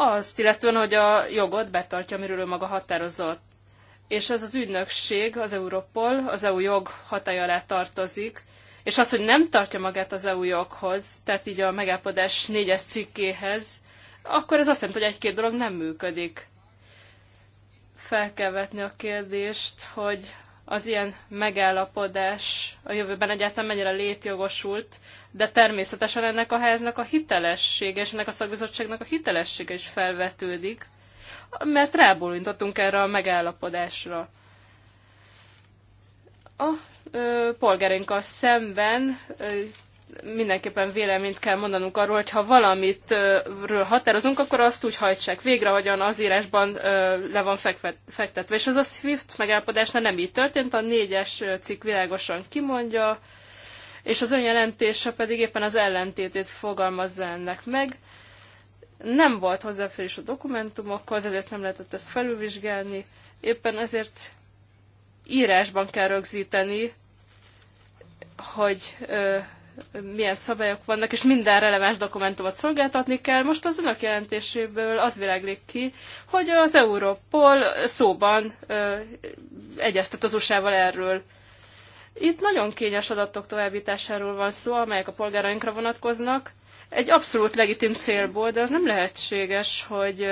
azt illetően, hogy a jogot betartja, amiről ő maga határozott. És ez az ügynökség, az Európol, az EU jog hatája alá tartozik, és az, hogy nem tartja magát az EU joghoz, tehát így a megállapodás négyes cikkéhez, akkor ez azt jelenti, hogy egy-két dolog nem működik. Fel kell vetni a kérdést, hogy az ilyen megállapodás a jövőben egyáltalán mennyire létjogosult, de természetesen ennek a háznak a hitelessége és ennek a szakbizottságnak a hitelessége is felvetődik, mert rábólintottunk erre a megállapodásra. A ö, polgárinkkal szemben ö, mindenképpen véleményt kell mondanunk arról, hogy ha ről határozunk, akkor azt úgy hajtsák végre, hogyan az írásban le van fektetve. És az a SWIFT megállapodásnál nem így történt, a négyes cikk világosan kimondja, és az önjelentése pedig éppen az ellentétét fogalmazza ennek meg. Nem volt hozzáférés a dokumentumokhoz, ezért nem lehetett ezt felülvizsgálni, éppen ezért írásban kell rögzíteni, hogy milyen szabályok vannak, és minden releváns dokumentumot szolgáltatni kell. Most az önök jelentéséből az világlik ki, hogy az Europol szóban ö, egyeztet az USA-val erről. Itt nagyon kényes adatok továbbításáról van szó, amelyek a polgárainkra vonatkoznak. Egy abszolút legitim célból, de az nem lehetséges, hogy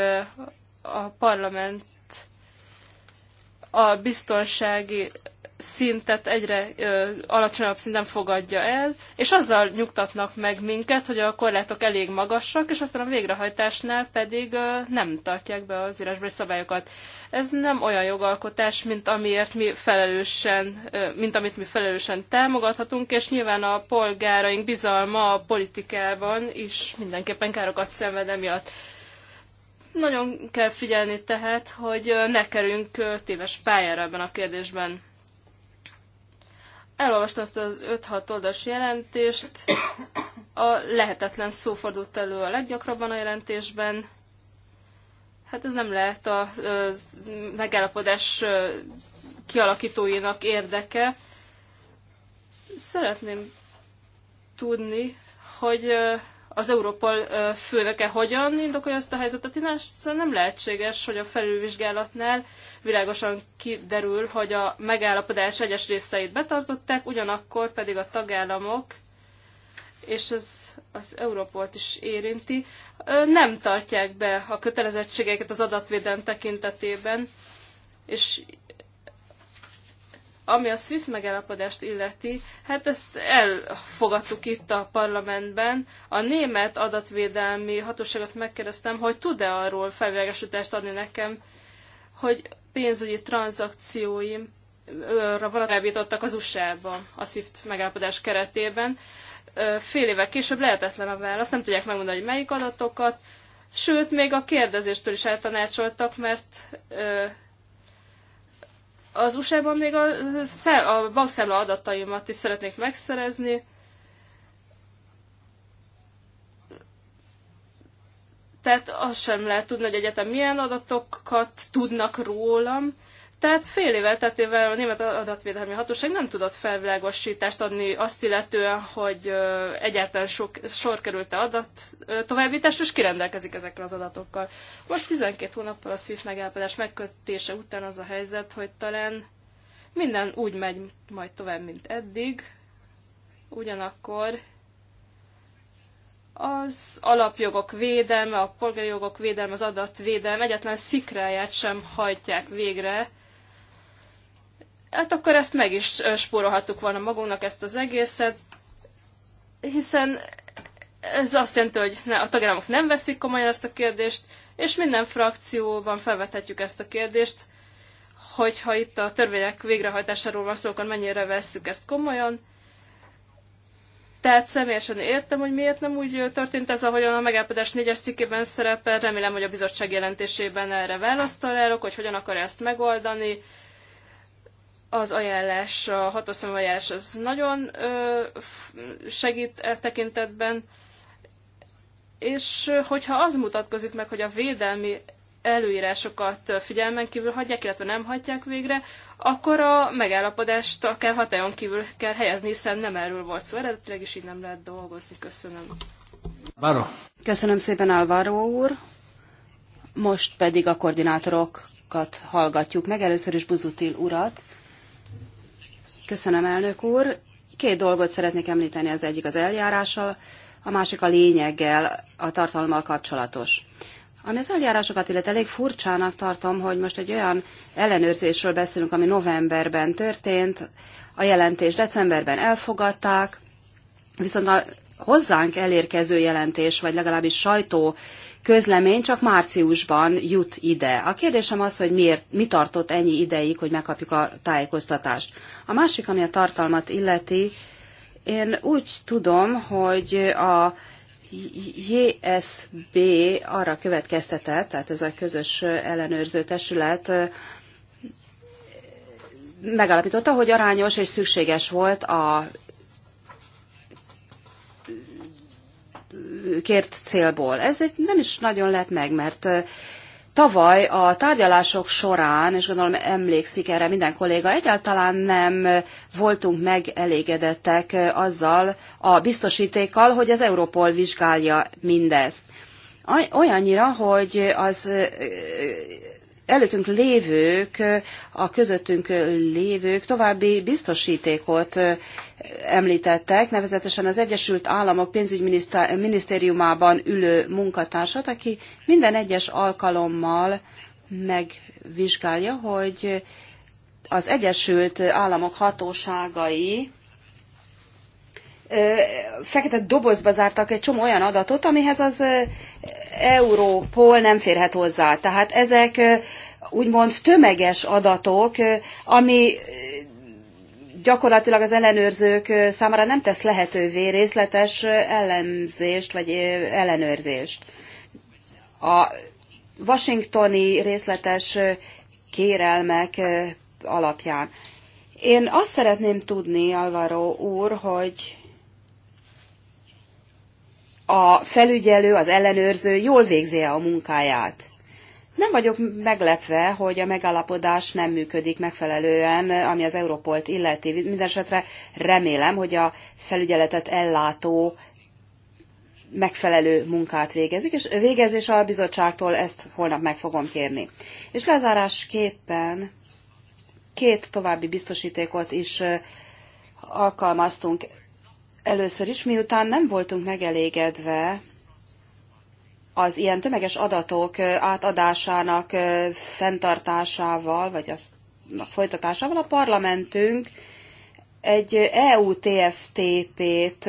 a parlament a biztonsági szintet egyre ö, alacsonyabb szinten fogadja el, és azzal nyugtatnak meg minket, hogy a korlátok elég magasak, és aztán a végrehajtásnál pedig ö, nem tartják be az írásbeli szabályokat. Ez nem olyan jogalkotás, mint amiért mi felelősen, ö, mint amit mi felelősen támogathatunk, és nyilván a polgáraink bizalma a politikában is mindenképpen károkat szenved emiatt. Nagyon kell figyelni tehát, hogy ne kerüljünk téves pályára ebben a kérdésben elolvastam azt az 5-6 oldalas jelentést, a lehetetlen szó fordult elő a leggyakrabban a jelentésben. Hát ez nem lehet a, a megállapodás kialakítóinak érdeke. Szeretném tudni, hogy az Európol főnöke hogyan indokolja ezt a helyzetet, Én nem lehetséges, hogy a felülvizsgálatnál világosan kiderül, hogy a megállapodás egyes részeit betartották, ugyanakkor pedig a tagállamok és ez az Európolt is érinti, nem tartják be a kötelezettségeiket az adatvédelem tekintetében, és ami a SWIFT megállapodást illeti, hát ezt elfogadtuk itt a parlamentben. A német adatvédelmi hatóságot megkérdeztem, hogy tud-e arról felvilágosítást adni nekem, hogy pénzügyi tranzakcióim vonatkoztak az USA-ba a SWIFT megállapodás keretében. Fél évvel később lehetetlen a válasz, nem tudják megmondani, hogy melyik adatokat, sőt, még a kérdezéstől is eltanácsoltak, mert az USA-ban még a, a bankszámla adataimat is szeretnék megszerezni. Tehát azt sem lehet tudni, hogy egyetem milyen adatokat tudnak rólam. Tehát fél tehát évvel a Német Adatvédelmi Hatóság nem tudott felvilágosítást adni azt illetően, hogy egyáltalán sok, sor került a adat továbbításra, és kirendelkezik ezekkel az adatokkal. Most 12 hónappal a SWIFT megállapodás megkötése után az a helyzet, hogy talán minden úgy megy majd tovább, mint eddig, ugyanakkor az alapjogok védelme, a polgári jogok védelme, az adatvédelme egyetlen szikráját sem hajtják végre, hát akkor ezt meg is spórolhattuk volna magunknak ezt az egészet, hiszen ez azt jelenti, hogy ne, a tagállamok nem veszik komolyan ezt a kérdést, és minden frakcióban felvethetjük ezt a kérdést, hogyha itt a törvények végrehajtásáról van szó, akkor mennyire vesszük ezt komolyan. Tehát személyesen értem, hogy miért nem úgy történt ez, ahogyan a megállapodás 4-es cikkében szerepel. Remélem, hogy a bizottság jelentésében erre választ találok, hogy hogyan akar ezt megoldani az ajánlás, a hatos ajánlás az nagyon segít e tekintetben, és hogyha az mutatkozik meg, hogy a védelmi előírásokat figyelmen kívül hagyják, illetve nem hagyják végre, akkor a megállapodást akár hatályon kívül kell helyezni, hiszen nem erről volt szó. eredetileg is így nem lehet dolgozni. Köszönöm. Báró. Köszönöm szépen, Álvaro úr. Most pedig a koordinátorokat hallgatjuk meg. Először is Buzutil urat, Köszönöm, elnök úr. Két dolgot szeretnék említeni, az egyik az eljárással, a másik a lényeggel, a tartalommal kapcsolatos. Ami az eljárásokat illet, elég furcsának tartom, hogy most egy olyan ellenőrzésről beszélünk, ami novemberben történt, a jelentés decemberben elfogadták, viszont a hozzánk elérkező jelentés, vagy legalábbis sajtó közlemény csak márciusban jut ide. A kérdésem az, hogy miért, mi tartott ennyi ideig, hogy megkapjuk a tájékoztatást. A másik, ami a tartalmat illeti, én úgy tudom, hogy a JSB arra következtetett, tehát ez a közös ellenőrző testület megállapította, hogy arányos és szükséges volt a kért célból. Ez egy nem is nagyon lett meg, mert tavaly a tárgyalások során, és gondolom emlékszik erre minden kolléga, egyáltalán nem voltunk megelégedettek azzal a biztosítékkal, hogy az Európol vizsgálja mindezt. Olyannyira, hogy az előttünk lévők, a közöttünk lévők további biztosítékot említettek, nevezetesen az Egyesült Államok pénzügyminisztériumában ülő munkatársat, aki minden egyes alkalommal megvizsgálja, hogy az Egyesült Államok hatóságai fekete dobozba zártak egy csomó olyan adatot, amihez az Európol nem férhet hozzá. Tehát ezek úgymond tömeges adatok, ami gyakorlatilag az ellenőrzők számára nem tesz lehetővé részletes ellenzést vagy ellenőrzést. A washingtoni részletes kérelmek alapján. Én azt szeretném tudni, Alvaro úr, hogy a felügyelő, az ellenőrző jól végzi -e a munkáját. Nem vagyok meglepve, hogy a megállapodás nem működik megfelelően, ami az Európolt illeti. Mindenesetre remélem, hogy a felügyeletet ellátó megfelelő munkát végezik, és végezés a bizottságtól ezt holnap meg fogom kérni. És lezárásképpen két további biztosítékot is alkalmaztunk. Először is, miután nem voltunk megelégedve az ilyen tömeges adatok átadásának fenntartásával, vagy aznak folytatásával, a parlamentünk egy EU-TFTP-t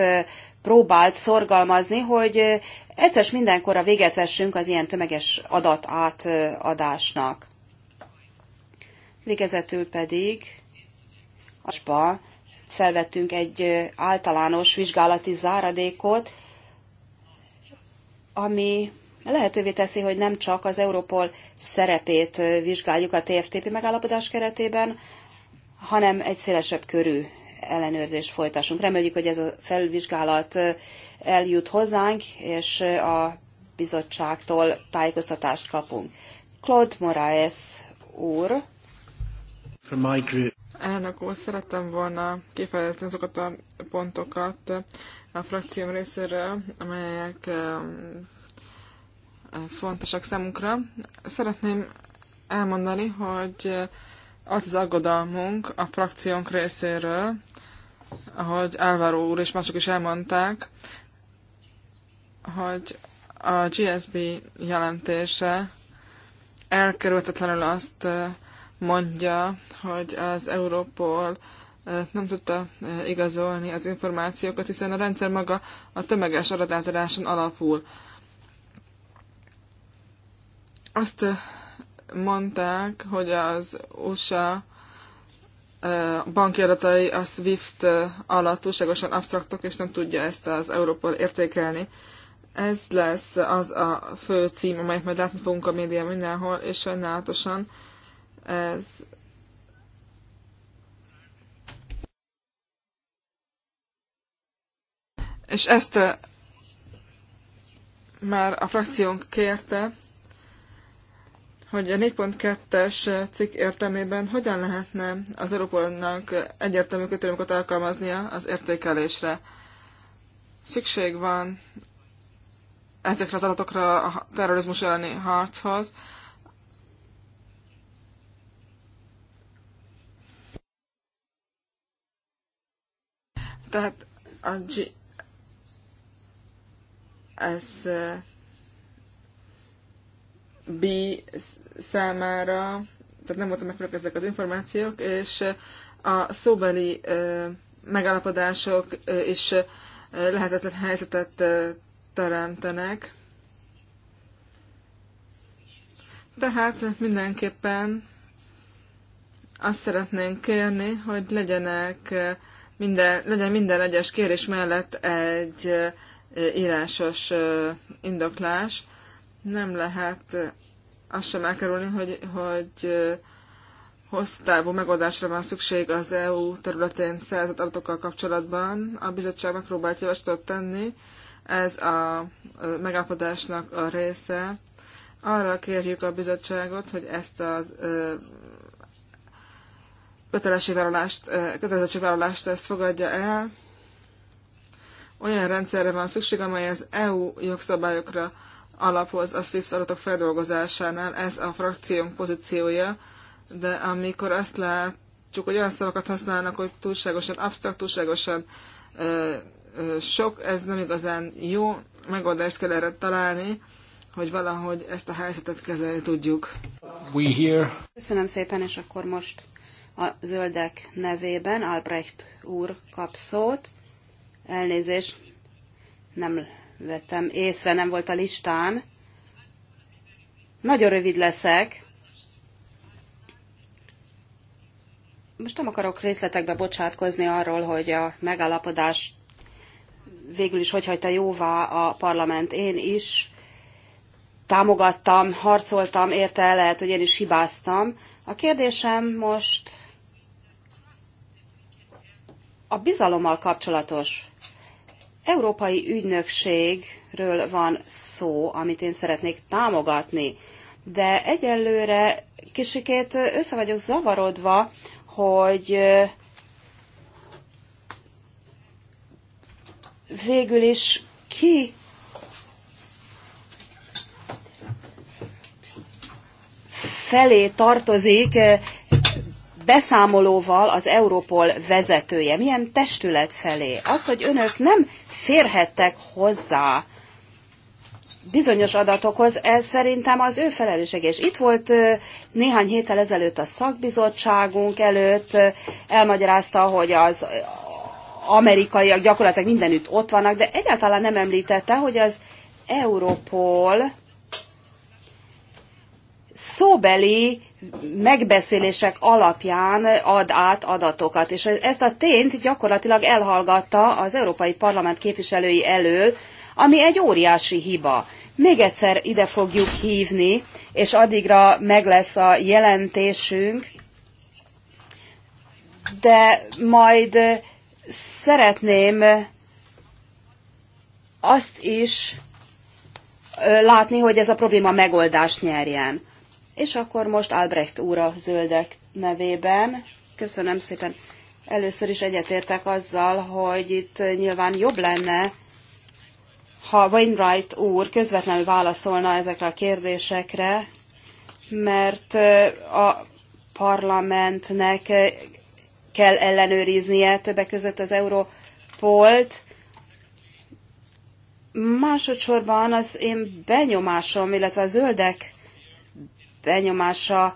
próbált szorgalmazni, hogy egyszer mindenkorra véget vessünk az ilyen tömeges adat átadásnak. Végezetül pedig a felvettünk egy általános vizsgálati záradékot, ami lehetővé teszi, hogy nem csak az Európol szerepét vizsgáljuk a TFTP megállapodás keretében, hanem egy szélesebb körű ellenőrzést folytassunk. Reméljük, hogy ez a felvizsgálat eljut hozzánk, és a bizottságtól tájékoztatást kapunk. Claude Moraes úr. Elnök úr, szerettem volna kifejezni azokat a pontokat a frakcióm részéről, amelyek um, fontosak számunkra. Szeretném elmondani, hogy az az aggodalmunk a frakciónk részéről, ahogy Álvaro úr és mások is elmondták, hogy a GSB jelentése elkerülhetetlenül azt mondja, hogy az Európol eh, nem tudta eh, igazolni az információkat, hiszen a rendszer maga a tömeges adatátadáson alapul. Azt eh, mondták, hogy az USA banki adatai a SWIFT alatt túlságosan abstraktok, és nem tudja ezt az Európol értékelni. Ez lesz az a fő cím, amelyet majd látni fogunk a média mindenhol, és sajnálatosan ez és ezt már a frakciónk kérte, hogy a 4.2-es cikk értelmében hogyan lehetne az Európolnak egyértelmű kötőmöket alkalmaznia az értékelésre. Szükség van ezekre az adatokra a terrorizmus elleni harchoz, Tehát a G... ez B számára, tehát nem voltam megfelelők ezek az információk, és a szóbeli megállapodások is lehetetlen helyzetet teremtenek. Tehát mindenképpen azt szeretnénk kérni, hogy legyenek minden, legyen minden egyes kérés mellett egy írásos indoklás. Nem lehet azt sem elkerülni, hogy, hogy hosszú távú megoldásra van szükség az EU területén szerzett adatokkal kapcsolatban. A bizottság megpróbált javaslatot tenni, ez a megállapodásnak a része. Arra kérjük a bizottságot, hogy ezt az kötelezettségvállalást ezt fogadja el. Olyan rendszerre van szükség, amely az EU jogszabályokra alapoz a SWIFT adatok feldolgozásánál. Ez a frakciónk pozíciója, de amikor azt látjuk, hogy olyan szavakat használnak, hogy túlságosan absztrakt, túlságosan ö, ö, sok, ez nem igazán jó. Megoldást kell erre találni, hogy valahogy ezt a helyzetet kezelni tudjuk. We hear. Köszönöm szépen, és akkor most a zöldek nevében Albrecht úr kap szót. Elnézést, nem vettem észre, nem volt a listán. Nagyon rövid leszek. Most nem akarok részletekbe bocsátkozni arról, hogy a megállapodás végül is hogy hagyta jóvá a parlament. Én is támogattam, harcoltam, érte lehet, hogy én is hibáztam. A kérdésem most a bizalommal kapcsolatos európai ügynökségről van szó, amit én szeretnék támogatni, de egyelőre kicsikét össze vagyok zavarodva, hogy végül is ki felé tartozik beszámolóval az Európol vezetője, milyen testület felé. Az, hogy önök nem férhettek hozzá bizonyos adatokhoz, ez szerintem az ő felelősség. És itt volt néhány héttel ezelőtt a szakbizottságunk előtt, elmagyarázta, hogy az amerikaiak gyakorlatilag mindenütt ott vannak, de egyáltalán nem említette, hogy az Európol szóbeli megbeszélések alapján ad át adatokat. És ezt a tényt gyakorlatilag elhallgatta az Európai Parlament képviselői elől, ami egy óriási hiba. Még egyszer ide fogjuk hívni, és addigra meg lesz a jelentésünk, de majd szeretném azt is látni, hogy ez a probléma megoldást nyerjen. És akkor most Albrecht úr a zöldek nevében. Köszönöm szépen. Először is egyetértek azzal, hogy itt nyilván jobb lenne, ha Wainwright úr közvetlenül válaszolna ezekre a kérdésekre, mert a parlamentnek kell ellenőriznie többek között az Európolt. Másodszorban az én benyomásom, illetve a zöldek elnyomása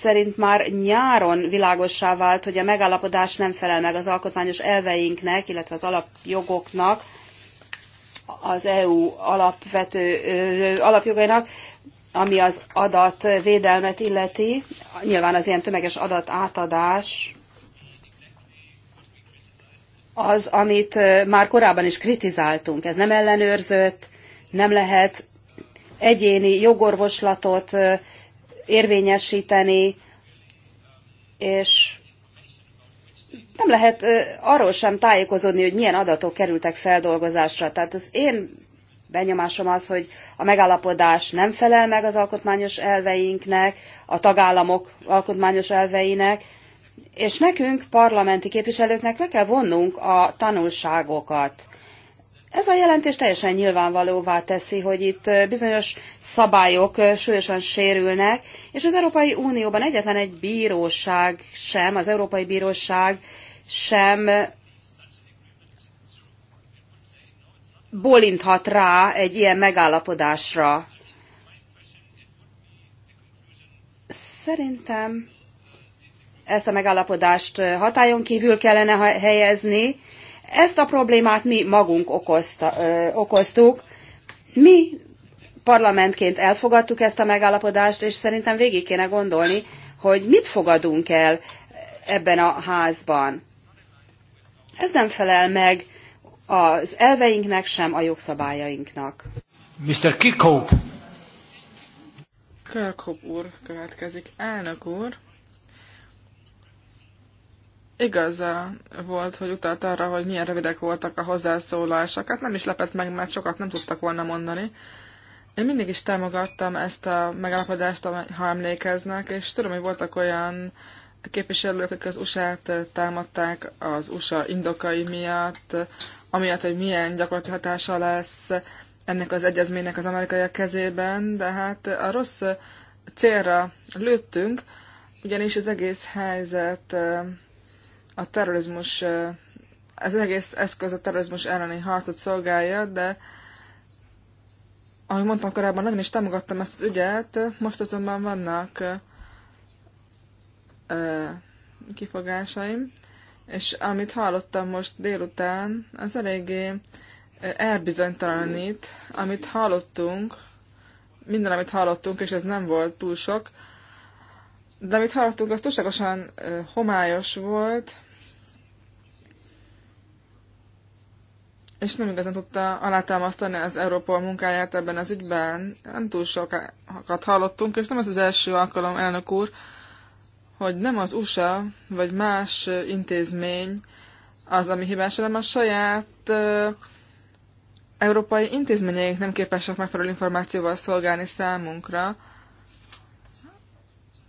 szerint már nyáron világossá vált, hogy a megállapodás nem felel meg az alkotmányos elveinknek, illetve az alapjogoknak, az EU alapvető ö, alapjogainak, ami az adatvédelmet illeti. Nyilván az ilyen tömeges adatátadás az, amit már korábban is kritizáltunk. Ez nem ellenőrzött, nem lehet egyéni jogorvoslatot érvényesíteni, és nem lehet arról sem tájékozódni, hogy milyen adatok kerültek feldolgozásra. Tehát az én benyomásom az, hogy a megállapodás nem felel meg az alkotmányos elveinknek, a tagállamok alkotmányos elveinek, és nekünk, parlamenti képviselőknek le kell vonnunk a tanulságokat. Ez a jelentés teljesen nyilvánvalóvá teszi, hogy itt bizonyos szabályok súlyosan sérülnek, és az Európai Unióban egyetlen egy bíróság sem, az Európai Bíróság sem bolinthat rá egy ilyen megállapodásra. Szerintem ezt a megállapodást hatályon kívül kellene helyezni, ezt a problémát mi magunk okozta, ö, okoztuk. Mi parlamentként elfogadtuk ezt a megállapodást, és szerintem végig kéne gondolni, hogy mit fogadunk el ebben a házban. Ez nem felel meg az elveinknek, sem a jogszabályainknak. Mr. Kirkhope! Kirkhope úr következik. Elnök úr, igaza volt, hogy utalt arra, hogy milyen rövidek voltak a hozzászólások. Hát nem is lepett meg, mert sokat nem tudtak volna mondani. Én mindig is támogattam ezt a megállapodást, ha emlékeznek, és tudom, hogy voltak olyan képviselők, akik az USA-t támadták az USA indokai miatt, amiatt, hogy milyen gyakorlati hatása lesz ennek az egyezménynek az amerikaiak kezében, de hát a rossz célra lőttünk, ugyanis az egész helyzet a terrorizmus, ez egész eszköz a terrorizmus elleni harcot szolgálja, de ahogy mondtam korábban, nagyon is támogattam ezt az ügyet, most azonban vannak ö, kifogásaim, és amit hallottam most délután, az eléggé elbizonytalanít, amit hallottunk, minden, amit hallottunk, és ez nem volt túl sok, de amit hallottunk, az túlságosan homályos volt, és nem igazán tudta alátámasztani az Európol munkáját ebben az ügyben. Nem túl sokat hallottunk, és nem ez az első alkalom, elnök úr, hogy nem az USA vagy más intézmény az, ami hibás, hanem a saját európai intézményeink nem képesek megfelelő információval szolgálni számunkra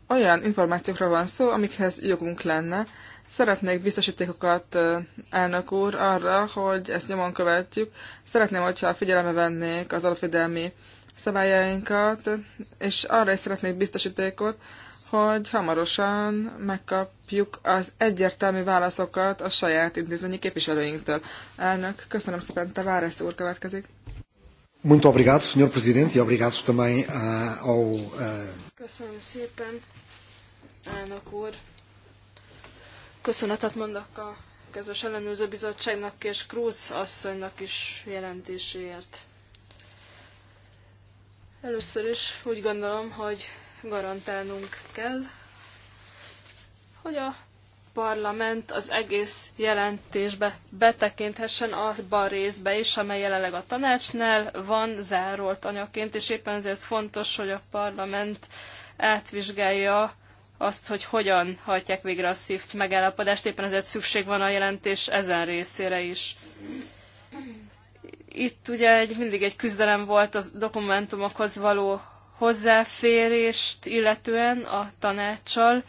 olyan információkra van szó, amikhez jogunk lenne. Szeretnék biztosítékokat, elnök úr, arra, hogy ezt nyomon követjük. Szeretném, hogyha figyelembe vennék az adatvédelmi szabályainkat, és arra is szeretnék biztosítékot, hogy hamarosan megkapjuk az egyértelmű válaszokat a saját intézményi képviselőinktől. Elnök, köszönöm szépen, Taváresz úr következik. Muito obrigado, Sr. Presidente, e obrigado também uh, ao... Uh... Köszönöm szépen, elnök úr. Köszönetet mondok a közös ellenőrző bizottságnak és Krúz asszonynak is jelentéséért. Először is úgy gondolom, hogy garantálnunk kell, hogy a parlament az egész jelentésbe betekinthessen abba a részbe is, amely jelenleg a tanácsnál van zárolt anyaként, és éppen ezért fontos, hogy a parlament átvizsgálja azt, hogy hogyan hajtják végre a SZIFT megállapodást, éppen ezért szükség van a jelentés ezen részére is. Itt ugye egy, mindig egy küzdelem volt a dokumentumokhoz való hozzáférést illetően a tanácssal,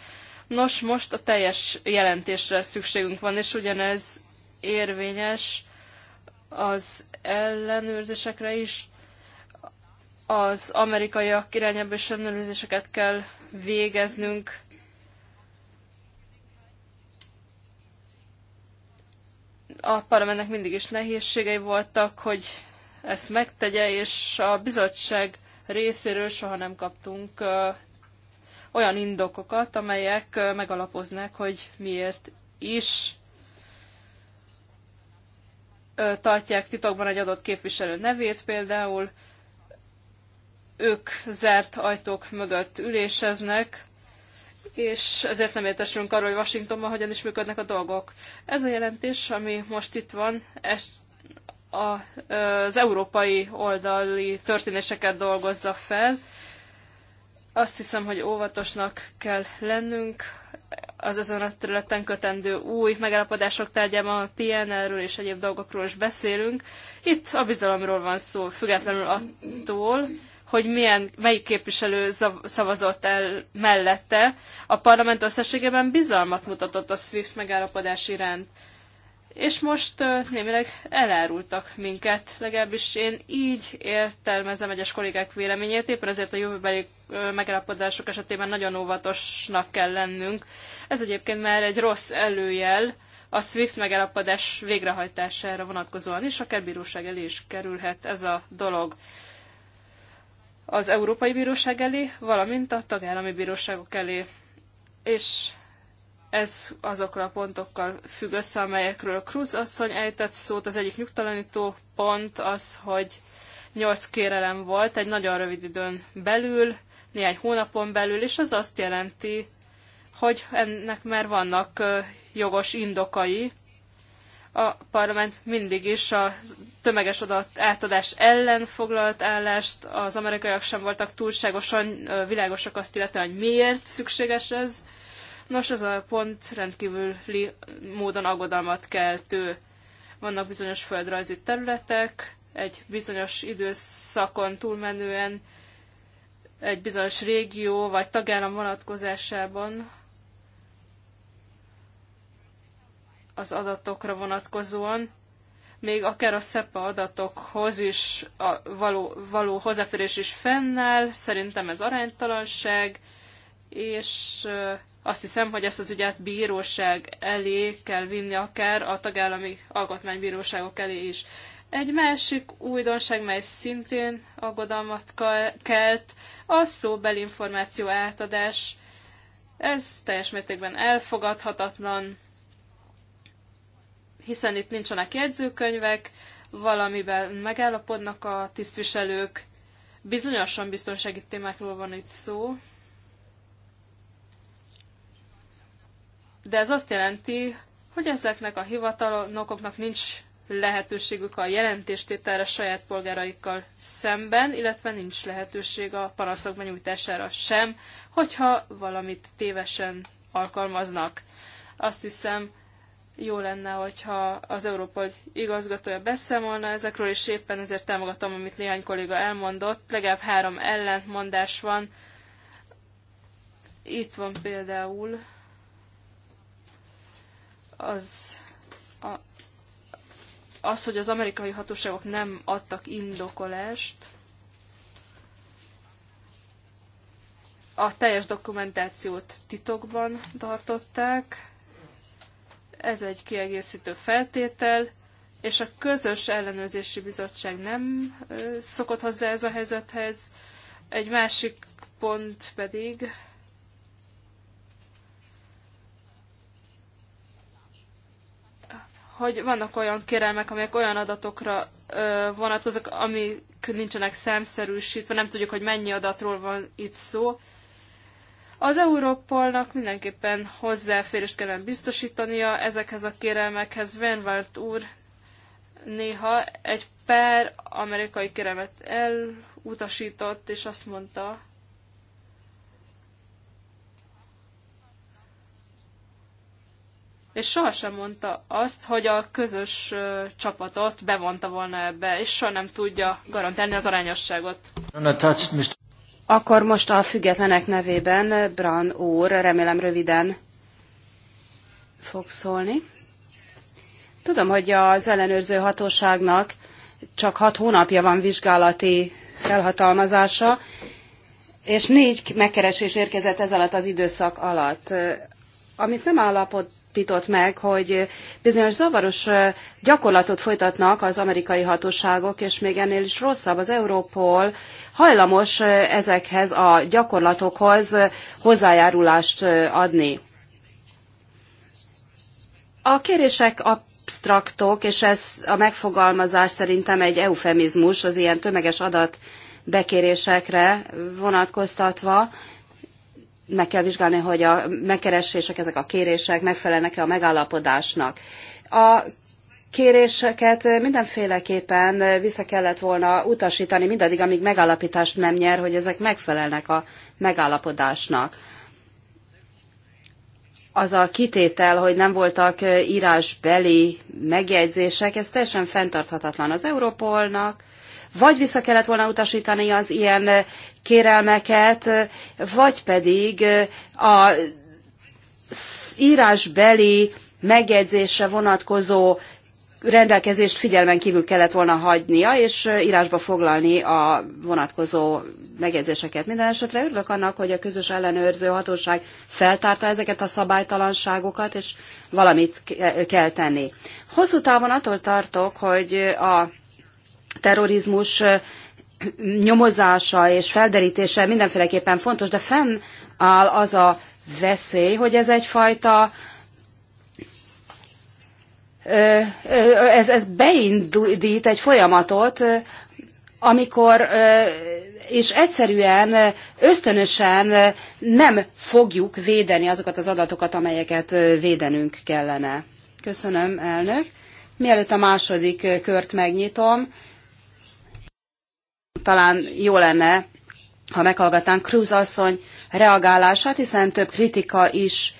Nos, most a teljes jelentésre szükségünk van, és ugyanez érvényes az ellenőrzésekre is. Az amerikaiak irányába is ellenőrzéseket kell végeznünk. A parlamentnek mindig is nehézségei voltak, hogy ezt megtegye, és a bizottság részéről soha nem kaptunk olyan indokokat, amelyek megalapoznák, hogy miért is tartják titokban egy adott képviselő nevét például, ők zárt ajtók mögött üléseznek, és ezért nem értesülünk arról, hogy Washingtonban hogyan is működnek a dolgok. Ez a jelentés, ami most itt van, ez az európai oldali történéseket dolgozza fel, azt hiszem, hogy óvatosnak kell lennünk az ezen a területen kötendő új megállapodások tárgyában a PNR-ről és egyéb dolgokról is beszélünk. Itt a bizalomról van szó, függetlenül attól, hogy milyen, melyik képviselő szavazott el mellette. A parlament összességében bizalmat mutatott a SWIFT megállapodás iránt és most némileg elárultak minket, legalábbis én így értelmezem egyes kollégák véleményét, éppen ezért a jövőbeli megállapodások esetében nagyon óvatosnak kell lennünk. Ez egyébként már egy rossz előjel a SWIFT megállapodás végrehajtására vonatkozóan is, akár bíróság elé is kerülhet ez a dolog az Európai Bíróság elé, valamint a tagállami bíróságok elé. És ez azokkal a pontokkal függ össze, amelyekről Cruz asszony ejtett szót. Az egyik nyugtalanító pont az, hogy nyolc kérelem volt egy nagyon rövid időn belül, néhány hónapon belül, és az azt jelenti, hogy ennek már vannak jogos indokai. A parlament mindig is a tömeges adat átadás ellen foglalt állást, az amerikaiak sem voltak túlságosan világosak azt illetően, hogy miért szükséges ez. Nos, ez a pont rendkívüli módon aggodalmat keltő. Vannak bizonyos földrajzi területek, egy bizonyos időszakon túlmenően egy bizonyos régió vagy tagállam vonatkozásában az adatokra vonatkozóan, még akár a SEPA adatokhoz is a való, való hozzáférés is fennáll, szerintem ez aránytalanság, és azt hiszem, hogy ezt az ügyet bíróság elé kell vinni akár a tagállami alkotmánybíróságok elé is. Egy másik újdonság, mely szintén aggodalmat kelt, a szóbeli információ átadás. Ez teljes mértékben elfogadhatatlan, hiszen itt nincsenek jegyzőkönyvek, valamiben megállapodnak a tisztviselők. Bizonyosan biztonsági témákról van itt szó, de ez azt jelenti, hogy ezeknek a hivatalnokoknak nincs lehetőségük a jelentéstételre saját polgáraikkal szemben, illetve nincs lehetőség a panaszok benyújtására sem, hogyha valamit tévesen alkalmaznak. Azt hiszem, jó lenne, hogyha az európai igazgatója beszámolna ezekről, és éppen ezért támogatom, amit néhány kolléga elmondott. Legalább három ellentmondás van. Itt van például az, a, az, hogy az amerikai hatóságok nem adtak indokolást, a teljes dokumentációt titokban tartották, ez egy kiegészítő feltétel, és a közös ellenőrzési bizottság nem szokott hozzá ez a helyzethez. Egy másik pont pedig hogy vannak olyan kérelmek, amelyek olyan adatokra ö, vonatkoznak, amik nincsenek számszerűsítve, nem tudjuk, hogy mennyi adatról van itt szó. Az Európolnak mindenképpen hozzáférést kellene biztosítania ezekhez a kérelmekhez. Venvart úr néha egy pár amerikai kérelmet elutasított, és azt mondta, és sohasem mondta azt, hogy a közös csapatot bevonta volna ebbe, és soha nem tudja garantálni az arányosságot. Akkor most a függetlenek nevében Bran úr, remélem röviden fog szólni. Tudom, hogy az ellenőrző hatóságnak csak hat hónapja van vizsgálati felhatalmazása, és négy megkeresés érkezett ez alatt az időszak alatt amit nem állapított meg, hogy bizonyos zavaros gyakorlatot folytatnak az amerikai hatóságok, és még ennél is rosszabb az Európol hajlamos ezekhez a gyakorlatokhoz hozzájárulást adni. A kérések abstraktok és ez a megfogalmazás szerintem egy eufemizmus az ilyen tömeges adat bekérésekre vonatkoztatva, meg kell vizsgálni, hogy a megkeresések, ezek a kérések megfelelnek-e a megállapodásnak. A kéréseket mindenféleképpen vissza kellett volna utasítani mindaddig, amíg megállapítást nem nyer, hogy ezek megfelelnek a megállapodásnak. Az a kitétel, hogy nem voltak írásbeli megjegyzések, ez teljesen fenntarthatatlan az Európolnak, vagy vissza kellett volna utasítani az ilyen eh, kérelmeket, eh, vagy pedig eh, a írásbeli megjegyzésre vonatkozó rendelkezést figyelmen kívül kellett volna hagynia, és írásba foglalni a vonatkozó megjegyzéseket. Minden esetre örülök annak, hogy a közös ellenőrző hatóság feltárta ezeket a szabálytalanságokat, és valamit kell tenni. Hosszú távon attól tartok, hogy a terrorizmus nyomozása és felderítése mindenféleképpen fontos, de fennáll az a veszély, hogy ez egyfajta ez, ez beindít egy folyamatot, amikor és egyszerűen ösztönösen nem fogjuk védeni azokat az adatokat, amelyeket védenünk kellene. Köszönöm, elnök. Mielőtt a második kört megnyitom, talán jó lenne, ha meghallgatnánk Cruz asszony reagálását, hiszen több kritika is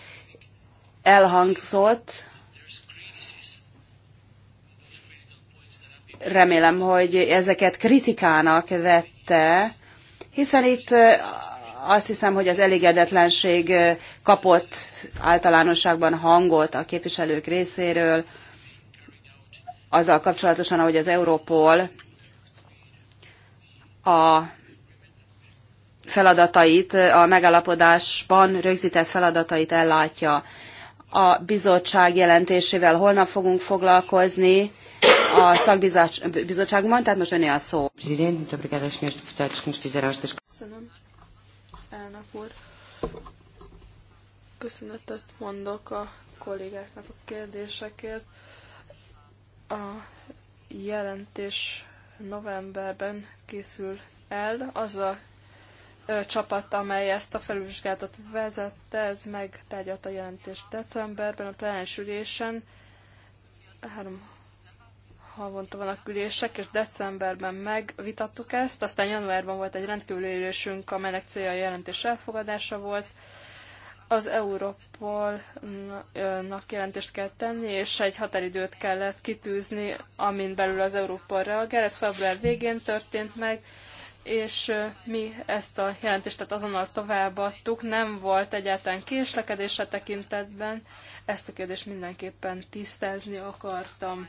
elhangzott. Remélem, hogy ezeket kritikának vette, hiszen itt azt hiszem, hogy az elégedetlenség kapott általánosságban hangot a képviselők részéről, azzal kapcsolatosan, ahogy az Európol a feladatait, a megállapodásban rögzített feladatait ellátja. A bizottság jelentésével holnap fogunk foglalkozni a szakbizottságban, tehát most öné a szó. Köszönöm, elnök úr. Köszönetet mondok a kollégáknak a kérdésekért. A jelentés novemberben készül el. Az a ö, csapat, amely ezt a felülvizsgálatot vezette, ez megtárgyalt a jelentést decemberben a plenáris ülésen. Három havonta vannak ülések, és decemberben megvitattuk ezt, aztán januárban volt egy rendkívül ülésünk, amelynek célja a jelentés elfogadása volt, az Európolnak jelentést kell tenni, és egy határidőt kellett kitűzni, amin belül az Európol reagál. Ez február végén történt meg, és mi ezt a jelentést tehát azonnal továbbadtuk. Nem volt egyáltalán késlekedése tekintetben. Ezt a kérdést mindenképpen tisztázni akartam.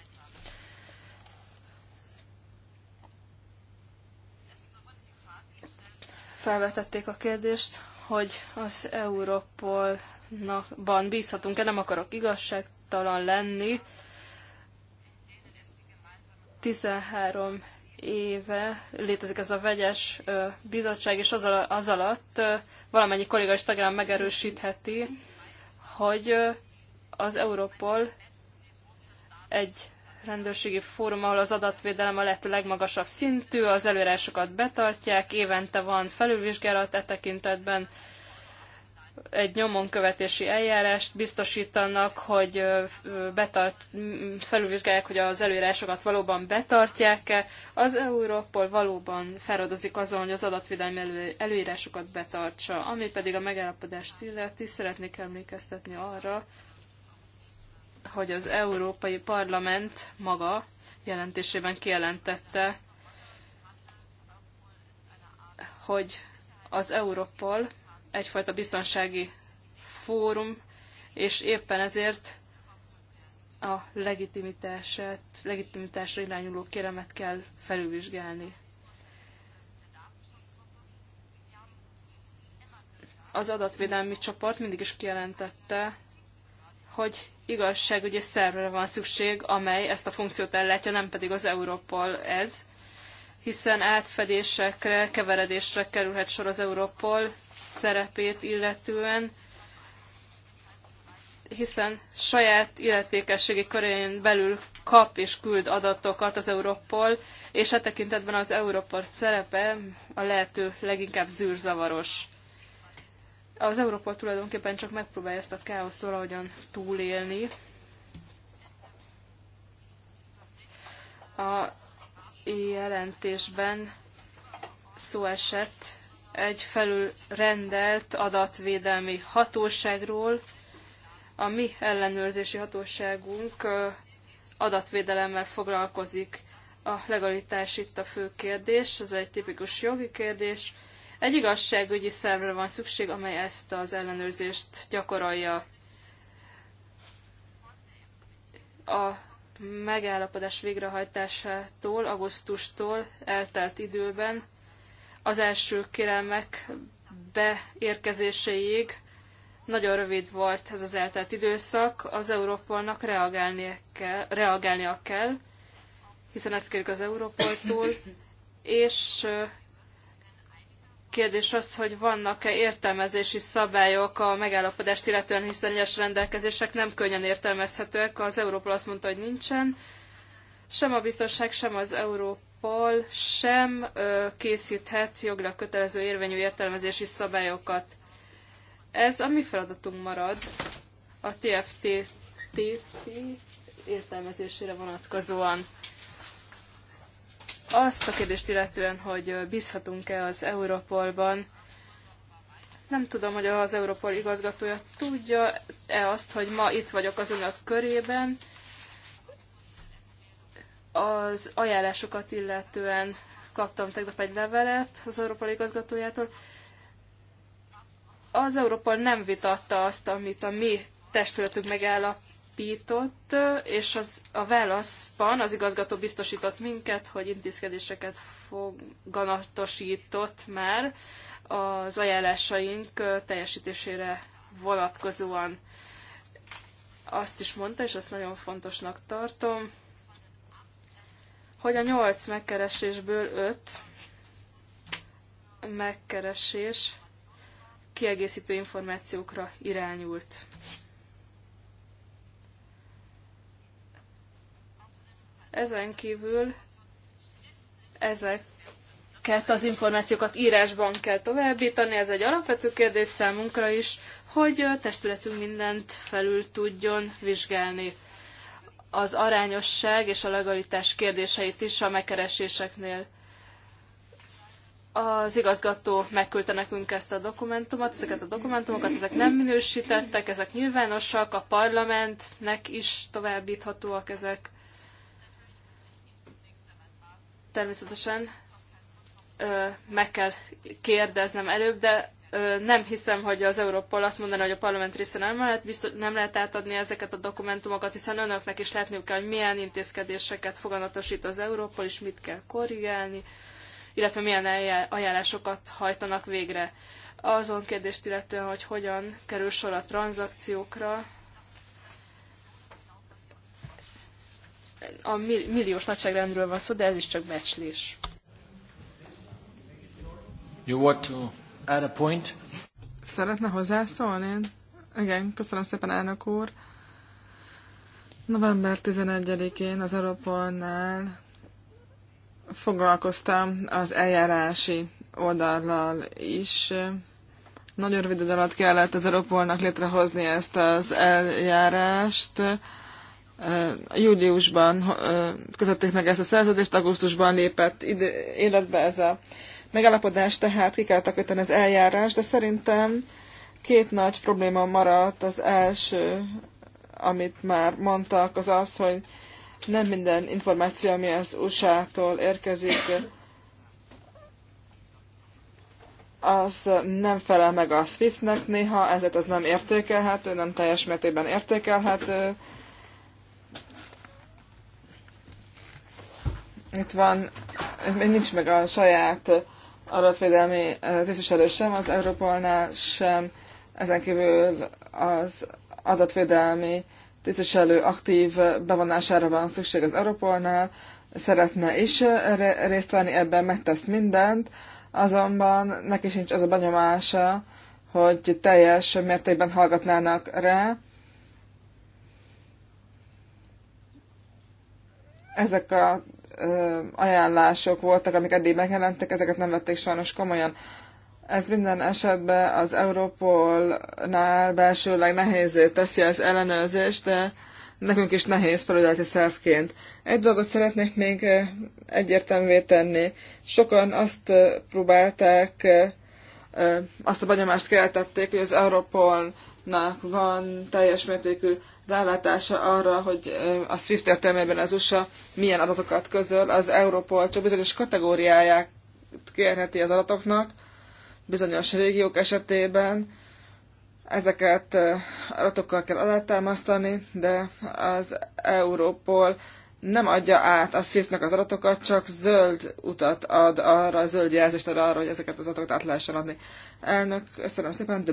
Felvetették a kérdést, hogy az Európolban bízhatunk-e, nem akarok igazságtalan lenni. 13 éve létezik ez a vegyes bizottság, és az, alatt valamennyi kolléga is tagján megerősítheti, hogy az Európol egy rendőrségi fórum, ahol az adatvédelem a lehető legmagasabb szintű, az előrásokat betartják, évente van felülvizsgálat e tekintetben, egy nyomonkövetési eljárást biztosítanak, hogy betart, felülvizsgálják, hogy az előírásokat valóban betartják-e. Az Europol valóban feladozik azon, hogy az adatvédelmi elő, előírásokat betartsa. Ami pedig a megállapodást illeti, szeretnék emlékeztetni arra, hogy az Európai Parlament maga jelentésében kijelentette, hogy az Europol egyfajta biztonsági fórum, és éppen ezért a legitimitását, legitimitásra irányuló kéremet kell felülvizsgálni. Az adatvédelmi csoport mindig is kijelentette, hogy igazságügyi szervre van szükség, amely ezt a funkciót ellátja, nem pedig az Európol ez, hiszen átfedésekre, keveredésre kerülhet sor az Európol szerepét illetően, hiszen saját illetékességi körén belül kap és küld adatokat az Europol, és e tekintetben az Europol szerepe a lehető leginkább zűrzavaros. Az Európa tulajdonképpen csak megpróbálja ezt a káoszt valahogyan túlélni. A jelentésben szó esett egy felül rendelt adatvédelmi hatóságról. A mi ellenőrzési hatóságunk adatvédelemmel foglalkozik. A legalitás itt a fő kérdés, ez egy tipikus jogi kérdés, egy igazságügyi szervre van szükség, amely ezt az ellenőrzést gyakorolja. A megállapodás végrehajtásától, augusztustól eltelt időben az első kérelmek beérkezéséig nagyon rövid volt ez az eltelt időszak, az Európolnak reagálnia kell, reagálnia kell hiszen ezt kérjük az Európoltól, és kérdés az, hogy vannak-e értelmezési szabályok a megállapodást illetően, hiszen egyes rendelkezések nem könnyen értelmezhetőek. Az Európol azt mondta, hogy nincsen. Sem a biztonság, sem az Európol sem ö, készíthet jogra kötelező érvényű értelmezési szabályokat. Ez a mi feladatunk marad a TFTP értelmezésére vonatkozóan. Azt a kérdést illetően, hogy bízhatunk-e az Europolban, nem tudom, hogy az Europol igazgatója tudja-e azt, hogy ma itt vagyok az önök körében, az ajánlásokat illetően kaptam tegnap egy levelet az Európai igazgatójától. Az Európa nem vitatta azt, amit a mi testületünk megállap, megállapított, és az, a válaszban az igazgató biztosított minket, hogy intézkedéseket foganatosított már az ajánlásaink teljesítésére vonatkozóan. Azt is mondta, és azt nagyon fontosnak tartom, hogy a nyolc megkeresésből öt megkeresés kiegészítő információkra irányult. Ezen kívül ezeket az információkat írásban kell továbbítani. Ez egy alapvető kérdés számunkra is, hogy a testületünk mindent felül tudjon vizsgálni. Az arányosság és a legalitás kérdéseit is a megkereséseknél az igazgató megküldte nekünk ezt a dokumentumot, ezeket a dokumentumokat, ezek nem minősítettek, ezek nyilvánosak, a parlamentnek is továbbíthatóak ezek természetesen ö, meg kell kérdeznem előbb, de ö, nem hiszem, hogy az Európol azt mondaná, hogy a parlament része nem lehet, biztos, nem lehet átadni ezeket a dokumentumokat, hiszen önöknek is látniuk kell, hogy milyen intézkedéseket foganatosít az Európol, és mit kell korrigálni, illetve milyen ajánlásokat hajtanak végre. Azon kérdést illetően, hogy hogyan kerül sor a tranzakciókra, a milliós nagyságrendről van szó, de ez is csak becslés. You want to add a point? Szeretne hozzászólni? Igen, köszönöm szépen, elnök úr. November 11-én az Europolnál foglalkoztam az eljárási oldallal is. Nagyon rövid alatt kellett az Europolnak létrehozni ezt az eljárást júliusban kötötték meg ezt a szerződést, augusztusban lépett idő, életbe ez a megállapodás, tehát ki kell takarítani az eljárás, de szerintem két nagy probléma maradt. Az első, amit már mondtak, az az, hogy nem minden információ, ami az USA-tól érkezik, az nem felel meg a Swiftnek néha, ezért az nem értékelhető, nem teljes mértékben értékelhető, itt van, még nincs meg a saját adatvédelmi eh, tisztviselő sem az Európolnál sem, ezen kívül az adatvédelmi tisztviselő aktív bevonására van szükség az Európolnál, szeretne is eh, részt venni ebben, megtesz mindent, azonban neki sincs az a benyomása, hogy teljes mértékben hallgatnának rá. Ezek a ajánlások voltak, amik eddig megjelentek, ezeket nem vették sajnos komolyan. Ez minden esetben az Europolnál belsőleg nehézé teszi az ellenőrzést, de nekünk is nehéz felügyeleti szervként. Egy dolgot szeretnék még egyértelművé tenni. Sokan azt próbálták, azt a benyomást keltették, hogy az Europol nak van teljes mértékű rálátása arra, hogy a SWIFT értelmében az USA milyen adatokat közöl, az Europol csak bizonyos kategóriáját kérheti az adatoknak, bizonyos régiók esetében, ezeket adatokkal kell alátámasztani, de az Europol nem adja át a swift az adatokat, csak zöld utat ad arra, zöld jelzést ad arra, hogy ezeket az adatokat át lehessen adni. Elnök, köszönöm szépen, de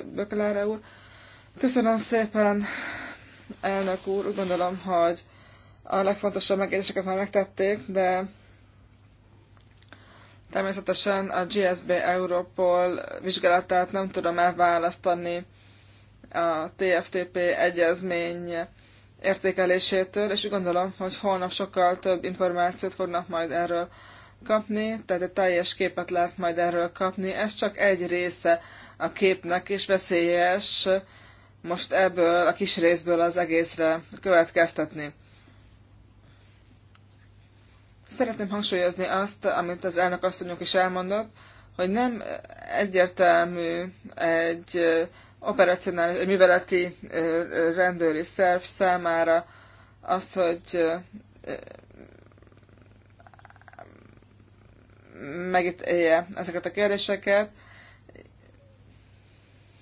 Bökelára úr. Köszönöm szépen, elnök úr. Úgy gondolom, hogy a legfontosabb megjegyzéseket már megtették, de természetesen a GSB Europol vizsgálatát nem tudom elválasztani a TFTP egyezmény értékelésétől, és úgy gondolom, hogy holnap sokkal több információt fognak majd erről kapni, tehát egy teljes képet lehet majd erről kapni. Ez csak egy része a képnek, és veszélyes most ebből a kis részből az egészre következtetni. Szeretném hangsúlyozni azt, amit az elnök asszonyok is elmondott, hogy nem egyértelmű egy operacionális, műveleti rendőri szerv számára az, hogy megítélje ezeket a kérdéseket.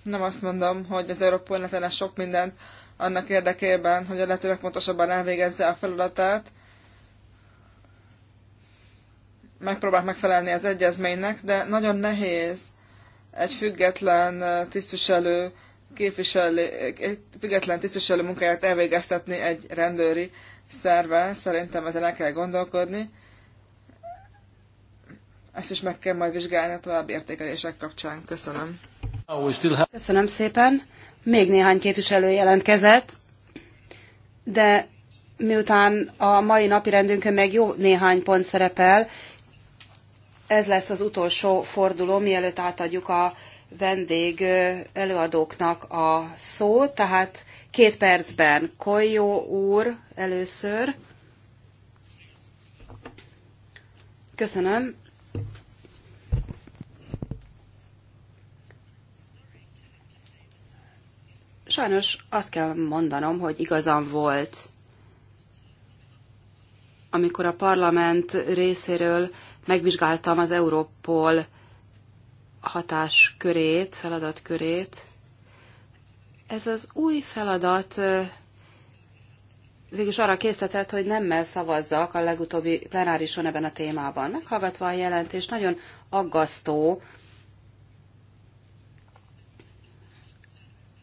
Nem azt mondom, hogy az Európol ne tenne sok mindent annak érdekében, hogy a lehető legpontosabban elvégezze a feladatát. Megpróbál megfelelni az egyezménynek, de nagyon nehéz egy független tisztviselő képviselő, független tisztviselő munkáját elvégeztetni egy rendőri szerve. Szerintem ezen el kell gondolkodni. Ezt is meg kell majd vizsgálni a további értékelések kapcsán. Köszönöm. Köszönöm szépen. Még néhány képviselő jelentkezett, de miután a mai napi rendünkön meg jó néhány pont szerepel, ez lesz az utolsó forduló, mielőtt átadjuk a vendég előadóknak a szót, tehát két percben Koljó úr először. Köszönöm. Sajnos azt kell mondanom, hogy igazam volt, amikor a parlament részéről megvizsgáltam az Európol hatáskörét, feladatkörét. Ez az új feladat végülis arra késztetett, hogy nemmel szavazzak a legutóbbi plenárison ebben a témában. Meghallgatva a jelentést, nagyon aggasztó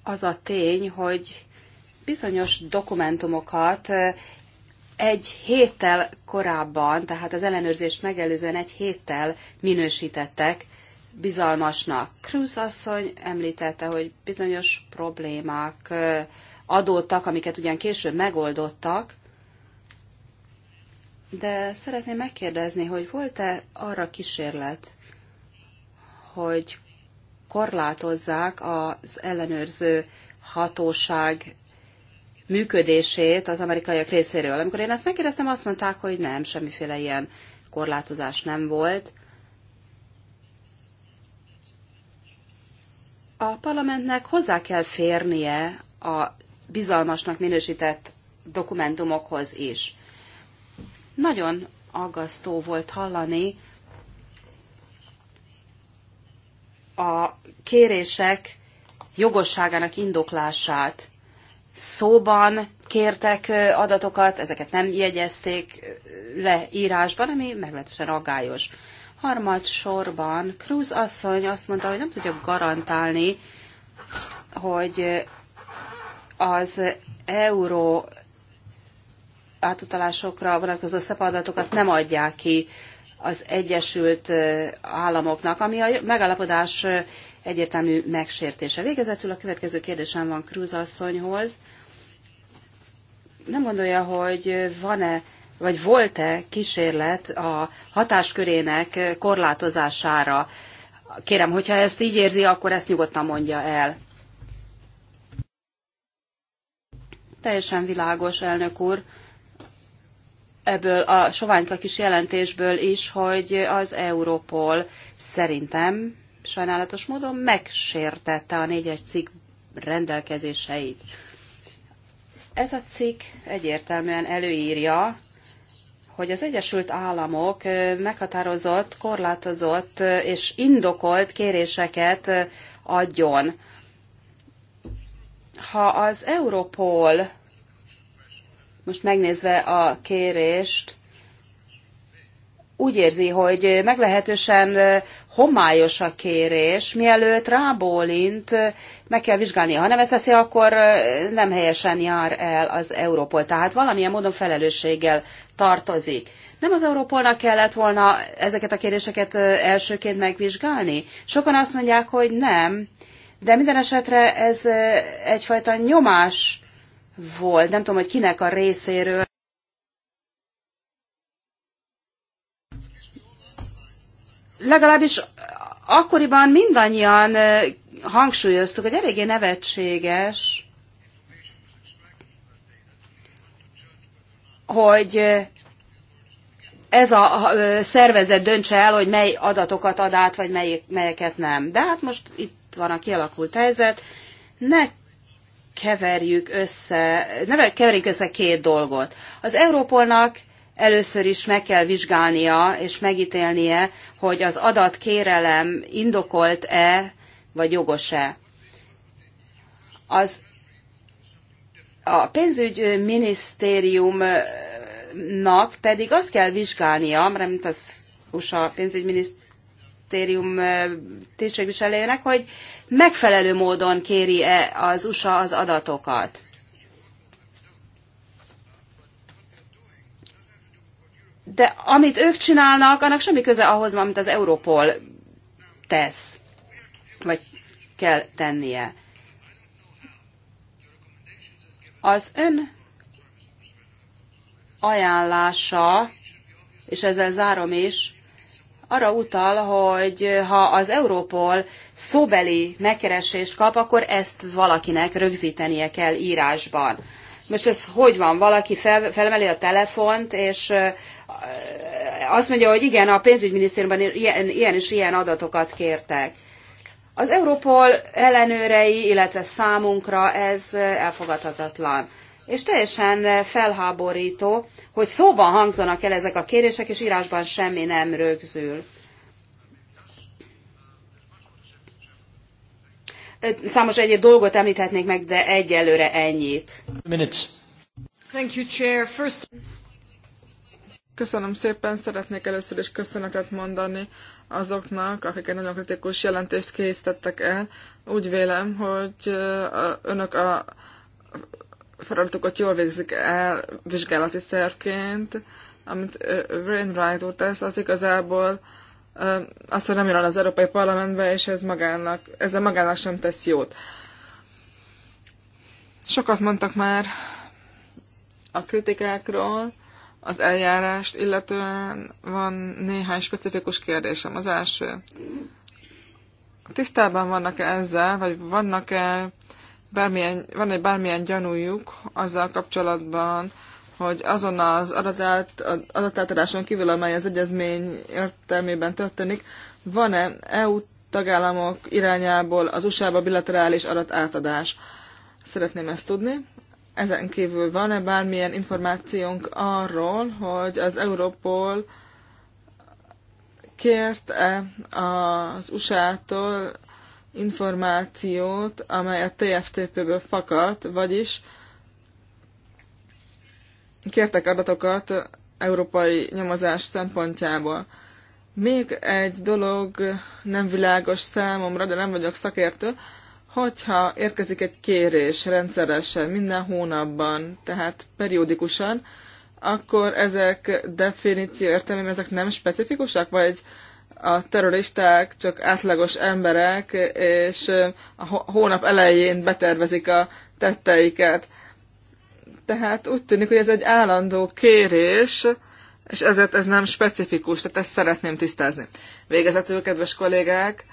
az a tény, hogy bizonyos dokumentumokat egy héttel korábban, tehát az ellenőrzést megelőzően egy héttel minősítettek bizalmasnak. Cruz asszony említette, hogy bizonyos problémák adódtak, amiket ugyan később megoldottak, de szeretném megkérdezni, hogy volt-e arra kísérlet, hogy korlátozzák az ellenőrző hatóság működését az amerikaiak részéről. Amikor én ezt megkérdeztem, azt mondták, hogy nem, semmiféle ilyen korlátozás nem volt. A parlamentnek hozzá kell férnie a bizalmasnak minősített dokumentumokhoz is. Nagyon aggasztó volt hallani a kérések jogosságának indoklását szóban kértek adatokat, ezeket nem jegyezték le írásban, ami meglehetősen aggályos. Harmad sorban Cruz asszony azt mondta, hogy nem tudja garantálni, hogy az euró átutalásokra vonatkozó szepadatokat nem adják ki az Egyesült Államoknak, ami a megállapodás egyértelmű megsértése. Végezetül a következő kérdésem van Cruz asszonyhoz. Nem gondolja, hogy van-e vagy volt-e kísérlet a hatáskörének korlátozására? Kérem, hogyha ezt így érzi, akkor ezt nyugodtan mondja el. Teljesen világos, elnök úr ebből a soványka kis jelentésből is, hogy az Európol szerintem sajnálatos módon megsértette a négyes cikk rendelkezéseit. Ez a cikk egyértelműen előírja, hogy az Egyesült Államok meghatározott, korlátozott és indokolt kéréseket adjon. Ha az Európol most megnézve a kérést, úgy érzi, hogy meglehetősen homályos a kérés, mielőtt rábólint, meg kell vizsgálni. Ha nem ezt teszi, akkor nem helyesen jár el az Európol. Tehát valamilyen módon felelősséggel tartozik. Nem az Európolnak kellett volna ezeket a kéréseket elsőként megvizsgálni? Sokan azt mondják, hogy nem, de minden esetre ez egyfajta nyomás volt. Nem tudom, hogy kinek a részéről. Legalábbis akkoriban mindannyian hangsúlyoztuk, hogy eléggé nevetséges, hogy ez a szervezet döntse el, hogy mely adatokat ad át, vagy melyeket nem. De hát most itt van a kialakult helyzet. Ne keverjük össze, ne keverjük össze két dolgot. Az Európolnak először is meg kell vizsgálnia és megítélnie, hogy az adatkérelem indokolt-e, vagy jogos-e. Az a pénzügyminisztériumnak pedig azt kell vizsgálnia, mert mint az USA pénzügyminisztérium, minisztérium tisztségviselőjének, hogy megfelelő módon kéri-e az USA az adatokat. De amit ők csinálnak, annak semmi köze ahhoz van, amit az Europol tesz, vagy kell tennie. Az ön ajánlása, és ezzel zárom is, arra utal, hogy ha az Európol szóbeli megkeresést kap, akkor ezt valakinek rögzítenie kell írásban. Most ez hogy van? Valaki fel, felemeli a telefont, és azt mondja, hogy igen, a pénzügyminisztériumban ilyen, ilyen és ilyen adatokat kértek. Az Europol ellenőrei, illetve számunkra ez elfogadhatatlan és teljesen eh, felháborító, hogy szóban hangzanak el ezek a kérések, és írásban semmi nem rögzül. Számos egyéb dolgot említhetnék meg, de egyelőre ennyit. Minutes. Thank you, Chair. First... Köszönöm szépen, szeretnék először is köszönetet mondani azoknak, akik egy nagyon kritikus jelentést készítettek el. Úgy vélem, hogy önök a feladatokat jól végzik el vizsgálati szervként, amit Wainwright úr tesz, az igazából az, hogy nem jön az Európai Parlamentbe, és ez magának, ezzel magának sem tesz jót. Sokat mondtak már a kritikákról, az eljárást, illetően van néhány specifikus kérdésem. Az első, tisztában vannak-e ezzel, vagy vannak-e uh, bármilyen, van egy bármilyen gyanújuk azzal kapcsolatban, hogy azon az adatát, adatátadáson kívül, amely az egyezmény értelmében történik, van-e EU tagállamok irányából az USA-ba bilaterális adatátadás? Szeretném ezt tudni. Ezen kívül van-e bármilyen információnk arról, hogy az Europol kért-e az USA-tól információt, amely a TFTP-ből fakadt, vagyis kértek adatokat európai nyomozás szempontjából. Még egy dolog nem világos számomra, de nem vagyok szakértő, hogyha érkezik egy kérés rendszeresen, minden hónapban, tehát periódikusan, akkor ezek definíció értelmében ezek nem specifikusak, vagy a terroristák csak átlagos emberek, és a hónap elején betervezik a tetteiket. Tehát úgy tűnik, hogy ez egy állandó kérés, és ezért ez nem specifikus, tehát ezt szeretném tisztázni. Végezetül, kedves kollégák,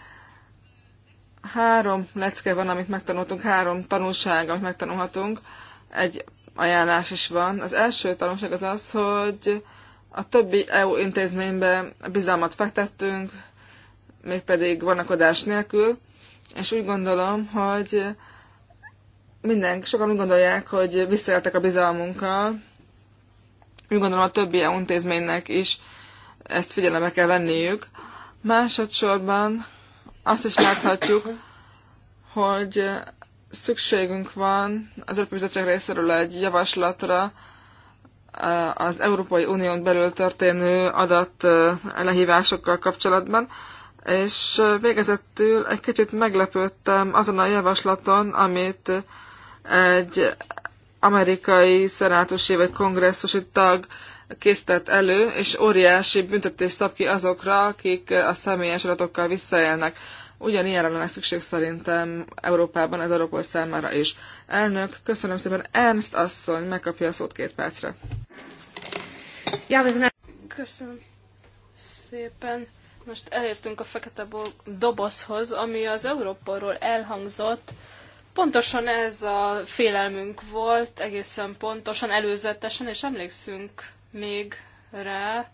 három lecke van, amit megtanultunk, három tanulság, amit megtanulhatunk. Egy ajánlás is van. Az első tanulság az az, hogy a többi EU intézménybe bizalmat fektettünk, mégpedig vonakodás nélkül, és úgy gondolom, hogy minden, sokan úgy gondolják, hogy visszaéltek a bizalmunkkal. Úgy gondolom a többi EU intézménynek is ezt figyelembe kell venniük. Másodszorban azt is láthatjuk, hogy szükségünk van az Európai Bizottság részéről egy javaslatra az Európai Unión belül történő adat lehívásokkal kapcsolatban, és végezetül egy kicsit meglepődtem azon a javaslaton, amit egy amerikai szenátusi vagy kongresszusi tag készített elő, és óriási büntetés szab ki azokra, akik a személyes adatokkal visszaélnek. Ugyanilyenre lenne szükség szerintem Európában az Európol számára is. Elnök, köszönöm szépen. Ernst asszony megkapja a szót két percre. Ja, Köszönöm szépen. Most elértünk a fekete dobozhoz, ami az Európáról elhangzott. Pontosan ez a félelmünk volt, egészen pontosan, előzetesen, és emlékszünk még rá,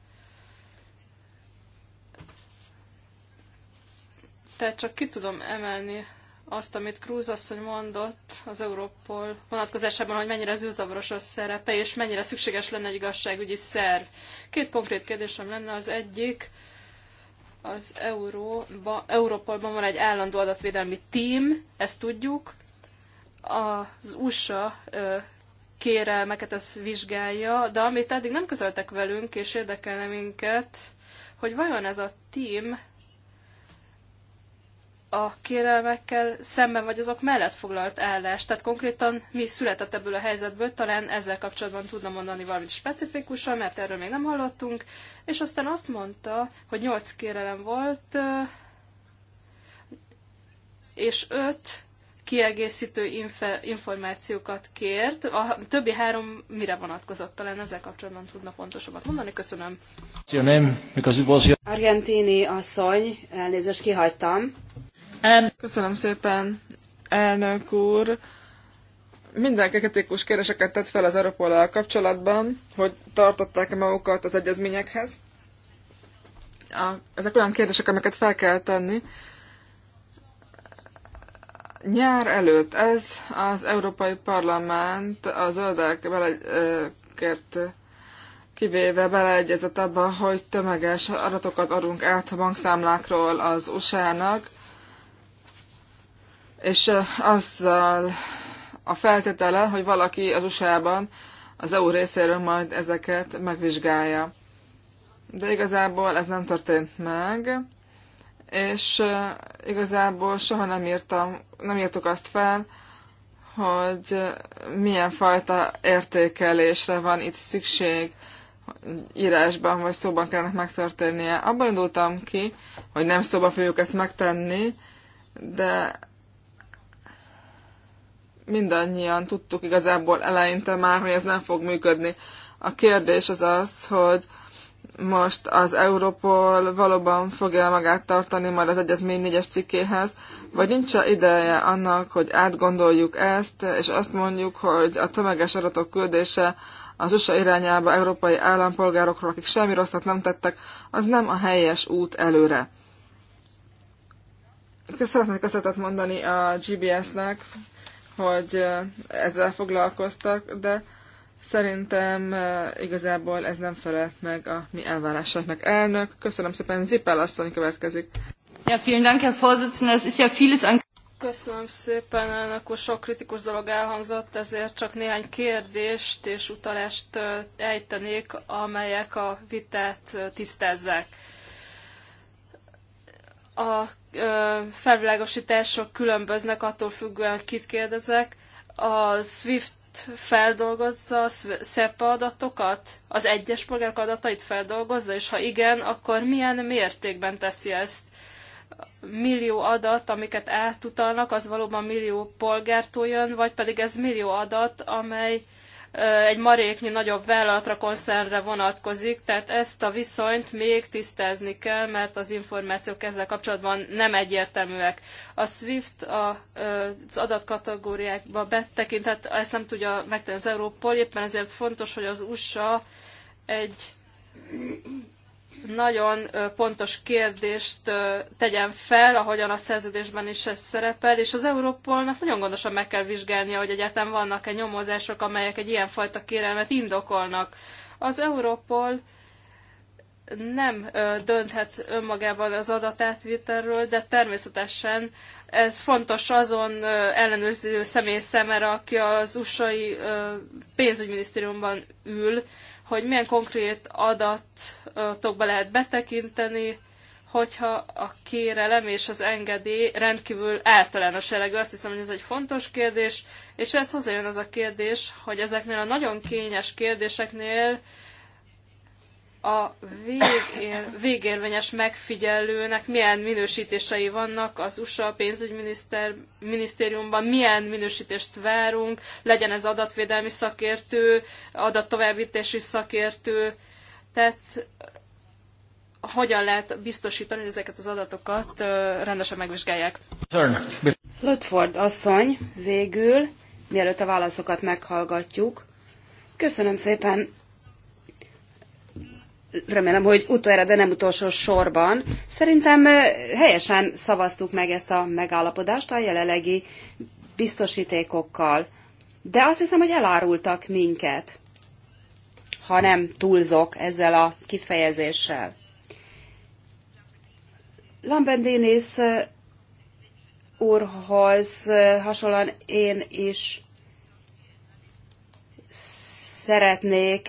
Tehát csak ki tudom emelni azt, amit Krúz asszony mondott az Európol vonatkozásában, hogy mennyire zűrzavaros a szerepe, és mennyire szükséges lenne egy igazságügyi szerv. Két konkrét kérdésem lenne. Az egyik, az Euróba, Európolban van egy állandó adatvédelmi tím, ezt tudjuk. Az USA kérelmeket ez vizsgálja, de amit eddig nem közöltek velünk, és érdekelne minket, hogy vajon ez a tím a kérelmekkel szemben vagy azok mellett foglalt állást. Tehát konkrétan mi született ebből a helyzetből, talán ezzel kapcsolatban tudna mondani valamit specifikusan, mert erről még nem hallottunk. És aztán azt mondta, hogy nyolc kérelem volt, és öt kiegészítő információkat kért. A többi három mire vonatkozott? Talán ezzel kapcsolatban tudna pontosabbat mondani. Köszönöm. Argentini asszony, elnézést kihagytam. Um, Köszönöm szépen, elnök úr. Minden kritikus kérdéseket tett fel az europol kapcsolatban, hogy tartották-e magukat az egyezményekhez. A, ezek olyan kérdések, amiket fel kell tenni. Nyár előtt ez az Európai Parlament a zöldek beleket kivéve beleegyezett abba, hogy tömeges adatokat adunk át a bankszámlákról az USA-nak, és azzal a feltétele, hogy valaki az USA-ban az EU részéről majd ezeket megvizsgálja. De igazából ez nem történt meg, és igazából soha nem, írtam, nem írtuk azt fel, hogy milyen fajta értékelésre van itt szükség, írásban vagy szóban kellene megtörténnie. Abban indultam ki, hogy nem szóban fogjuk ezt megtenni, de mindannyian tudtuk igazából eleinte már, hogy ez nem fog működni. A kérdés az az, hogy most az Europol valóban fogja magát tartani majd az egyezmény négyes cikkéhez, vagy nincs -e ideje annak, hogy átgondoljuk ezt, és azt mondjuk, hogy a tömeges adatok küldése az USA irányába európai állampolgárokról, akik semmi rosszat nem tettek, az nem a helyes út előre. Szeretnék köszönetet mondani a GBS-nek, hogy eh, ezzel foglalkoztak, de szerintem eh, igazából ez nem felelt meg a mi elvárásoknak. Elnök, köszönöm szépen, Zipel asszony következik. Ja, vielen Dank, Herr Vorsitzender. Es ist ja vieles an Köszönöm szépen, akkor sok kritikus dolog elhangzott, ezért csak néhány kérdést és utalást eh, ejtenék, amelyek a vitát tisztázzák a felvilágosítások különböznek attól függően, kit kérdezek. A SWIFT feldolgozza a SEPA adatokat? Az egyes polgárok adatait feldolgozza? És ha igen, akkor milyen mértékben teszi ezt? Millió adat, amiket átutalnak, az valóban millió polgártól jön, vagy pedig ez millió adat, amely egy maréknyi nagyobb vállalatra, koncernre vonatkozik, tehát ezt a viszonyt még tisztázni kell, mert az információk ezzel kapcsolatban nem egyértelműek. A SWIFT a, az adatkategóriákba betekintett, ezt nem tudja megtenni az Európol, éppen ezért fontos, hogy az USA egy nagyon pontos kérdést tegyen fel, ahogyan a szerződésben is ez szerepel, és az Európolnak nagyon gondosan meg kell vizsgálnia, hogy egyáltalán vannak-e nyomozások, amelyek egy ilyenfajta kérelmet indokolnak. Az Európol nem dönthet önmagában az adatátvitelről, de természetesen ez fontos azon ellenőrző személy szemére, aki az USA-i pénzügyminisztériumban ül, hogy milyen konkrét adatokba lehet betekinteni, hogyha a kérelem és az engedély rendkívül általános jellegű. Azt hiszem, hogy ez egy fontos kérdés, és ez hozzájön az a kérdés, hogy ezeknél a nagyon kényes kérdéseknél a végér, végérvényes megfigyelőnek milyen minősítései vannak az USA pénzügyminisztériumban, milyen minősítést várunk, legyen ez adatvédelmi szakértő, adattovábbítési szakértő, tehát hogyan lehet biztosítani, hogy ezeket az adatokat rendesen megvizsgálják. Lutford asszony, végül, mielőtt a válaszokat meghallgatjuk, köszönöm szépen remélem, hogy utoljára, de nem utolsó sorban. Szerintem eh, helyesen szavaztuk meg ezt a megállapodást a jelenlegi biztosítékokkal. De azt hiszem, hogy elárultak minket, ha nem túlzok ezzel a kifejezéssel. Lambendinis eh, úrhoz eh, hasonlóan én is szeretnék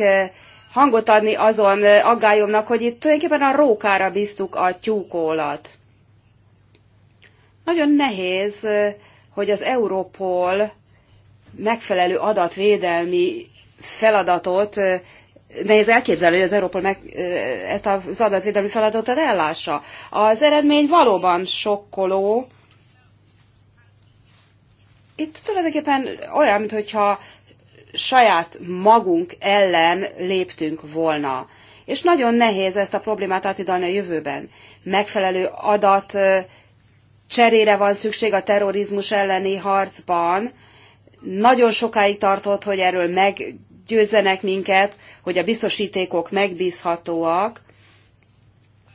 hangot adni azon aggályomnak, hogy itt tulajdonképpen a rókára bíztuk a tyúkólat. Nagyon nehéz, hogy az Európol megfelelő adatvédelmi feladatot, nehéz elképzelni, hogy az Európol meg, ezt az adatvédelmi feladatot ellássa. Az eredmény valóban sokkoló. Itt tulajdonképpen olyan, mintha saját magunk ellen léptünk volna. És nagyon nehéz ezt a problémát átidalni a jövőben. Megfelelő adat cserére van szükség a terrorizmus elleni harcban. Nagyon sokáig tartott, hogy erről meggyőzzenek minket, hogy a biztosítékok megbízhatóak.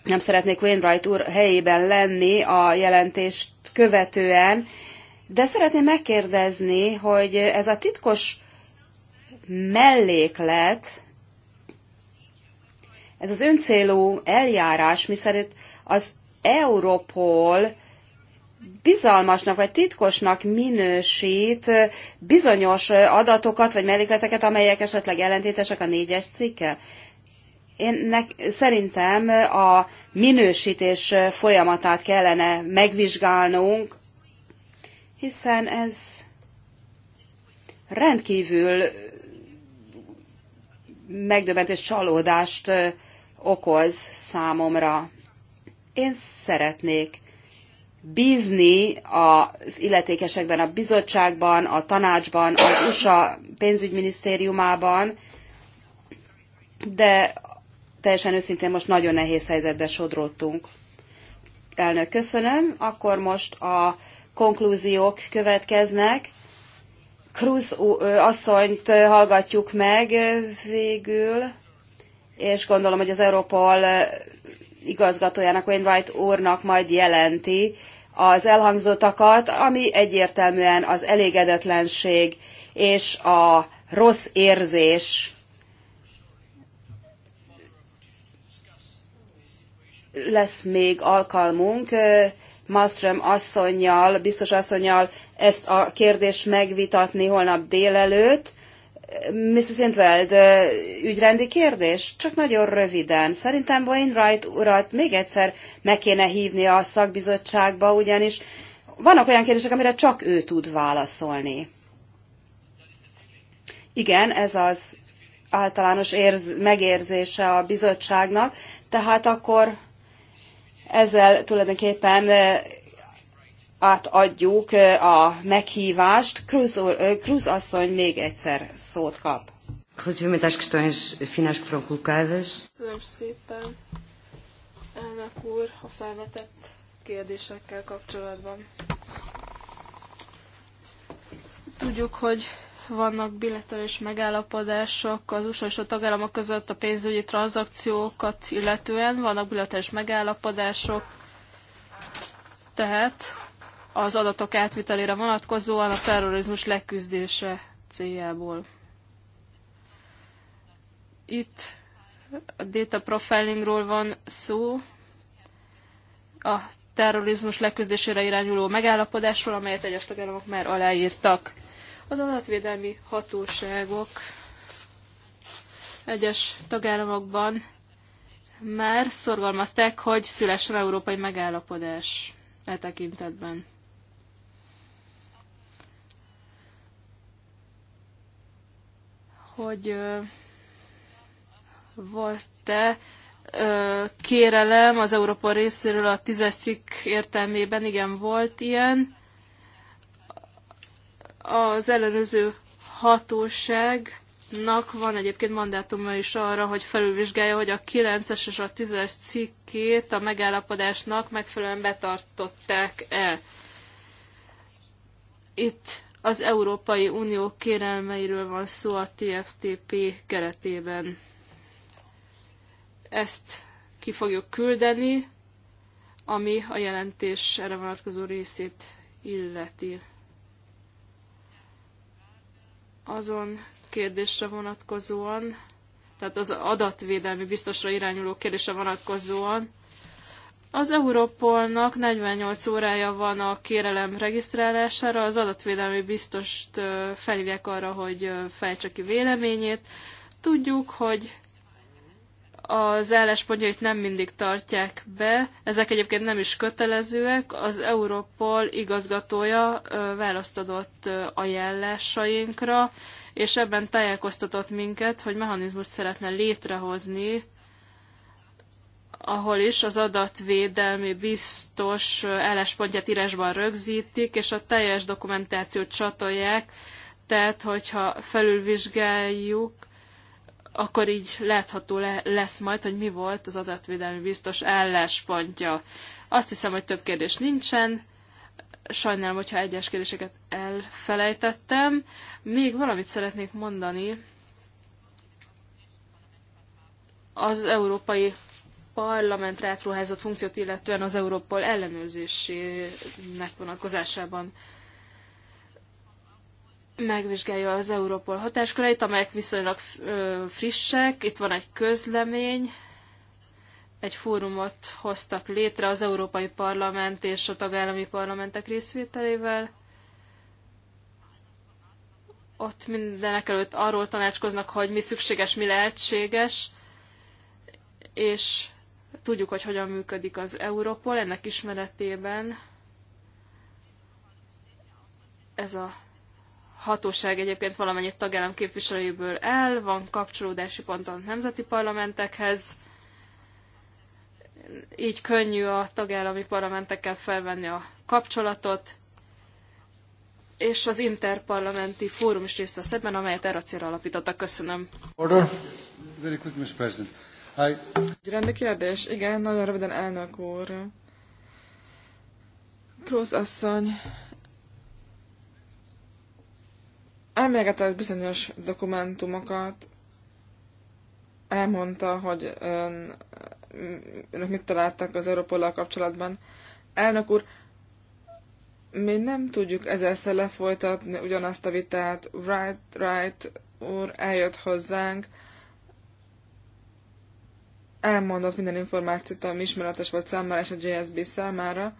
Nem szeretnék Wainwright úr helyében lenni a jelentést követően, de szeretném megkérdezni, hogy ez a titkos melléklet, ez az öncélú eljárás, miszerint az Europol bizalmasnak vagy titkosnak minősít bizonyos adatokat vagy mellékleteket, amelyek esetleg ellentétesek a négyes cikkel. Én nek, szerintem a minősítés folyamatát kellene megvizsgálnunk, hiszen ez rendkívül megdöbbentő csalódást okoz számomra. Én szeretnék bízni az illetékesekben, a bizottságban, a tanácsban, az USA pénzügyminisztériumában, de teljesen őszintén most nagyon nehéz helyzetbe sodródtunk. Elnök, köszönöm. Akkor most a konklúziók következnek. Cruz asszonyt hallgatjuk meg végül, és gondolom, hogy az Európol igazgatójának, White úrnak majd jelenti az elhangzottakat, ami egyértelműen az elégedetlenség és a rossz érzés lesz még alkalmunk Malmström asszonynal, biztos asszonynal ezt a kérdést megvitatni holnap délelőtt. Mrs. Intveld, ügyrendi kérdés? Csak nagyon röviden. Szerintem Wainwright urat még egyszer meg kéne hívni a szakbizottságba, ugyanis vannak olyan kérdések, amire csak ő tud válaszolni. Igen, ez az általános érz, megérzése a bizottságnak, tehát akkor ezzel tulajdonképpen átadjuk a meghívást. Cruz, Cruz asszony még egyszer szót kap. Relativamente às questões finais que foram colocadas. Köszönöm szépen, elnök úr, a felvetett kérdésekkel kapcsolatban. Tudjuk, hogy vannak bilaterális megállapodások az USA és a tagállamok között a pénzügyi tranzakciókat illetően, vannak bilaterális megállapodások, tehát az adatok átvitelére vonatkozóan a terrorizmus leküzdése céljából. Itt a data profilingról van szó, a terrorizmus leküzdésére irányuló megállapodásról, amelyet egyes tagállamok már aláírtak. Az adatvédelmi hatóságok egyes tagállamokban már szorgalmazták, hogy szülessen európai megállapodás e tekintetben. Hogy volt-e kérelem az Európa részéről a tízes cikk értelmében, igen, volt ilyen, az ellenőző hatóságnak van egyébként mandátuma is arra, hogy felülvizsgálja, hogy a 9-es és a 10-es cikkét a megállapodásnak megfelelően betartották-e. Itt az Európai Unió kérelmeiről van szó a TFTP keretében. Ezt ki fogjuk küldeni, ami a jelentés erre vonatkozó részét illeti azon kérdésre vonatkozóan, tehát az adatvédelmi biztosra irányuló kérdésre vonatkozóan, az Europolnak 48 órája van a kérelem regisztrálására, az adatvédelmi biztost felhívják arra, hogy fejtse ki véleményét. Tudjuk, hogy az álláspontjait nem mindig tartják be, ezek egyébként nem is kötelezőek. Az Európol igazgatója választ adott ajánlásainkra, és ebben tájékoztatott minket, hogy mechanizmus szeretne létrehozni, ahol is az adatvédelmi biztos álláspontját írásban rögzítik, és a teljes dokumentációt csatolják, tehát hogyha felülvizsgáljuk, akkor így látható le, lesz majd, hogy mi volt az adatvédelmi biztos álláspontja. Azt hiszem, hogy több kérdés nincsen. Sajnálom, hogyha egyes kérdéseket elfelejtettem. Még valamit szeretnék mondani. Az Európai Parlament rátruházott funkciót, illetően az Európol ellenőrzésének vonatkozásában megvizsgálja az Európol hatásköreit, amelyek viszonylag frissek. Itt van egy közlemény, egy fórumot hoztak létre az Európai Parlament és a tagállami parlamentek részvételével. Ott mindenek előtt arról tanácskoznak, hogy mi szükséges, mi lehetséges, és tudjuk, hogy hogyan működik az Európol ennek ismeretében. Ez a hatóság egyébként valamennyi tagállam képviselőjéből el, van kapcsolódási pont a nemzeti parlamentekhez, így könnyű a tagállami parlamentekkel felvenni a kapcsolatot, és az interparlamenti fórum is részt vesz ebben, amelyet erre a célra alapítottak. Köszönöm. Order. Very quick, Mr. President. I... Rendi kérdés? Igen, nagyon röviden elnök úr. Krósz asszony elmégetett bizonyos dokumentumokat, elmondta, hogy ön, önök mit találtak az Európollal kapcsolatban. Elnök úr, mi nem tudjuk ezzel lefolytatni ugyanazt a vitát. Right, right úr eljött hozzánk, elmondott minden információt, ami ismeretes volt számára és a JSB számára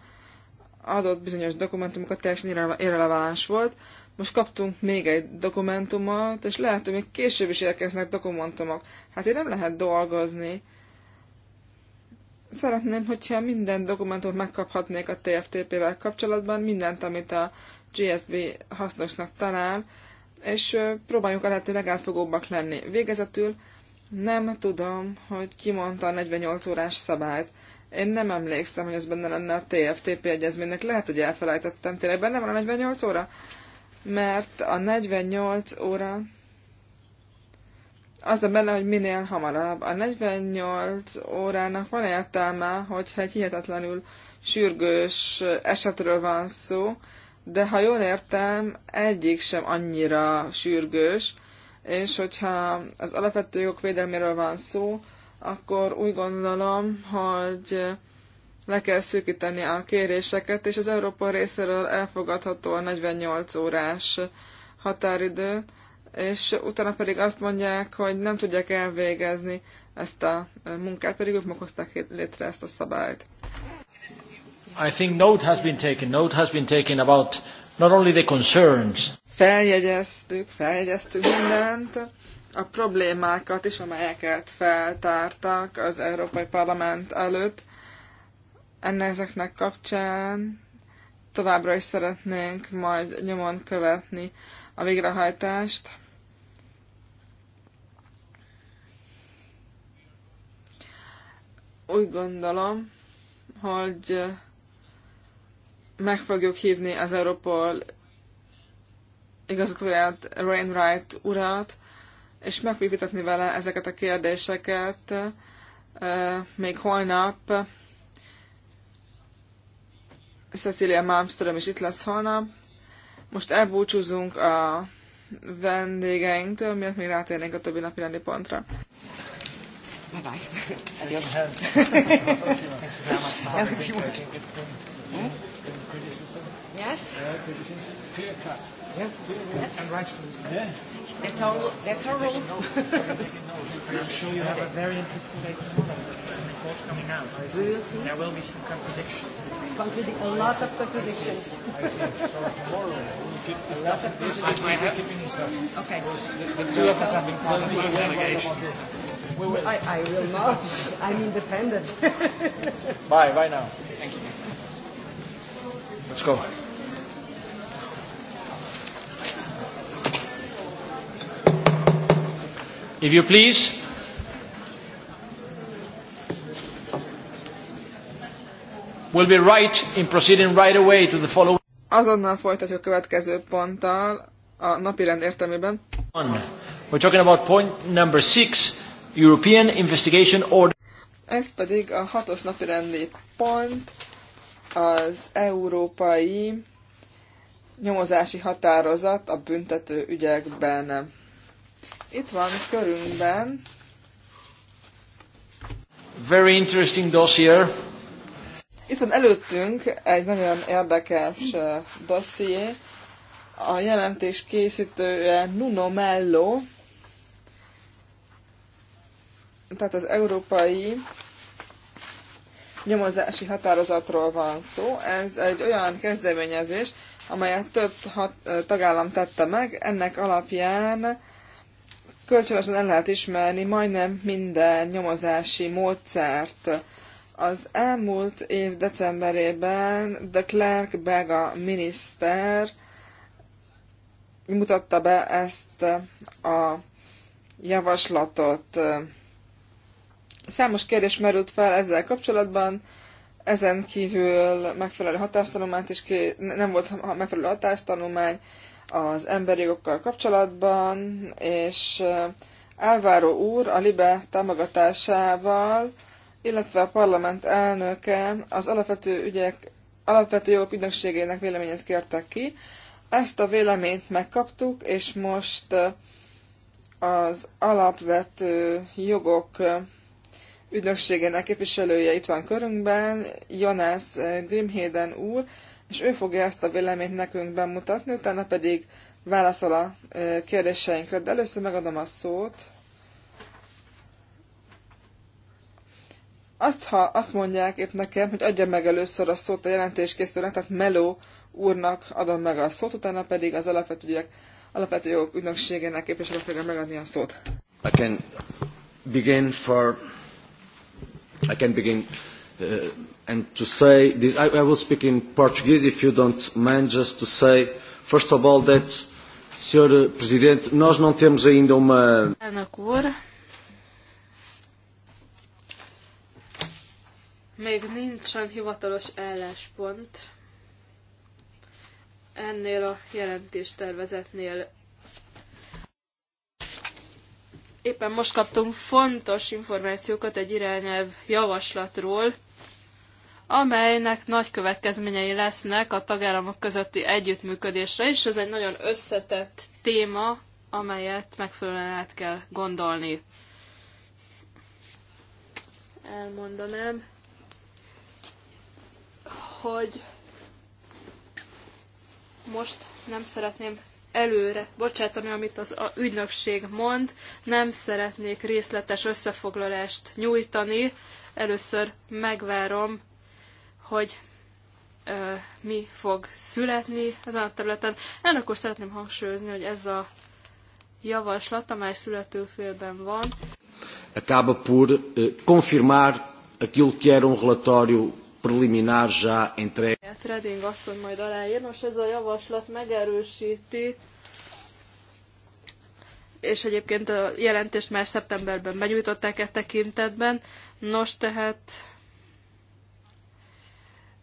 adott bizonyos dokumentumokat teljesen irreleváns volt. Most kaptunk még egy dokumentumot, és lehet, hogy még később is érkeznek dokumentumok. Hát én nem lehet dolgozni. Szeretném, hogyha minden dokumentumot megkaphatnék a TFTP-vel kapcsolatban, mindent, amit a GSB hasznosnak talál, és próbáljuk a lehető legátfogóbbak lenni. Végezetül nem tudom, hogy ki mondta a 48 órás szabályt. Én nem emlékszem, hogy ez benne lenne a TFTP egyezménynek. Lehet, hogy elfelejtettem. Tényleg benne van a 48 óra? Mert a 48 óra az a benne, hogy minél hamarabb. A 48 órának van értelme, hogyha egy hihetetlenül sürgős esetről van szó, de ha jól értem, egyik sem annyira sürgős, és hogyha az alapvető jogok védelméről van szó, akkor úgy gondolom, hogy le kell szűkíteni a kéréseket, és az Európa részéről elfogadható a 48 órás határidő, és utána pedig azt mondják, hogy nem tudják elvégezni ezt a munkát, pedig ők hozták létre ezt a szabályt. I think note has been taken, note has been taken about not only the concerns. Feljegyeztük, feljegyeztük mindent, a problémákat is, amelyeket feltártak az Európai Parlament előtt. Ennek ezeknek kapcsán továbbra is szeretnénk majd nyomon követni a végrehajtást. Úgy gondolom, hogy meg fogjuk hívni az Európol igazgatóját, Rainwright urat, és meg fogjuk vitatni vele ezeket a kérdéseket még holnap. Cecilia Malmström is itt lesz holnap. Most elbúcsúzunk a vendégeinktől, miatt még rátérnénk a többi napi rendi pontra. Bye bye. Yes? Yes, yes. and rightfully so. Yeah. That's our that's our role. I'm sure you have a very interesting day tomorrow. coming out. I see. Will see? There will be some contradictions. Contradic a lot of contradictions. I see. So tomorrow we keep discussing this. Okay. The two of us have been telling me delegations. We will. I, I will not. I'm independent. bye. Bye now. Thank you. Let's go. If you please. We'll be right in proceeding right away to the following. Azonnal folytatjuk a következő ponttal a napirend értelmében. One. We're talking about point number six, European Investigation Order. Ez pedig a hatos napirendi pont, az európai nyomozási határozat a büntető ügyekben. Itt van körünkben. Very interesting dossier. Itt van előttünk egy nagyon érdekes dosszié. A jelentés készítője Nuno Mello, tehát az európai nyomozási határozatról van szó. Ez egy olyan kezdeményezés, amelyet több hat, tagállam tette meg. Ennek alapján kölcsönösen el lehet ismerni majdnem minden nyomozási módszert. Az elmúlt év decemberében de Clark Bega miniszter mutatta be ezt a javaslatot. Számos kérdés merült fel ezzel kapcsolatban, ezen kívül megfelelő hatástanulmányt is ké... nem volt megfelelő hatástanulmány, az emberi jogokkal kapcsolatban, és eh, Álváró úr a LIBE támogatásával, illetve a parlament elnöke az alapvető, ügyek, alapvető jogok ügynökségének véleményét kértek ki. Ezt a véleményt megkaptuk, és most eh, az alapvető jogok eh, ügynökségének képviselője itt van körünkben, Jonas Grimhéden úr, és ő fogja ezt a véleményt nekünk bemutatni, utána pedig válaszol a kérdéseinkre, de először megadom a szót. Azt, ha azt mondják épp nekem, hogy adja meg először a szót a jelentéskészítőnek, tehát Meló úrnak adom meg a szót, utána pedig az alapvető, ügyek, alapvető jogok ügynökségének képviselő fogja megadni a szót. I can begin for... I can begin uh, and to say this, I, I will speak in Portuguese if you don't mind, just to say, first of all, that, Sr. Presidente, nós não temos ainda uma... Elnök úr, még nincsen hivatalos álláspont ennél a jelentéstervezetnél. Éppen most kaptunk fontos információkat egy irányelv javaslatról, amelynek nagy következményei lesznek a tagállamok közötti együttműködésre is. Ez egy nagyon összetett téma, amelyet megfelelően át kell gondolni. Elmondanám, hogy most nem szeretném előre bocsátani, amit az ügynökség mond, nem szeretnék részletes összefoglalást nyújtani. Először megvárom hogy ö, mi fog születni ezen a területen. Ennek úr, szeretném hangsúlyozni, hogy ez a javaslat, amely születőfélben van, acaba por eh, confirmar aquilo que era um relatório preliminar já entregue. Reding asszony majd aláír. Nos, ez a javaslat megerősíti, és egyébként a jelentést már szeptemberben benyújtották e tekintetben. Nos, tehát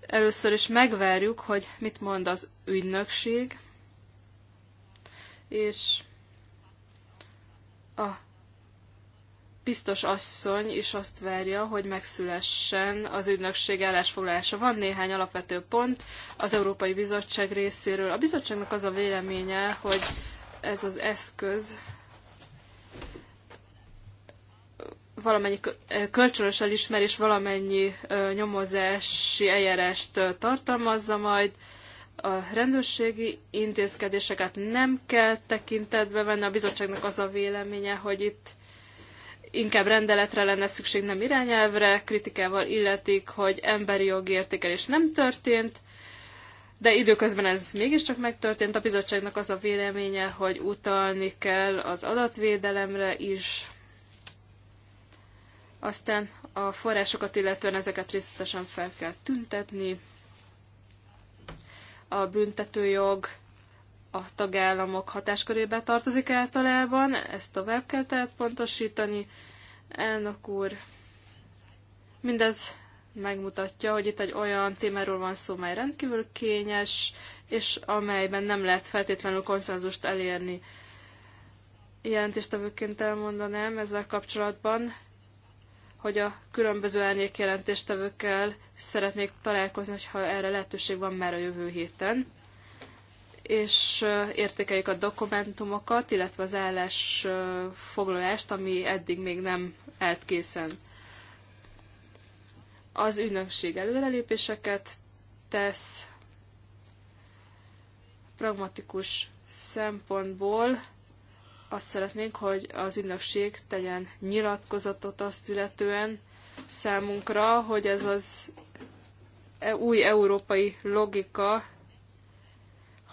Először is megvárjuk, hogy mit mond az ügynökség, és a biztos asszony is azt várja, hogy megszülessen az ügynökség állásfoglalása. Van néhány alapvető pont az Európai Bizottság részéről. A bizottságnak az a véleménye, hogy ez az eszköz valamennyi kölcsönös elismerés valamennyi nyomozási eljárást tartalmazza majd. A rendőrségi intézkedéseket nem kell tekintetbe venni. A bizottságnak az a véleménye, hogy itt inkább rendeletre lenne szükség, nem irányelvre, kritikával illetik, hogy emberi jogi értékelés nem történt, de időközben ez mégiscsak megtörtént. A bizottságnak az a véleménye, hogy utalni kell az adatvédelemre is, aztán a forrásokat illetően ezeket részletesen fel kell tüntetni. A büntetőjog a tagállamok hatáskörébe tartozik általában, ezt tovább kell tehát pontosítani. Elnök úr, mindez megmutatja, hogy itt egy olyan témáról van szó, mely rendkívül kényes, és amelyben nem lehet feltétlenül konszenzust elérni. Jelentéstevőként elmondanám ezzel kapcsolatban, hogy a különböző árnyékjelentéstevőkkel szeretnék találkozni, ha erre lehetőség van már a jövő héten és értékeljük a dokumentumokat, illetve az állásfoglalást, ami eddig még nem állt készen. Az ügynökség előrelépéseket tesz pragmatikus szempontból, azt szeretnénk, hogy az ünnepség tegyen nyilatkozatot azt illetően számunkra, hogy ez az e- új európai logika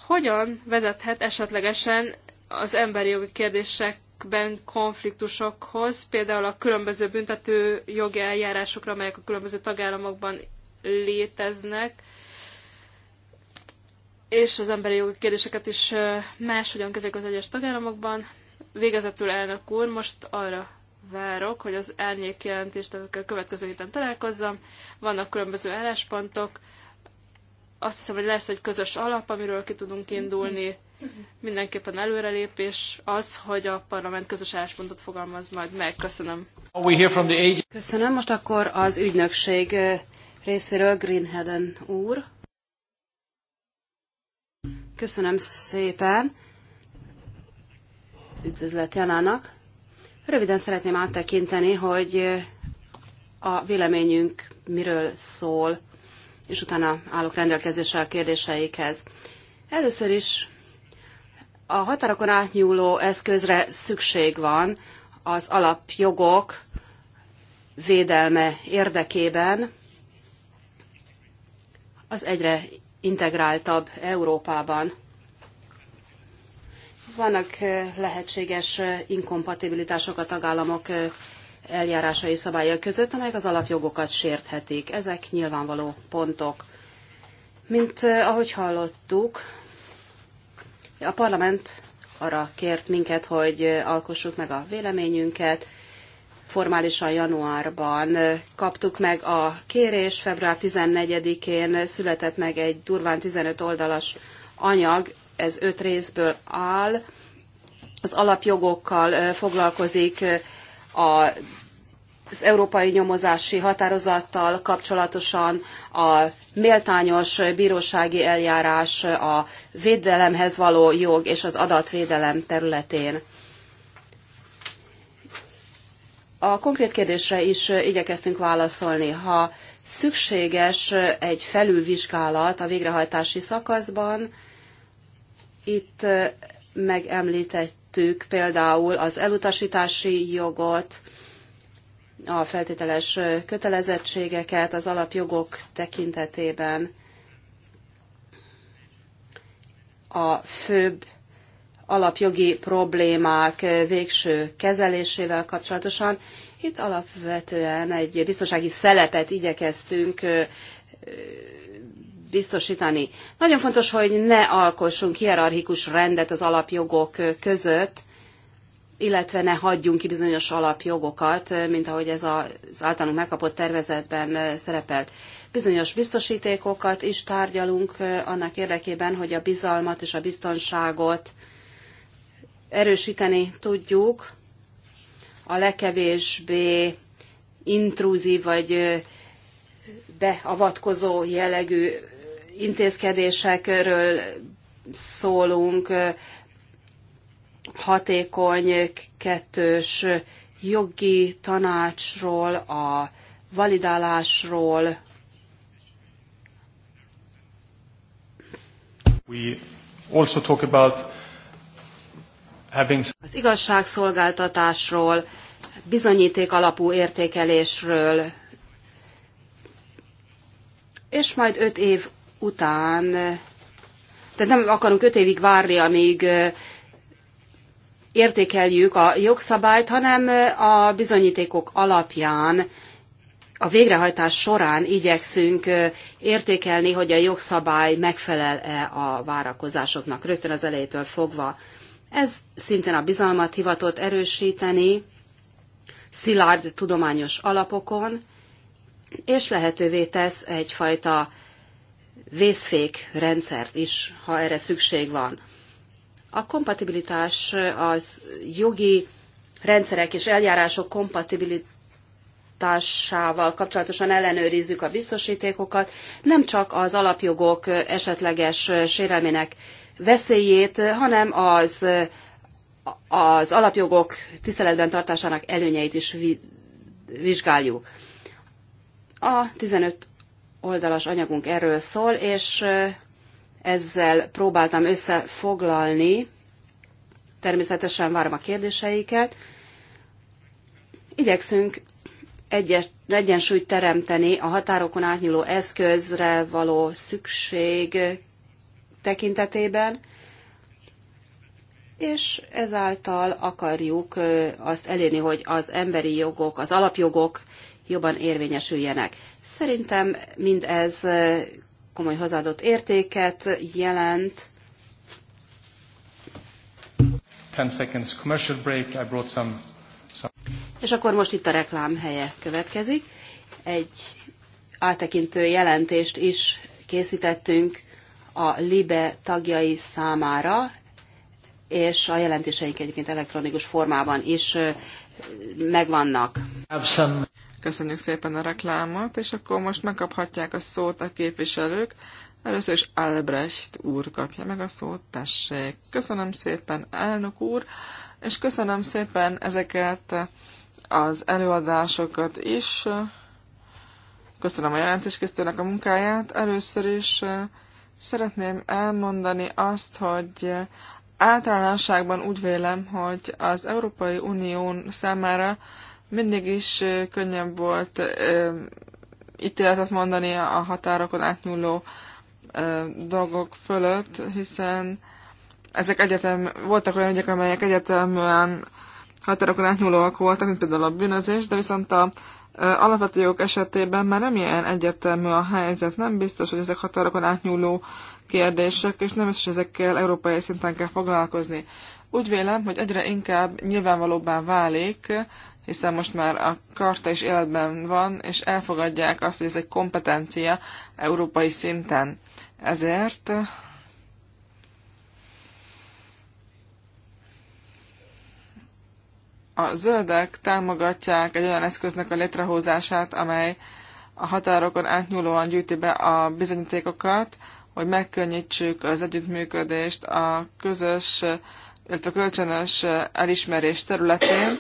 hogyan vezethet esetlegesen az emberi jogi kérdésekben konfliktusokhoz, például a különböző büntető jogi eljárásokra, amelyek a különböző tagállamokban léteznek, és az emberi jogi kérdéseket is máshogyan kezelik az egyes tagállamokban. Végezetül elnök úr, most arra várok, hogy az árnyék jelentést, amikkel következő héten találkozzam. Vannak különböző álláspontok. Azt hiszem, hogy lesz egy közös alap, amiről ki tudunk indulni. Mindenképpen előrelépés az, hogy a parlament közös álláspontot fogalmaz majd meg. Köszönöm. Köszönöm. Most akkor az ügynökség részéről Greenheden úr. Köszönöm szépen üdvözlet Janának. Röviden szeretném áttekinteni, hogy eh, a véleményünk miről szól, és utána állok rendelkezésre a kérdéseikhez. Először is a határokon átnyúló eszközre szükség van az alapjogok védelme érdekében az egyre integráltabb Európában. Vannak lehetséges inkompatibilitások a tagállamok eljárásai szabályai között, amelyek az alapjogokat sérthetik. Ezek nyilvánvaló pontok. Mint ahogy hallottuk, a parlament arra kért minket, hogy alkossuk meg a véleményünket. Formálisan januárban kaptuk meg a kérés, február 14-én született meg egy durván 15 oldalas anyag, ez öt részből áll, az alapjogokkal foglalkozik, a az európai nyomozási határozattal kapcsolatosan a méltányos bírósági eljárás a védelemhez való jog és az adatvédelem területén. A konkrét kérdésre is igyekeztünk válaszolni. Ha szükséges egy felülvizsgálat a végrehajtási szakaszban, itt megemlítettük például az elutasítási jogot, a feltételes kötelezettségeket az alapjogok tekintetében a főbb alapjogi problémák végső kezelésével kapcsolatosan. Itt alapvetően egy biztonsági szelepet igyekeztünk biztosítani. Nagyon fontos, hogy ne alkossunk hierarchikus rendet az alapjogok között, illetve ne hagyjunk ki bizonyos alapjogokat, mint ahogy ez az általunk megkapott tervezetben szerepelt. Bizonyos biztosítékokat is tárgyalunk annak érdekében, hogy a bizalmat és a biztonságot erősíteni tudjuk a legkevésbé intrúzív vagy beavatkozó jellegű intézkedésekről szólunk, hatékony kettős jogi tanácsról, a validálásról. We also talk about having... Az igazságszolgáltatásról, bizonyíték alapú értékelésről, és majd öt év után, tehát nem akarunk öt évig várni, amíg értékeljük a jogszabályt, hanem a bizonyítékok alapján a végrehajtás során igyekszünk értékelni, hogy a jogszabály megfelel-e a várakozásoknak rögtön az elejétől fogva. Ez szintén a bizalmat hivatott erősíteni, szilárd tudományos alapokon, és lehetővé tesz egyfajta vészfék rendszert is, ha erre szükség van. A kompatibilitás az jogi rendszerek és eljárások kompatibilitásával kapcsolatosan ellenőrizzük a biztosítékokat, nem csak az alapjogok esetleges sérelmének veszélyét, hanem az, az alapjogok tiszteletben tartásának előnyeit is vizsgáljuk. A 15 oldalas anyagunk erről szól, és ezzel próbáltam összefoglalni. Természetesen várom a kérdéseiket. Igyekszünk egyensúlyt teremteni a határokon átnyúló eszközre való szükség tekintetében, és ezáltal akarjuk azt elérni, hogy az emberi jogok, az alapjogok jobban érvényesüljenek. Szerintem mindez komoly hozzáadott értéket jelent. 10 seconds commercial break. I brought some, some... És akkor most itt a reklám helye következik. Egy áttekintő jelentést is készítettünk a LIBE tagjai számára, és a jelentéseink egyébként elektronikus formában is megvannak. Köszönjük szépen a reklámot, és akkor most megkaphatják a szót a képviselők. Először is Albrecht úr kapja meg a szót, tessék. Köszönöm szépen, elnök úr, és köszönöm szépen ezeket az előadásokat is. Köszönöm a jelentéskészítőnek a munkáját. Először is eh, szeretném elmondani azt, hogy általánosságban úgy vélem, hogy az Európai Unión számára mindig is könnyebb volt ítéletet mondani a határokon átnyúló dolgok fölött, hiszen ezek egyetem, voltak olyan ügyek, amelyek egyeteműen határokon átnyúlóak voltak, mint például a bűnözés, de viszont a alapvető jogok esetében már nem ilyen egyetemű a helyzet, nem biztos, hogy ezek határokon átnyúló kérdések, és nem biztos, hogy ezekkel európai szinten kell foglalkozni. Úgy vélem, hogy egyre inkább nyilvánvalóbbá válik hiszen most már a karta is életben van, és elfogadják azt, hogy ez egy kompetencia európai szinten. Ezért a zöldek támogatják egy olyan eszköznek a létrehozását, amely a határokon átnyúlóan gyűjti be a bizonyítékokat, hogy megkönnyítsük az együttműködést a közös, illetve kölcsönös elismerés területén,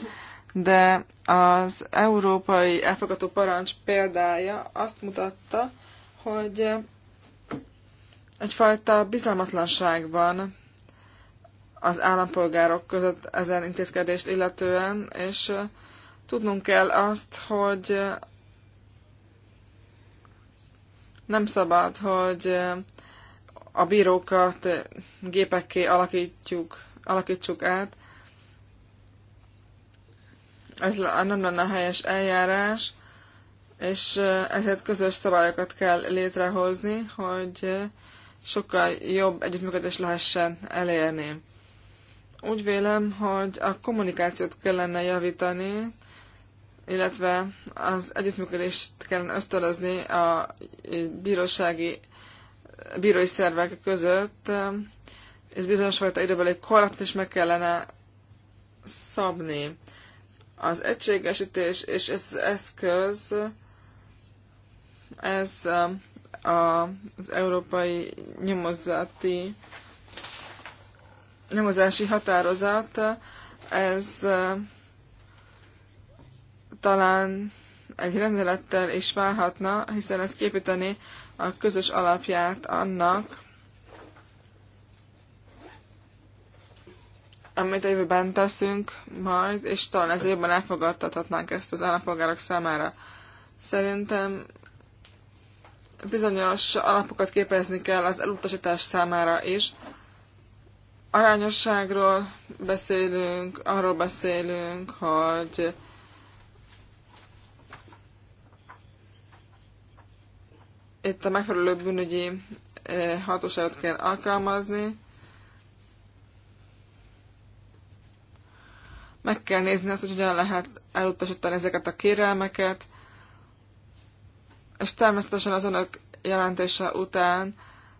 de az európai elfogadó parancs példája azt mutatta, hogy egyfajta bizalmatlanság van az állampolgárok között ezen intézkedést illetően, és tudnunk kell azt, hogy nem szabad, hogy a bírókat gépekké alakítjuk, alakítsuk át, ez nem lenne a helyes eljárás, és ezért közös szabályokat kell létrehozni, hogy sokkal jobb együttműködést lehessen elérni. Úgy vélem, hogy a kommunikációt kellene javítani, illetve az együttműködést kellene ösztönözni a bírósági, bírói szervek között, és bizonyos fajta időbeli korlátot is meg kellene szabni. Az egységesítés és ez eszköz, ez um, az európai nyomozati nyomozási határozat, ez um, talán egy rendelettel is válhatna, hiszen ez képíteni a közös alapját annak, amit a jövőben teszünk majd, és talán ez jobban elfogadtathatnánk ezt az állampolgárok számára. Szerintem bizonyos alapokat képezni kell az elutasítás számára is. Arányosságról beszélünk, arról beszélünk, hogy itt a megfelelő bűnügyi eh, hatóságot kell alkalmazni, Meg kell nézni azt, hogy hogyan lehet elutasítani ezeket a kérelmeket, és természetesen az önök jelentése után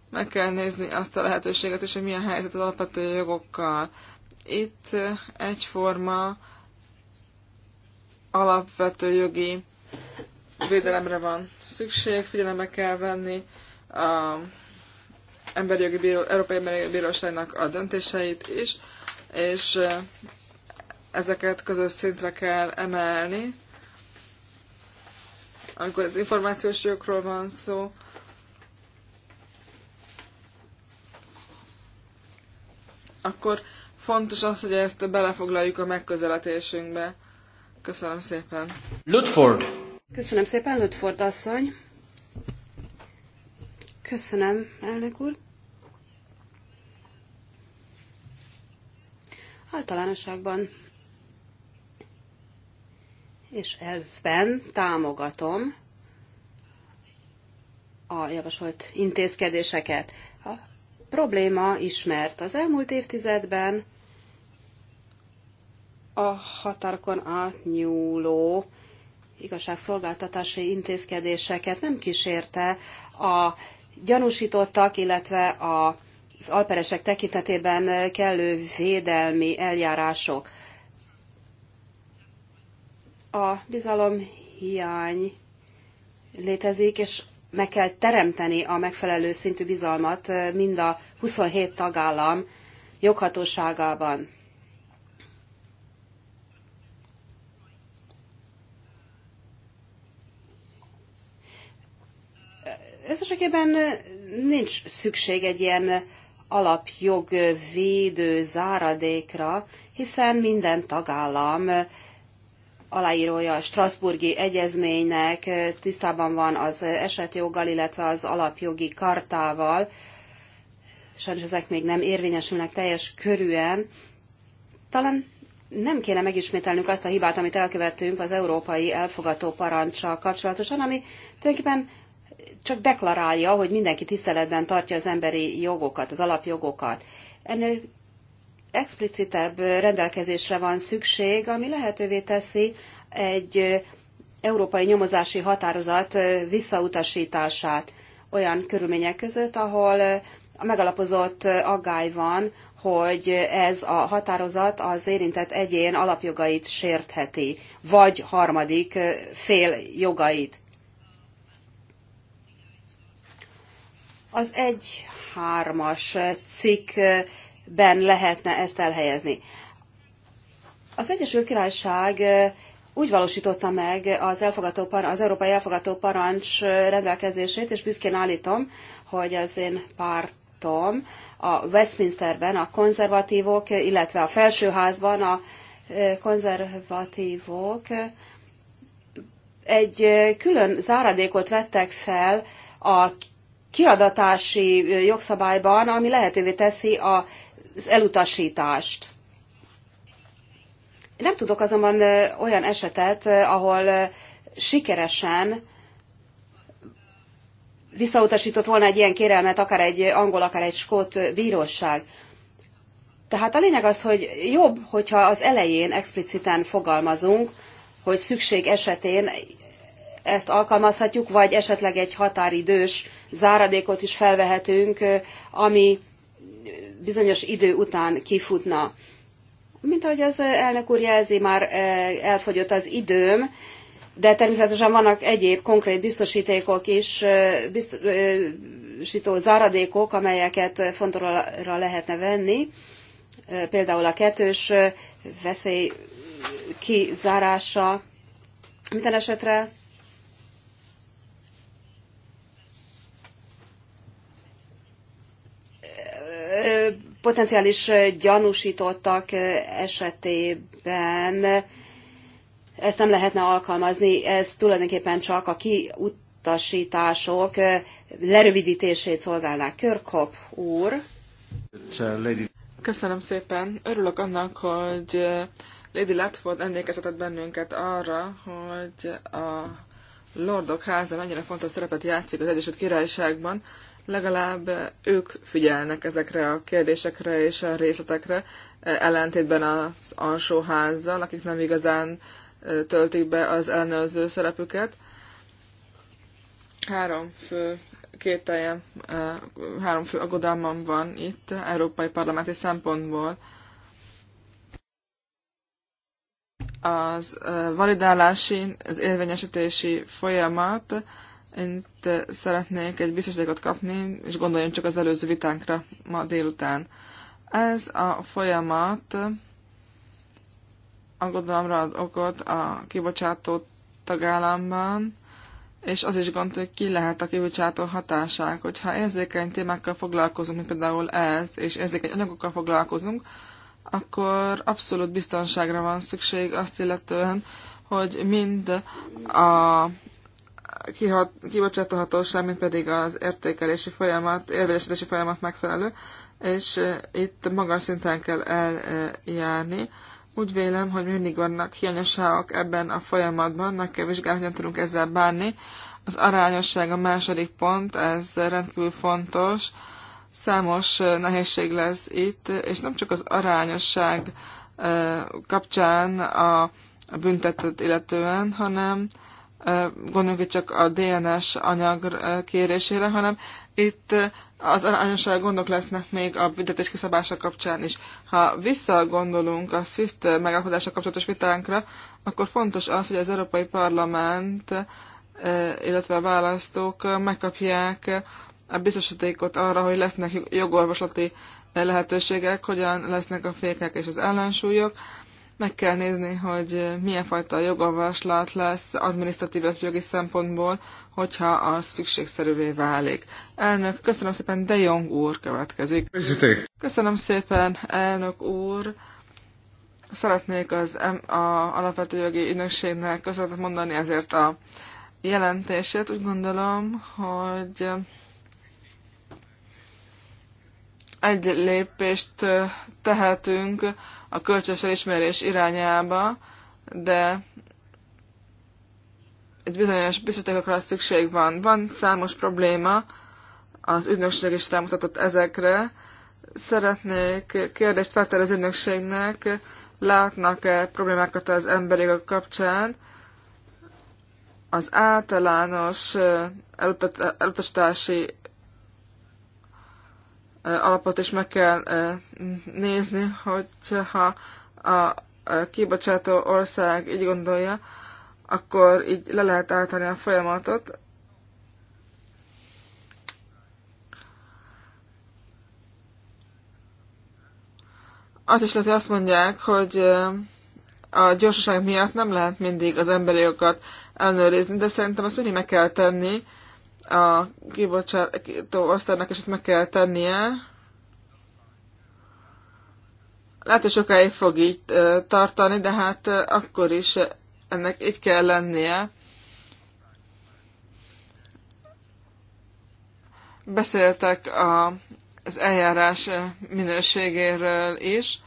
meg kell nézni azt a lehetőséget is, hogy milyen helyzet az alapvető jogokkal. Itt egyforma alapvető jogi védelemre van szükség, figyelembe kell venni a emberi jogi bíró, Európai Emberi Bíróságnak a döntéseit is, és ezeket közös szintre kell emelni. Amikor az információs jogokról van szó, akkor fontos az, hogy ezt belefoglaljuk a megközelítésünkbe. Köszönöm szépen. Ludford. Köszönöm szépen, Ludford asszony. Köszönöm, elnök úr. Általánosságban és elvben támogatom a javasolt intézkedéseket. A probléma ismert. Az elmúlt évtizedben a határokon átnyúló igazságszolgáltatási intézkedéseket nem kísérte a gyanúsítottak, illetve az alperesek tekintetében kellő védelmi eljárások a bizalom hiány létezik, és meg kell teremteni a megfelelő szintű bizalmat eh, mind a 27 tagállam joghatóságában. Eh, összességében eh, nincs szükség egy ilyen alapjogvédő záradékra, hiszen minden tagállam aláírója a Strasburgi Egyezménynek, tisztában van az esetjoggal, illetve az alapjogi kartával. Sajnos ezek még nem érvényesülnek teljes körűen. Talán nem kéne megismételnünk azt a hibát, amit elkövettünk az európai elfogató parancsal kapcsolatosan, ami tulajdonképpen csak deklarálja, hogy mindenki tiszteletben tartja az emberi jogokat, az alapjogokat. Ennél explicitebb rendelkezésre van szükség, ami lehetővé teszi egy európai nyomozási határozat visszautasítását olyan körülmények között, ahol megalapozott aggály van, hogy ez a határozat az érintett egyén alapjogait sértheti, vagy harmadik fél jogait. Az 1-3-as cikk ben lehetne ezt elhelyezni. Az Egyesült Királyság úgy valósította meg az, elfogadó, az Európai Elfogató Parancs rendelkezését, és büszkén állítom, hogy az én pártom a Westminsterben a konzervatívok, illetve a felsőházban a konzervatívok egy külön záradékot vettek fel a kiadatási jogszabályban, ami lehetővé teszi a az elutasítást. Nem tudok azonban olyan esetet, ahol sikeresen visszautasított volna egy ilyen kérelmet akár egy angol, akár egy skót bíróság. Tehát a lényeg az, hogy jobb, hogyha az elején expliciten fogalmazunk, hogy szükség esetén ezt alkalmazhatjuk, vagy esetleg egy határidős záradékot is felvehetünk, ami bizonyos idő után kifutna. Mint ahogy az elnök úr jelzi, már e, elfogyott az időm, de természetesen vannak egyéb konkrét biztosítékok is, e, e, biztosító záradékok, amelyeket fontosra lehetne venni, például a kettős veszély kizárása. Minden esetre potenciális gyanúsítottak esetében ezt nem lehetne alkalmazni, ez tulajdonképpen csak a kiutasítások lerövidítését szolgálná. Körkop úr. Köszönöm szépen. Örülök annak, hogy Lady Latford emlékeztetett bennünket arra, hogy a Lordok háza mennyire fontos szerepet játszik az Egyesült Királyságban, legalább ők figyelnek ezekre a kérdésekre és a részletekre, e, ellentétben az alsóházzal, akik nem igazán e, töltik be az ellenőrző szerepüket. Három fő kételje, e, három fő aggodalmam van itt európai parlamenti szempontból. Az validálási, az érvényesítési folyamat, itt eh, szeretnék egy biztosítékot kapni, és gondoljunk csak az előző vitánkra ma délután. Ez a folyamat gondolomra ad okot a kibocsátó tagállamban, és az is gond, hogy ki lehet a kibocsátó hatáság. Hogyha érzékeny témákkal foglalkozunk, mint például ez, és érzékeny anyagokkal foglalkozunk, akkor abszolút biztonságra van szükség azt illetően, hogy mind a kihat, hatóság, mint pedig az értékelési folyamat, érvényesítési folyamat megfelelő, és itt magas szinten kell eljárni. Úgy vélem, hogy mindig vannak hiányosságok ebben a folyamatban, meg kell vizsgálni, hogyan tudunk ezzel bánni. Az arányosság a második pont, ez rendkívül fontos. Számos nehézség lesz itt, és nem csak az arányosság kapcsán a büntetett illetően, hanem gondoljunk itt csak a DNS anyag kérésére, hanem itt az arányosság gondok lesznek még a büntetés kiszabása kapcsán is. Ha visszagondolunk a SWIFT megállapodása kapcsolatos vitánkra, akkor fontos az, hogy az Európai Parlament, illetve a választók megkapják a biztosítékot arra, hogy lesznek jogorvoslati lehetőségek, hogyan lesznek a fékek és az ellensúlyok, meg kell nézni, hogy milyen fajta jogavaslat lesz adminisztratív vagy jogi szempontból, hogyha az szükségszerűvé válik. Elnök, köszönöm szépen, De Jong úr következik. Köszönöm, köszönöm szépen, elnök úr. Szeretnék az M- a alapvető jogi ügynökségnek köszönetet mondani ezért a jelentését. Úgy gondolom, hogy egy lépést tehetünk a kölcsönös elismerés irányába, de egy bizonyos biztosítékokra szükség van. Van számos probléma, az ügynökség is rámutatott ezekre. Szeretnék kérdést feltenni az ügynökségnek, látnak-e problémákat az emberi kapcsán, az általános elutasítási alapot is meg kell nézni, hogyha a kibocsátó ország így gondolja, akkor így le lehet állítani a folyamatot. Az is lehet, hogy azt mondják, hogy a gyorsaság miatt nem lehet mindig az emberi jogokat ellenőrizni, de szerintem azt mindig meg kell tenni, a kibocsátó osztálynak, és ezt meg kell tennie. Lehet, hogy sokáig fog így tartani, de hát akkor is ennek így kell lennie. Beszéltek a, az eljárás minőségéről is,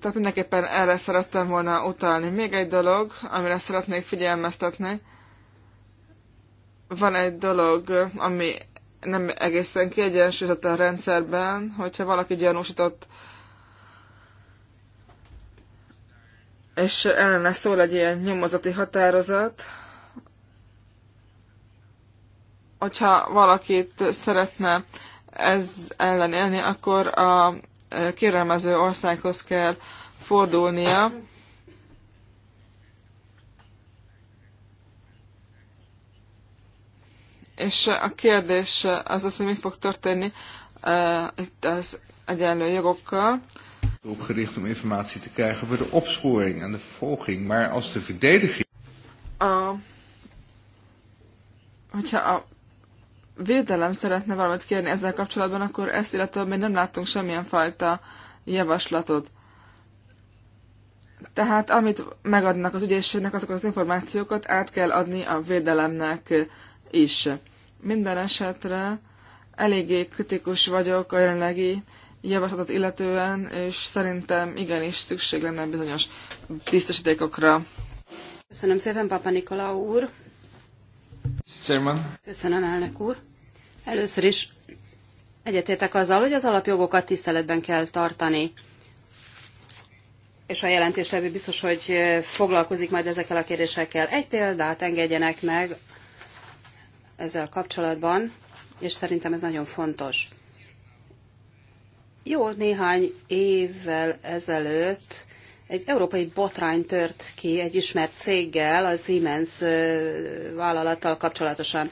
tehát mindenképpen erre szerettem volna utalni. Még egy dolog, amire szeretnék figyelmeztetni, van egy dolog, ami nem egészen kiegyensúlyozott a rendszerben, hogyha valaki gyanúsított és ellene szól egy ilyen nyomozati határozat, hogyha valakit szeretne ez ellen élni, akkor a eh, kérelmező országhoz kell fordulnia, És a kérdés az az, hogy mi fog történni uh, itt az egyenlő jogokkal. Opgericht om informatie te krijgen voor de opsporing en de vervolging, maar als de verdediging. A, hogyha a védelem szeretne valamit kérni ezzel kapcsolatban, akkor ezt illetve még nem láttunk semmilyen fajta javaslatot. Tehát amit megadnak az ügyészségnek, azokat az információkat át kell adni a védelemnek is. Minden esetre eléggé kritikus vagyok a jelenlegi javaslatot illetően, és szerintem igenis szükség lenne bizonyos biztosítékokra. Köszönöm szépen, Papa Nikola úr. Chairman. Köszönöm, elnök úr. Először is egyetértek azzal, hogy az alapjogokat tiszteletben kell tartani. És a jelentéstevő biztos, hogy foglalkozik majd ezekkel a kérdésekkel. Egy példát engedjenek meg ezzel kapcsolatban, és szerintem ez nagyon fontos. Jó néhány évvel ezelőtt egy európai botrány tört ki egy ismert céggel, a Siemens vállalattal kapcsolatosan.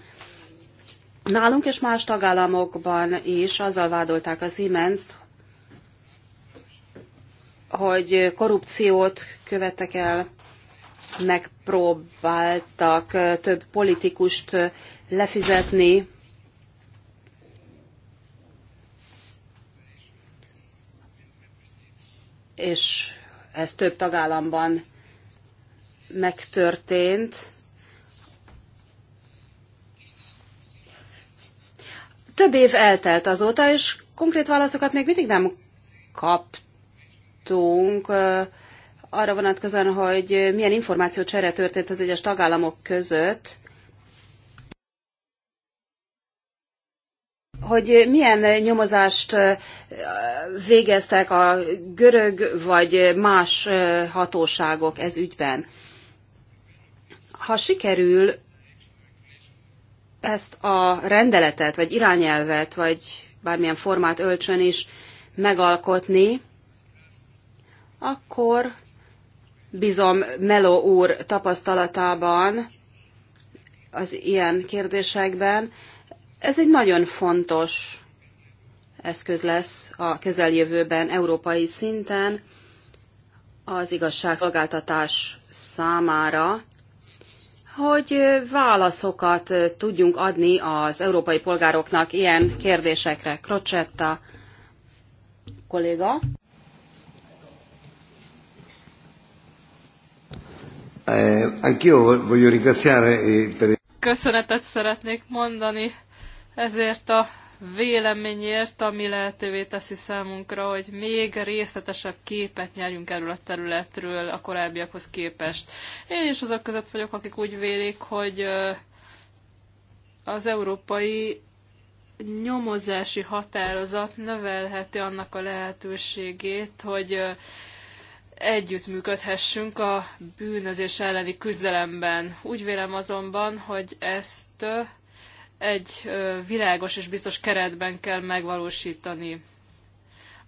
Nálunk és más tagállamokban is azzal vádolták a siemens hogy korrupciót követtek el, megpróbáltak több politikust lefizetni. És ez több tagállamban megtörtént. Több év eltelt azóta, és konkrét válaszokat még mindig nem kaptunk arra vonatkozóan, hogy milyen információcsere történt az egyes tagállamok között, hogy milyen nyomozást végeztek a görög vagy más hatóságok ez ügyben. Ha sikerül ezt a rendeletet, vagy irányelvet, vagy bármilyen formát ölcsön is megalkotni, akkor bizom Meló úr tapasztalatában az ilyen kérdésekben, ez egy nagyon fontos eszköz lesz a közeljövőben európai szinten az igazságszolgáltatás számára, hogy válaszokat tudjunk adni az európai polgároknak ilyen kérdésekre. Crocetta kolléga. Eh, e Köszönetet szeretnék mondani ezért a véleményért, ami lehetővé teszi számunkra, hogy még részletesebb képet nyerjünk erről a területről a korábbiakhoz képest. Én is azok között vagyok, akik úgy vélik, hogy az európai nyomozási határozat növelheti annak a lehetőségét, hogy együttműködhessünk a bűnözés elleni küzdelemben. Úgy vélem azonban, hogy ezt egy világos és biztos keretben kell megvalósítani.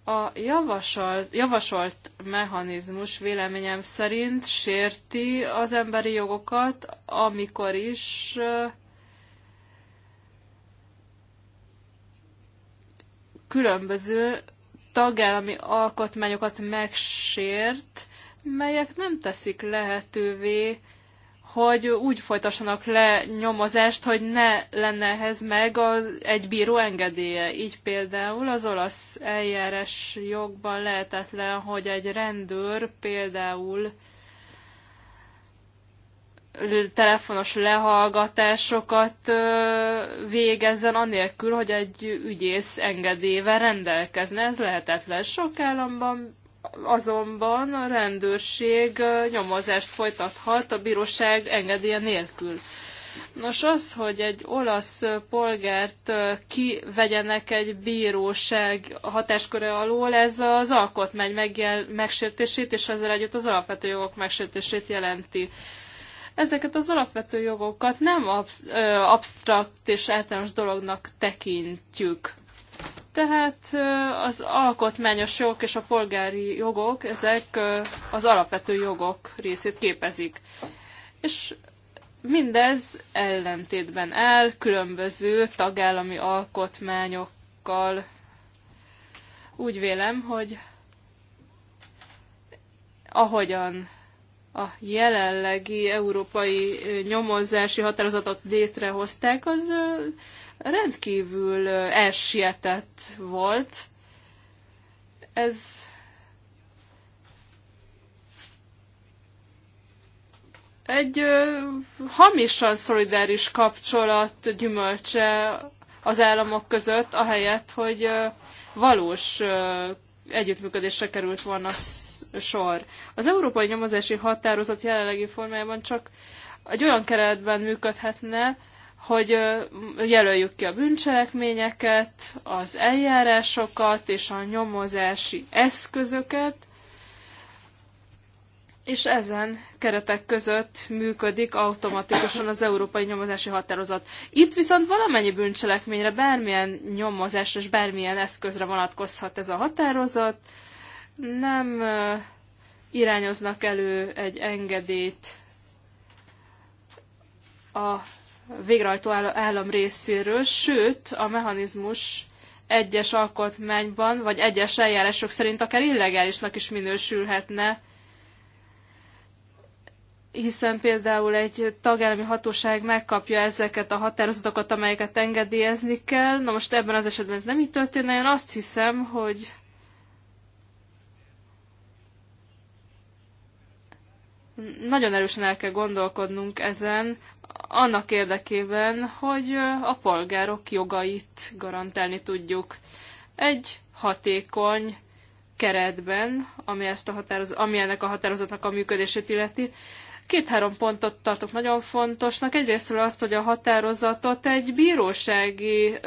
A javasolt, javasolt mechanizmus véleményem szerint sérti az emberi jogokat, amikor is különböző tagállami alkotmányokat megsért, melyek nem teszik lehetővé hogy úgy folytassanak le nyomozást, hogy ne lenne ehhez meg az, egy bíró engedélye. Így például az olasz eljárás jogban lehetetlen, hogy egy rendőr például telefonos lehallgatásokat végezzen, anélkül, hogy egy ügyész engedélyével rendelkezne. Ez lehetetlen. Sok államban azonban a rendőrség nyomozást folytathat a bíróság engedélye nélkül. Nos, az, hogy egy olasz polgárt kivegyenek egy bíróság hatásköre alól, ez az alkotmány megsértését és ezzel együtt az alapvető jogok megsértését jelenti. Ezeket az alapvető jogokat nem absz- absztrakt és általános dolognak tekintjük. Tehát az alkotmányos jogok és a polgári jogok, ezek az alapvető jogok részét képezik. És mindez ellentétben áll különböző tagállami alkotmányokkal. Úgy vélem, hogy ahogyan a jelenlegi európai nyomozási határozatot létrehozták, az rendkívül elsietett volt. Ez egy ö, hamisan szolidáris kapcsolat gyümölcse az államok között, ahelyett, hogy ö, valós ö, együttműködésre került volna sor. Az európai nyomozási határozat jelenlegi formájában csak egy olyan keretben működhetne, hogy jelöljük ki a bűncselekményeket, az eljárásokat és a nyomozási eszközöket, és ezen keretek között működik automatikusan az európai nyomozási határozat. Itt viszont valamennyi bűncselekményre, bármilyen nyomozás és bármilyen eszközre vonatkozhat ez a határozat, nem irányoznak elő egy engedélyt a végrehajtó állam részéről, sőt a mechanizmus egyes alkotmányban, vagy egyes eljárások szerint akár illegálisnak is minősülhetne, hiszen például egy tagállami hatóság megkapja ezeket a határozatokat, amelyeket engedélyezni kell. Na most ebben az esetben ez nem így történne. Én azt hiszem, hogy nagyon erősen el kell gondolkodnunk ezen, annak érdekében, hogy a polgárok jogait garantálni tudjuk. Egy hatékony keretben, ami, ezt a határoz, ami ennek a határozatnak a működését illeti, két-három pontot tartok nagyon fontosnak. Egyrésztről azt, hogy a határozatot egy bírósági,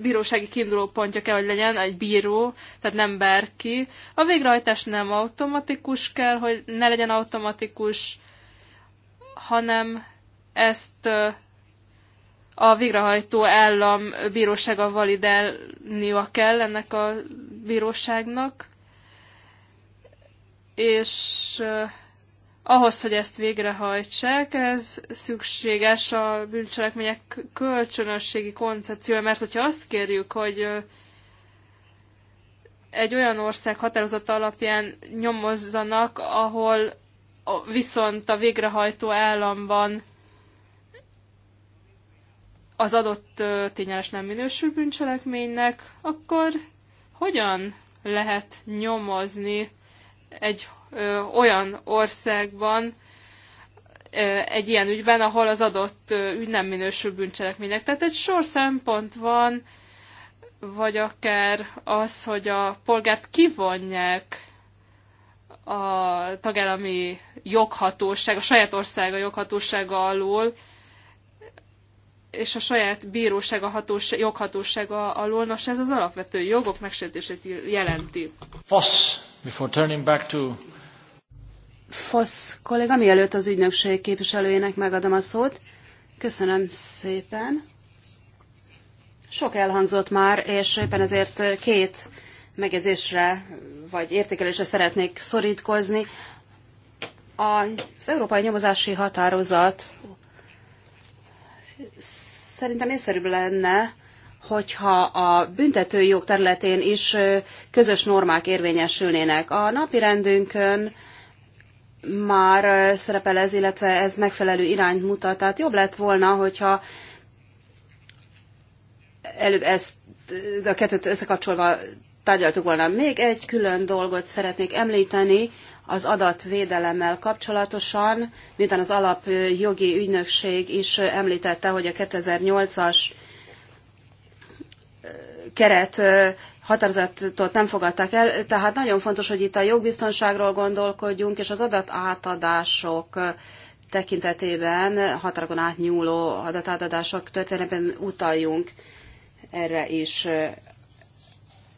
bírósági kiinduló pontja kell, hogy legyen, egy bíró, tehát nem bárki. A végrehajtás nem automatikus kell, hogy ne legyen automatikus, hanem ezt a végrehajtó állam bírósága validálnia kell ennek a bíróságnak, és ahhoz, hogy ezt végrehajtsák, ez szükséges a bűncselekmények kölcsönösségi koncepciója, mert hogyha azt kérjük, hogy egy olyan ország határozata alapján nyomozzanak, ahol viszont a végrehajtó államban az adott tényes nem minősül bűncselekménynek, akkor hogyan lehet nyomozni egy ö, olyan országban ö, egy ilyen ügyben, ahol az adott ö, ügy nem minősül bűncselekménynek. Tehát egy sor szempont van, vagy akár az, hogy a polgárt kivonják a tagállami joghatóság, a saját országa joghatósága alól, és a saját bírósága hatóság, joghatósága alól, nos ez az alapvető jogok megsértését jelenti. Fosz, before turning back to... Fosz kolléga, mielőtt az ügynökség képviselőjének megadom a szót. Köszönöm szépen. Sok elhangzott már, és éppen ezért két megjegyzésre vagy értékelésre szeretnék szorítkozni. Az Európai Nyomozási Határozat Szerintem észszerűbb lenne, hogyha a jog területén is közös normák érvényesülnének. A napi rendünkön már szerepel ez, illetve ez megfelelő irányt mutat. Tehát jobb lett volna, hogyha előbb ezt a kettőt összekapcsolva tárgyaltuk volna. Még egy külön dolgot szeretnék említeni, az adatvédelemmel kapcsolatosan, miután az alapjogi ügynökség is említette, hogy a 2008-as keret határozatot nem fogadták el, tehát nagyon fontos, hogy itt a jogbiztonságról gondolkodjunk, és az adatátadások tekintetében határokon átnyúló adatátadások történetben utaljunk erre is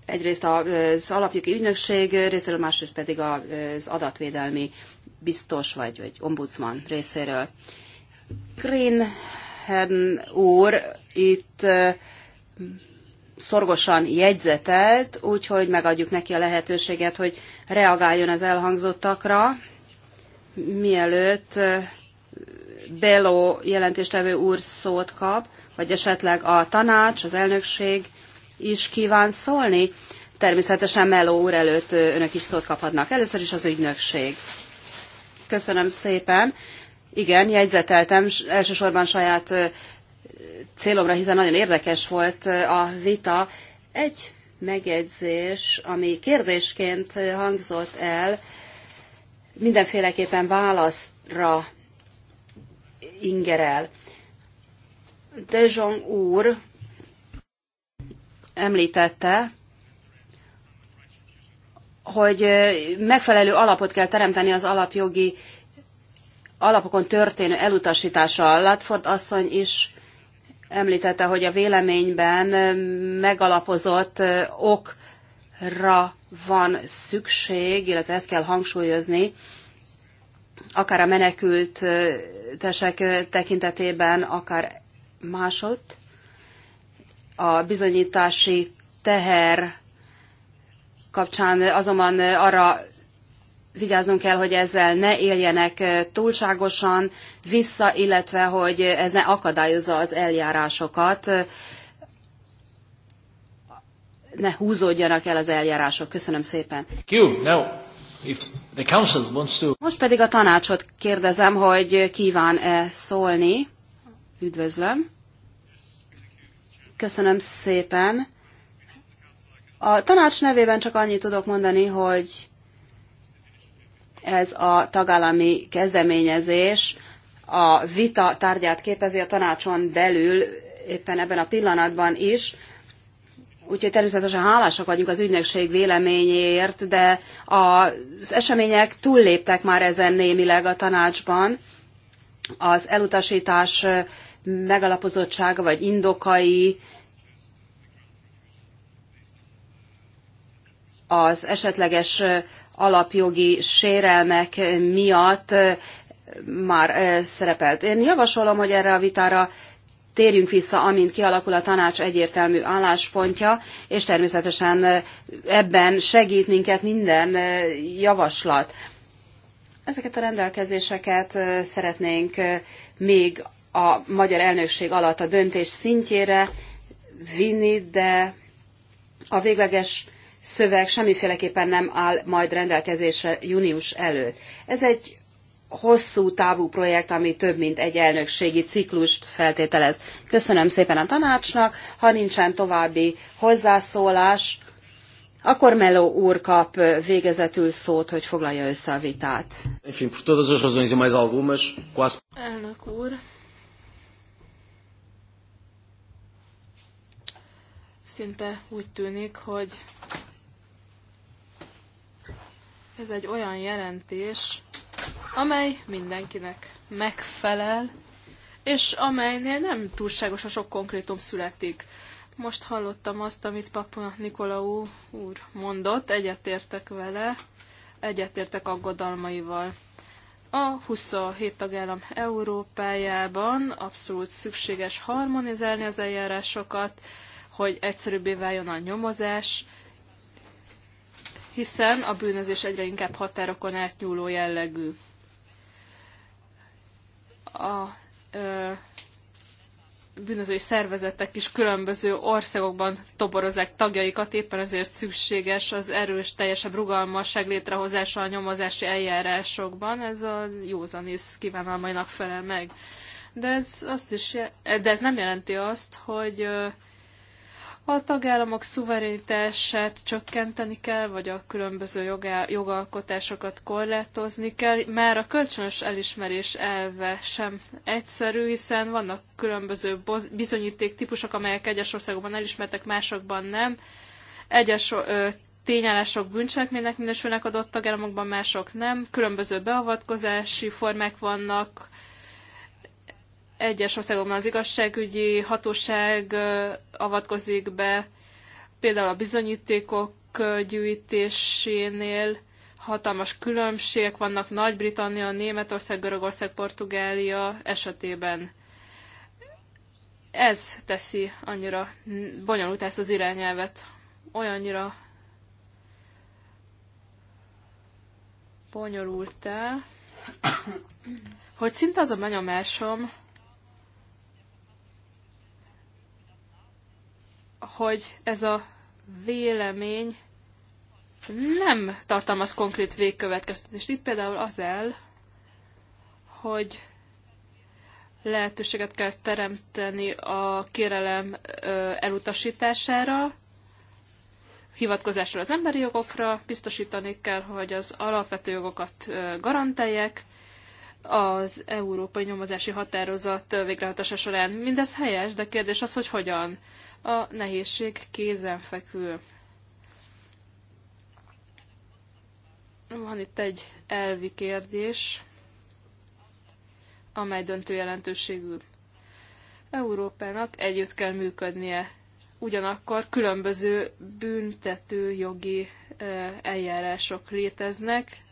egyrészt az alapjogi ügynökség részéről, másrészt pedig az adatvédelmi biztos vagy, vagy ombudsman részéről. Greenhen úr itt szorgosan jegyzetelt, úgyhogy megadjuk neki a lehetőséget, hogy reagáljon az elhangzottakra, mielőtt Beló jelentéstevő úr szót kap, vagy esetleg a tanács, az elnökség is kíván szólni. Természetesen Meló úr előtt önök is szót kaphatnak. Először is az ügynökség. Köszönöm szépen. Igen, jegyzeteltem elsősorban saját célomra, hiszen nagyon érdekes volt a vita. Egy megjegyzés, ami kérdésként hangzott el, mindenféleképpen válaszra ingerel. De úr említette, hogy megfelelő alapot kell teremteni az alapjogi alapokon történő elutasítása. Ford asszony is említette, hogy a véleményben megalapozott okra van szükség, illetve ezt kell hangsúlyozni, akár a menekült tekintetében, akár másod. A bizonyítási teher kapcsán azonban arra vigyáznunk kell, hogy ezzel ne éljenek túlságosan vissza, illetve hogy ez ne akadályozza az eljárásokat, ne húzódjanak el az eljárások. Köszönöm szépen. Most pedig a tanácsot kérdezem, hogy kíván-e szólni. Üdvözlöm. Köszönöm szépen. A tanács nevében csak annyit tudok mondani, hogy ez a tagállami kezdeményezés a vita tárgyát képezi a tanácson belül, éppen ebben a pillanatban is. Úgyhogy természetesen hálásak vagyunk az ügynökség véleményéért, de az események túlléptek már ezen némileg a tanácsban. Az elutasítás megalapozottsága vagy indokai az esetleges alapjogi sérelmek miatt már eh, szerepelt. Én javasolom, hogy erre a vitára térjünk vissza, amint kialakul a tanács egyértelmű álláspontja, és természetesen ebben segít minket minden eh, javaslat. Ezeket a rendelkezéseket eh, szeretnénk még a magyar elnökség alatt a döntés szintjére vinni, de a végleges szöveg semmiféleképpen nem áll majd rendelkezésre június előtt. Ez egy hosszú távú projekt, ami több mint egy elnökségi ciklust feltételez. Köszönöm szépen a tanácsnak, ha nincsen további hozzászólás, akkor Meló úr kap végezetül szót, hogy foglalja össze a vitát. Enfim, por todas as razões e mais algumas, quase... Elnök úr, Szinte úgy tűnik, hogy ez egy olyan jelentés, amely mindenkinek megfelel, és amelynél nem túlságosan sok konkrétum születik. Most hallottam azt, amit Papa Nikolaú úr mondott, egyetértek vele, egyetértek aggodalmaival. A 27 tagállam Európájában abszolút szükséges harmonizálni az eljárásokat, hogy egyszerűbbé váljon a nyomozás, hiszen a bűnözés egyre inkább határokon átnyúló jellegű. A ö, bűnözői szervezetek is különböző országokban toborozzák tagjaikat, éppen ezért szükséges az erős, teljesebb rugalmasság létrehozása a nyomozási eljárásokban. Ez a józanész kívánalmainak felel meg. De ez, azt is, de ez nem jelenti azt, hogy a tagállamok szuverenitását csökkenteni kell, vagy a különböző jogalkotásokat korlátozni kell. Már a kölcsönös elismerés elve sem egyszerű, hiszen vannak különböző bizonyíték típusok, amelyek egyes országokban elismertek, másokban nem. Egyes tényállások bűncselekménynek minősülnek adott tagállamokban, mások nem. Különböző beavatkozási formák vannak, egyes országokban az igazságügyi hatóság avatkozik be, például a bizonyítékok gyűjtésénél hatalmas különbségek vannak Nagy-Britannia, Németország, Görögország, Portugália esetében. Ez teszi annyira bonyolult ezt az irányelvet. Olyannyira bonyolultá, hogy szinte az a benyomásom, hogy ez a vélemény nem tartalmaz konkrét végkövetkeztetést. Itt például az el, hogy lehetőséget kell teremteni a kérelem elutasítására, hivatkozásra az emberi jogokra, biztosítani kell, hogy az alapvető jogokat garantálják, az európai nyomozási határozat végrehajtása során. Mindez helyes, de kérdés az, hogy hogyan a nehézség kézen fekül. Van itt egy elvi kérdés, amely döntő jelentőségű. Európának együtt kell működnie, ugyanakkor különböző büntető jogi eh, eljárások léteznek,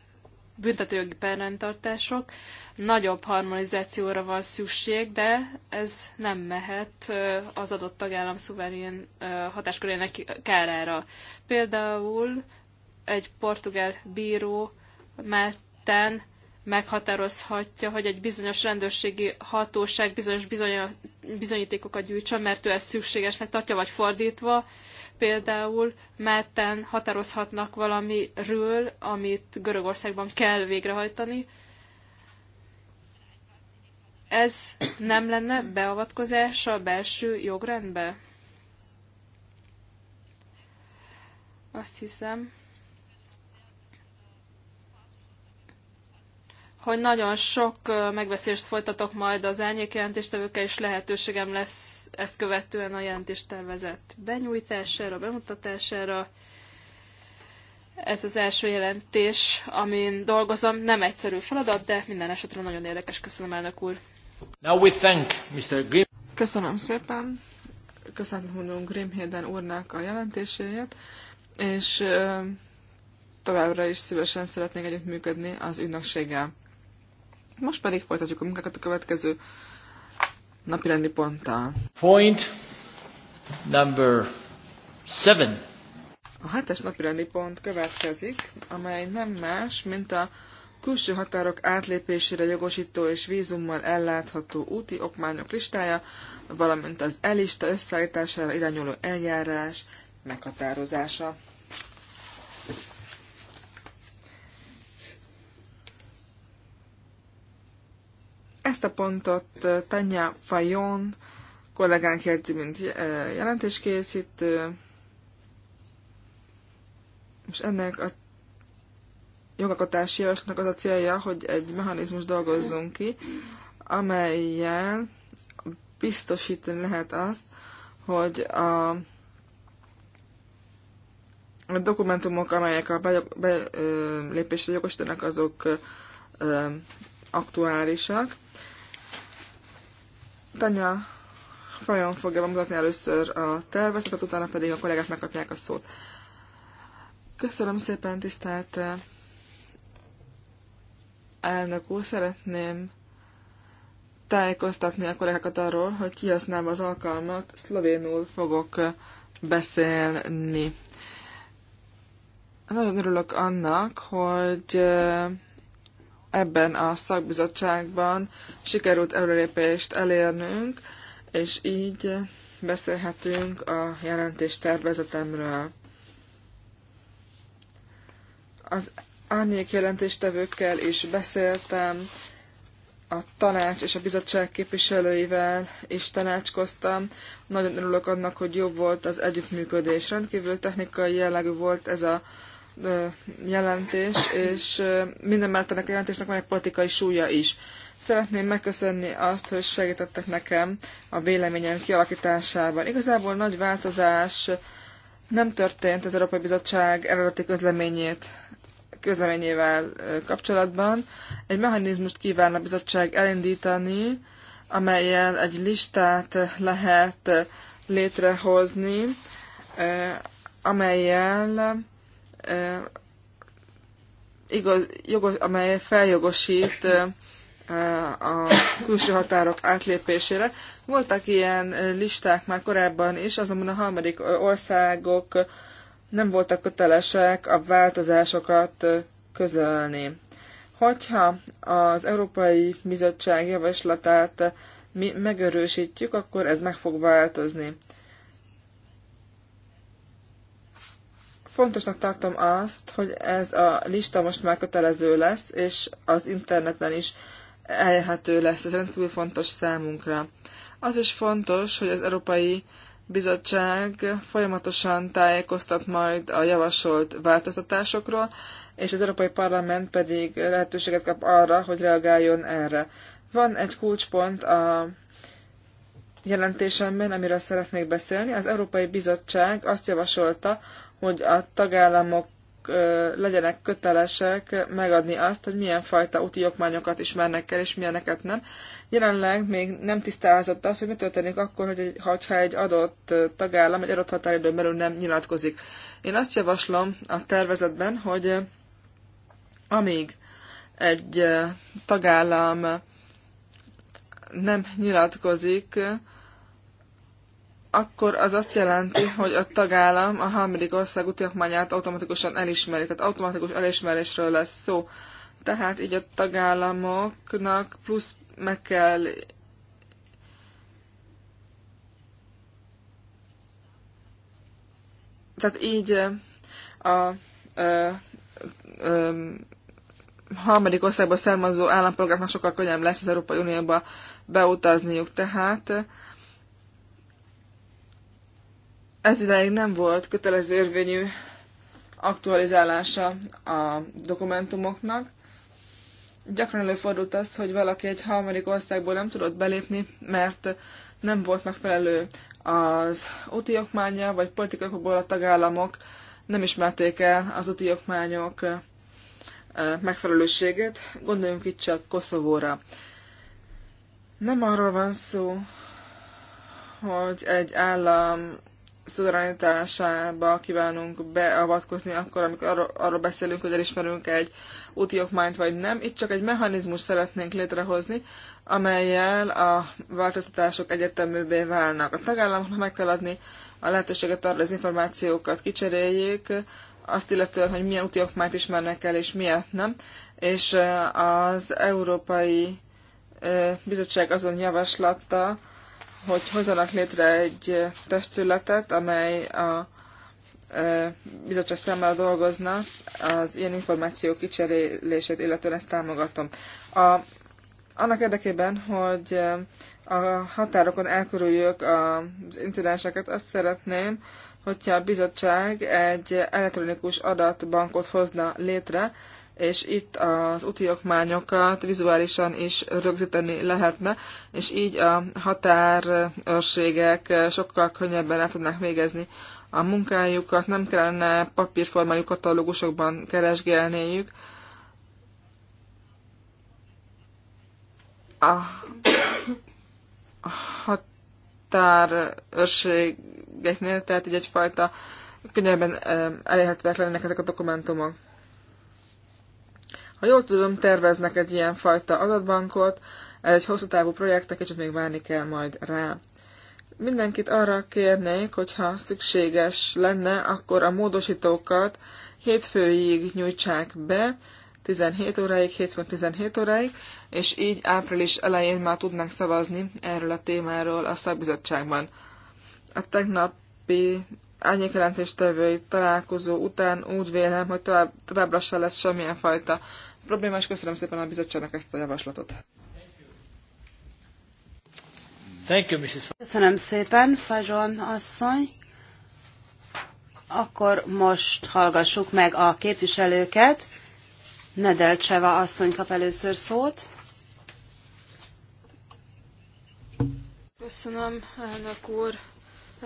büntetőjogi perrendtartások. Nagyobb harmonizációra van szükség, de ez nem mehet az adott tagállam szuverén hatáskörének kárára. Például egy portugál bíró Máltán meghatározhatja, hogy egy bizonyos rendőrségi hatóság bizonyos bizony, bizonyítékokat gyűjtsön, mert ő ezt szükségesnek tartja, vagy fordítva, például merten határozhatnak valamiről, amit Görögországban kell végrehajtani. Ez nem lenne beavatkozás a belső jogrendbe? Azt hiszem, hogy nagyon sok megbeszélést folytatok majd az árnyék jelentéstevőkkel, és lehetőségem lesz ezt követően a jelentéstervezet benyújtására, bemutatására. Ez az első jelentés, amin dolgozom. Nem egyszerű feladat, de minden esetre nagyon érdekes. Köszönöm, elnök úr. Now we thank Mr. Grimm. Köszönöm szépen. Köszönöm Grimhéden úrnak a jelentéséért, és továbbra is szívesen szeretnék együttműködni az ügynökséggel. Most pedig folytatjuk a munkákat a következő napirendi ponttal. Point number seven. A hetes napirendi pont következik, amely nem más, mint a külső határok átlépésére jogosító és vízummal ellátható úti okmányok listája, valamint az elista összeállítására irányuló eljárás meghatározása. Ezt a pontot Tanya Fajon kollégánk jelzi, mint jelentéskészítő, és ennek a jogakotási javaslatnak az a célja, hogy egy mechanizmus dolgozzunk ki, amelyel biztosítani lehet azt, hogy a, a dokumentumok, amelyek a belépésre jogosítanak, azok ö, aktuálisak, Tanya Fajon fogja bemutatni először a tervezetet, utána pedig a kollégák megkapják a szót. Köszönöm szépen, tisztelt eh, elnök úr, szeretném tájékoztatni a kollégákat arról, hogy kihasználva az alkalmat, szlovénul fogok eh, beszélni. Nagyon örülök annak, hogy eh, ebben a szakbizottságban sikerült előrépést elérnünk, és így beszélhetünk a jelentés tervezetemről. Az árnyék jelentéstevőkkel is beszéltem, a tanács és a bizottság képviselőivel is tanácskoztam. Nagyon örülök annak, hogy jobb volt az együttműködés. Rendkívül technikai jellegű volt ez a jelentés, és minden mellett ennek a jelentésnek van egy politikai súlya is. Szeretném megköszönni azt, hogy segítettek nekem a véleményem kialakításában. Igazából nagy változás nem történt az Európai Bizottság eredeti közleményét közleményével kapcsolatban. Egy mechanizmust kíván a bizottság elindítani, amelyel egy listát lehet létrehozni, amelyel igaz, jogos, amely feljogosít a külső határok átlépésére. Voltak ilyen listák már korábban is, azonban a harmadik országok nem voltak kötelesek a változásokat közölni. Hogyha az Európai Bizottság javaslatát mi megerősítjük, akkor ez meg fog változni. Fontosnak tartom azt, hogy ez a lista most már kötelező lesz, és az interneten is elérhető lesz. Ez rendkívül fontos számunkra. Az is fontos, hogy az Európai Bizottság folyamatosan tájékoztat majd a javasolt változtatásokról, és az Európai Parlament pedig lehetőséget kap arra, hogy reagáljon erre. Van egy kulcspont a jelentésemben, amiről szeretnék beszélni. Az Európai Bizottság azt javasolta, hogy a tagállamok legyenek kötelesek megadni azt, hogy milyen fajta úti okmányokat ismernek el, és milyeneket nem. Jelenleg még nem tisztázott az, hogy mi történik akkor, hogy egy, ha egy adott tagállam egy adott határidőn belül nem nyilatkozik. Én azt javaslom a tervezetben, hogy amíg egy tagállam nem nyilatkozik, akkor az azt jelenti, hogy a tagállam a harmadik ország utiakmányát automatikusan elismeri, tehát automatikus elismerésről lesz szó. Tehát így a tagállamoknak plusz meg kell tehát így a, a, a, a harmadik országból származó állampolgárnak sokkal könnyebb lesz az Európai Unióba beutazniuk. Tehát ez ideig nem volt kötelező érvényű aktualizálása a dokumentumoknak. Gyakran előfordult az, hogy valaki egy harmadik országból nem tudott belépni, mert nem volt megfelelő az úti okmánya, vagy politikaiokból a tagállamok nem ismerték el az úti okmányok megfelelőségét. Gondoljunk itt csak Koszovóra. Nem arról van szó, hogy egy állam szuverenitásába kívánunk beavatkozni akkor, amikor arról, arról beszélünk, hogy elismerünk egy úti okmányt vagy nem. Itt csak egy mechanizmus szeretnénk létrehozni, amelyel a változtatások egyeteművé válnak. A tagállamoknak meg kell adni a lehetőséget arra, hogy az információkat kicseréljék, azt illetően, hogy milyen úti okmányt ismernek el, és miért nem. És eh, az Európai eh, Bizottság azon javaslatta hogy hozzanak létre egy testületet, amely a bizottság számára dolgozna, az ilyen információk kicserélését, illetően ezt támogatom. A, annak érdekében, hogy a határokon elkerüljük az incidenseket, azt szeretném, hogyha a bizottság egy elektronikus adatbankot hozna létre, és itt az úti okmányokat vizuálisan is rögzíteni lehetne, és így a határőrségek sokkal könnyebben el tudnak végezni a munkájukat, nem kellene papírformájú katalógusokban keresgélniük. A határőrségeknél, tehát így egyfajta könnyebben eh, elérhetőek lennének ezek a dokumentumok. Ha jól tudom, terveznek egy ilyen fajta adatbankot, ez egy hosszú távú projekt, egy kicsit még várni kell majd rá. Mindenkit arra kérnék, hogyha szükséges lenne, akkor a módosítókat hétfőig nyújtsák be, 17 óráig, hétfőn 17 óráig, és így április elején már tudnánk szavazni erről a témáról a szakbizottságban. A tegnapi árnyékjelentéstevői találkozó után úgy vélem, hogy tovább, továbbra se lesz semmilyen fajta probléma, és köszönöm szépen a bizottságnak ezt a javaslatot. Thank you, Mrs. Köszönöm szépen, Fajon asszony. Akkor most hallgassuk meg a képviselőket. Cseva asszony kap először szót. Köszönöm, elnök úr.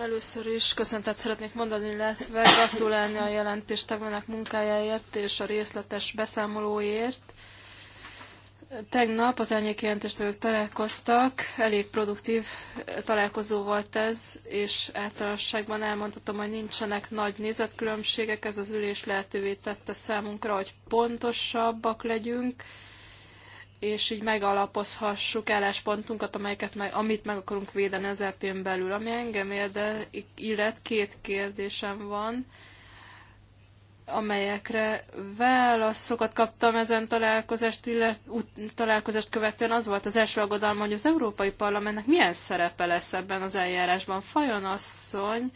Először is köszöntet szeretnék mondani, illetve gratulálni a jelentéstevőnek munkájáért és a részletes beszámolóért. Tegnap az elnyék jelentéstevők találkoztak, elég produktív találkozó volt ez, és általánosságban elmondhatom, hogy nincsenek nagy nézetkülönbségek, ez az ülés lehetővé tette számunkra, hogy pontosabbak legyünk, és így megalapozhassuk álláspontunkat, amelyeket meg, amit meg akarunk védeni az EP-n belül. Ami engem érde, illet két kérdésem van, amelyekre válaszokat kaptam ezen találkozást, illet, út, találkozást követően. Az volt az első aggodalma, hogy az Európai Parlamentnek milyen szerepe lesz ebben az eljárásban. Fajon asszony,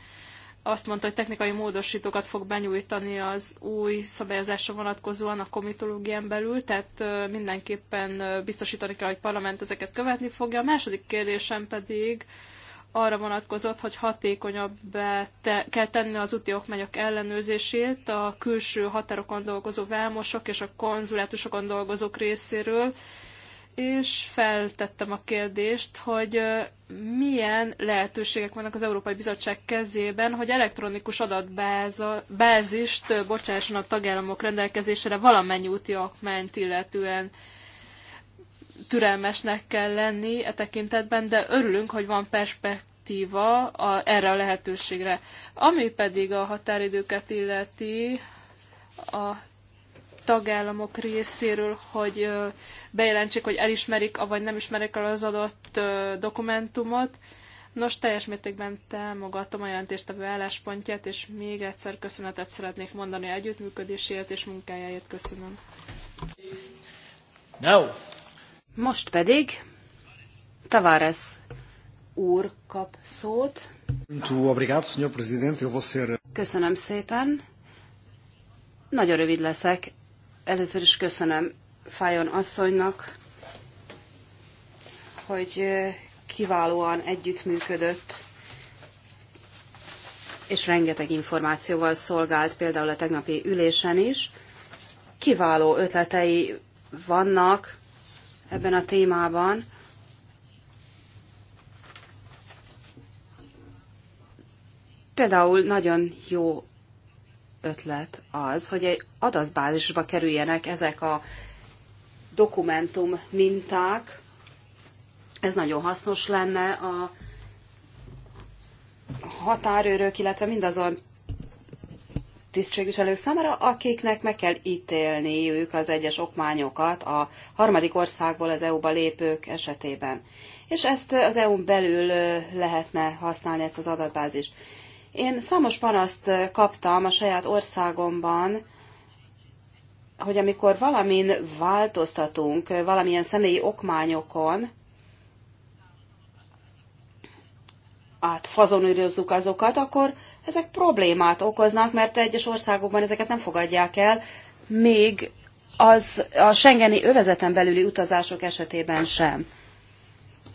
azt mondta, hogy technikai módosítókat fog benyújtani az új szabályozásra vonatkozóan a komitológián belül, tehát mindenképpen biztosítani kell, hogy parlament ezeket követni fogja. A második kérdésem pedig arra vonatkozott, hogy hatékonyabbá te, kell tenni az úti okmányok ellenőrzését a külső határokon dolgozó vámosok és a konzulátusokon dolgozók részéről, és feltettem a kérdést, hogy milyen lehetőségek vannak az Európai Bizottság kezében, hogy elektronikus adatbázist bocsásson a tagállamok rendelkezésére valamennyi úti akmányt illetően türelmesnek kell lenni e tekintetben, de örülünk, hogy van perspektíva a, erre a lehetőségre. Ami pedig a határidőket illeti, a tagállamok részéről, hogy bejelentsék, hogy elismerik, vagy nem ismerik el az adott dokumentumot. Nos, teljes mértékben támogatom a jelentéstevő álláspontját, és még egyszer köszönetet szeretnék mondani együttműködéséért és munkájáért. Köszönöm. No. Most pedig Tavares úr kap szót. Köszönöm szépen. Nagyon rövid leszek, Először is köszönöm Fájon asszonynak, hogy kiválóan együttműködött, és rengeteg információval szolgált, például a tegnapi ülésen is. Kiváló ötletei vannak ebben a témában. Például nagyon jó ötlet az, hogy egy adatbázisba kerüljenek ezek a dokumentum minták. Ez nagyon hasznos lenne a határőrök, illetve mindazon tisztségviselők számára, akiknek meg kell ítélniük az egyes okmányokat a harmadik országból az EU-ba lépők esetében. És ezt az EU-n belül lehetne használni, ezt az adatbázist. Én számos panaszt kaptam a saját országomban, hogy amikor valamin változtatunk, valamilyen személyi okmányokon, átfazonírozzuk azokat, akkor ezek problémát okoznak, mert egyes országokban ezeket nem fogadják el, még az a Schengeni övezeten belüli utazások esetében sem.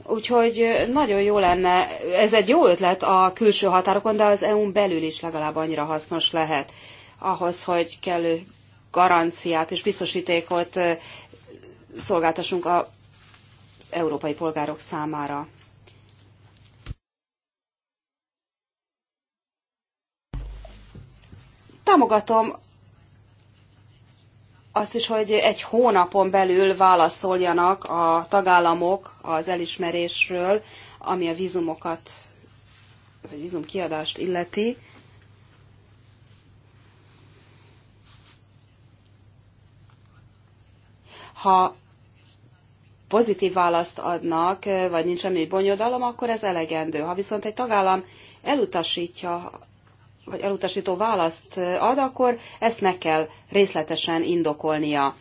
Úgyhogy nagyon jó lenne, ez egy jó ötlet a külső határokon, de az EU-n belül is legalább annyira hasznos lehet ahhoz, hogy kellő garanciát és biztosítékot szolgáltassunk az európai polgárok számára. Támogatom azt is, hogy egy hónapon belül válaszoljanak a tagállamok az elismerésről, ami a vízumokat, vagy vízumkiadást illeti. Ha pozitív választ adnak, vagy nincs semmi bonyodalom, akkor ez elegendő. Ha viszont egy tagállam elutasítja vagy elutasító választ ad, akkor ezt meg kell részletesen indokolnia.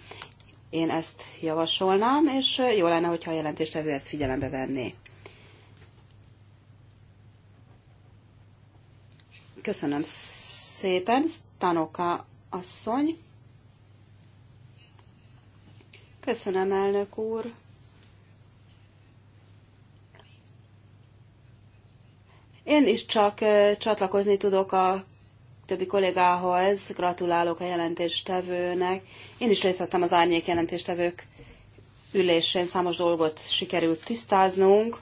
Én ezt javasolnám, és jó lenne, hogyha a jelentéstevő ezt figyelembe venné. Köszönöm szépen, Tanoka asszony. Köszönöm, elnök úr. Én is csak csatlakozni tudok a többi kollégához, gratulálok a jelentéstevőnek. Én is részt vettem az árnyék jelentéstevők ülésén, számos dolgot sikerült tisztáznunk.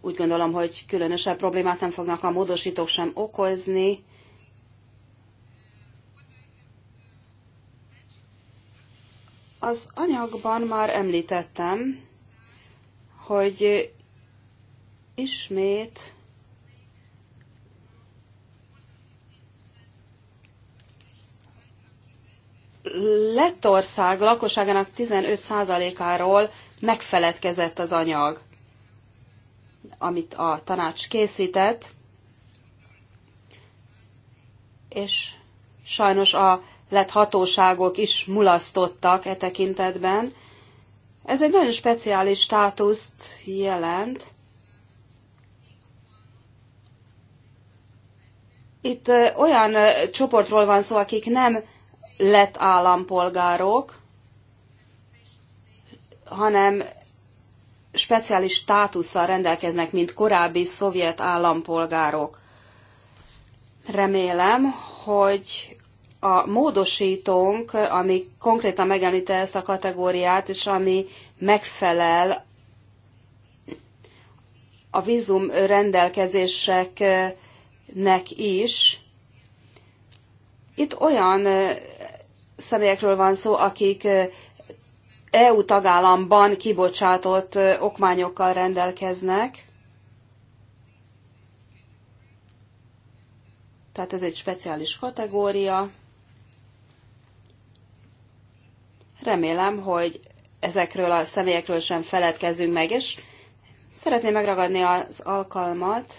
Úgy gondolom, hogy különösebb problémát nem fognak a módosítók sem okozni. Az anyagban már említettem, hogy ismét Lettország lakosságának 15%-áról megfeledkezett az anyag, amit a tanács készített, és sajnos a lett hatóságok is mulasztottak e tekintetben, ez egy nagyon speciális státuszt jelent. Itt olyan csoportról van szó, akik nem lett állampolgárok, hanem speciális státusszal rendelkeznek, mint korábbi szovjet állampolgárok. Remélem, hogy a módosítónk, ami konkrétan megemlíti ezt a kategóriát, és ami megfelel a vízum rendelkezéseknek is. Itt olyan személyekről van szó, akik EU tagállamban kibocsátott okmányokkal rendelkeznek. Tehát ez egy speciális kategória. Remélem, hogy ezekről a személyekről sem feledkezzünk meg, és szeretném megragadni az alkalmat,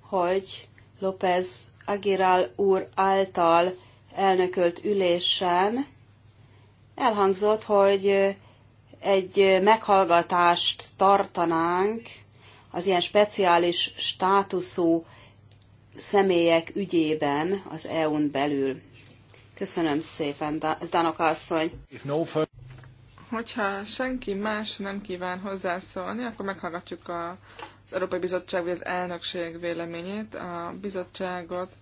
hogy López Agiral úr által elnökölt ülésen elhangzott, hogy egy meghallgatást tartanánk az ilyen speciális státuszú személyek ügyében az EU-n belül. Köszönöm szépen, Danoka asszony. Hogyha senki más nem kíván hozzászólni, akkor meghallgatjuk a, az Európai Bizottság vagy az elnökség véleményét. A bizottságot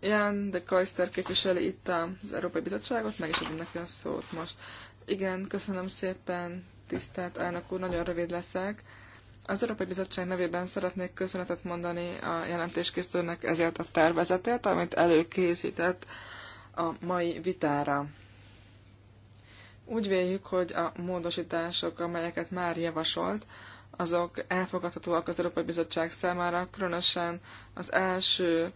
Jan de Koister képviseli itt az Európai Bizottságot, meg is adom neki a szót most. Igen, köszönöm szépen, tisztelt elnök úr, nagyon rövid leszek az Európai Bizottság nevében szeretnék köszönetet mondani a jelentéskészítőnek ezért a tervezetért, amit előkészített a mai vitára. Úgy véljük, hogy a módosítások, amelyeket már javasolt, azok elfogadhatóak az Európai Bizottság számára, különösen az első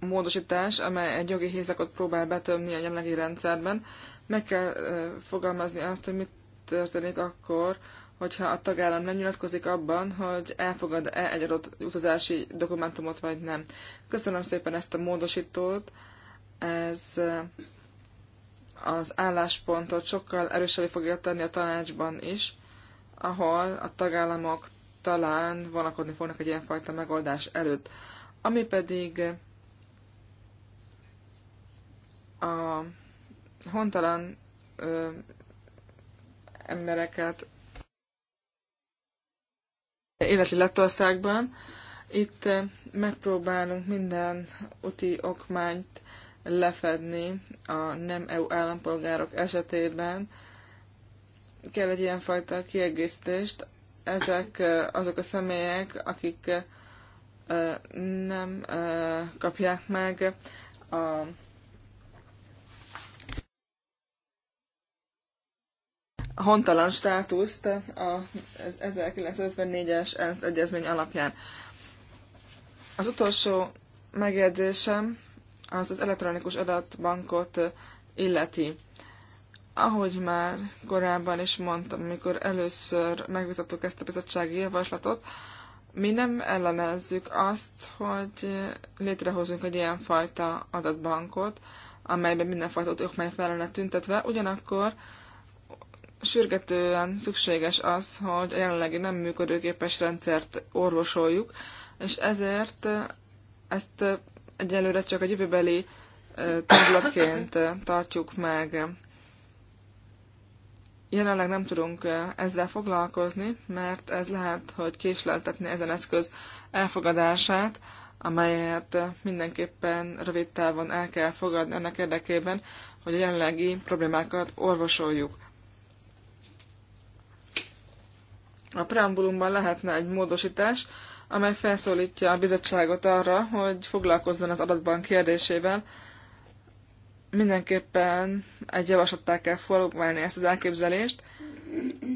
módosítás, amely egy jogi hézakot próbál betömni a jelenlegi rendszerben. Meg kell fogalmazni azt, hogy mit történik akkor, hogyha a tagállam nem nyilatkozik abban, hogy elfogad-e egy adott utazási dokumentumot, vagy nem. Köszönöm szépen ezt a módosítót. Ez eh, az álláspontot sokkal erősebbé fogja tenni a tanácsban is, ahol a tagállamok talán vonakodni fognak egy ilyenfajta megoldás előtt. Ami pedig eh, a hontalan ö, eh, embereket életi Lettországban. Itt eh, megpróbálunk minden úti okmányt lefedni a nem EU állampolgárok esetében. Kell egy ilyenfajta kiegészítést. Ezek eh, azok a személyek, akik eh, nem kapják meg a hontalan státuszt a 1954-es ENSZ egyezmény alapján. Az utolsó megjegyzésem az az elektronikus adatbankot illeti. Ahogy már korábban is mondtam, amikor először megvitattuk ezt a bizottsági javaslatot, mi nem ellenezzük azt, hogy létrehozunk egy ilyen fajta adatbankot, amelyben mindenfajta okmányt fel lenne tüntetve, ugyanakkor sürgetően szükséges az, hogy a jelenlegi nem működőképes rendszert orvosoljuk, és ezért ezt egyelőre csak a jövőbeli tudatként tartjuk meg. Jelenleg nem tudunk ezzel foglalkozni, mert ez lehet, hogy késleltetni ezen eszköz elfogadását, amelyet mindenképpen rövid távon el kell fogadni ennek érdekében, hogy a jelenlegi problémákat orvosoljuk. A preambulumban lehetne egy módosítás, amely felszólítja a bizottságot arra, hogy foglalkozzon az adatbank kérdésével. Mindenképpen egy javaslattá kell formálni ezt az elképzelést,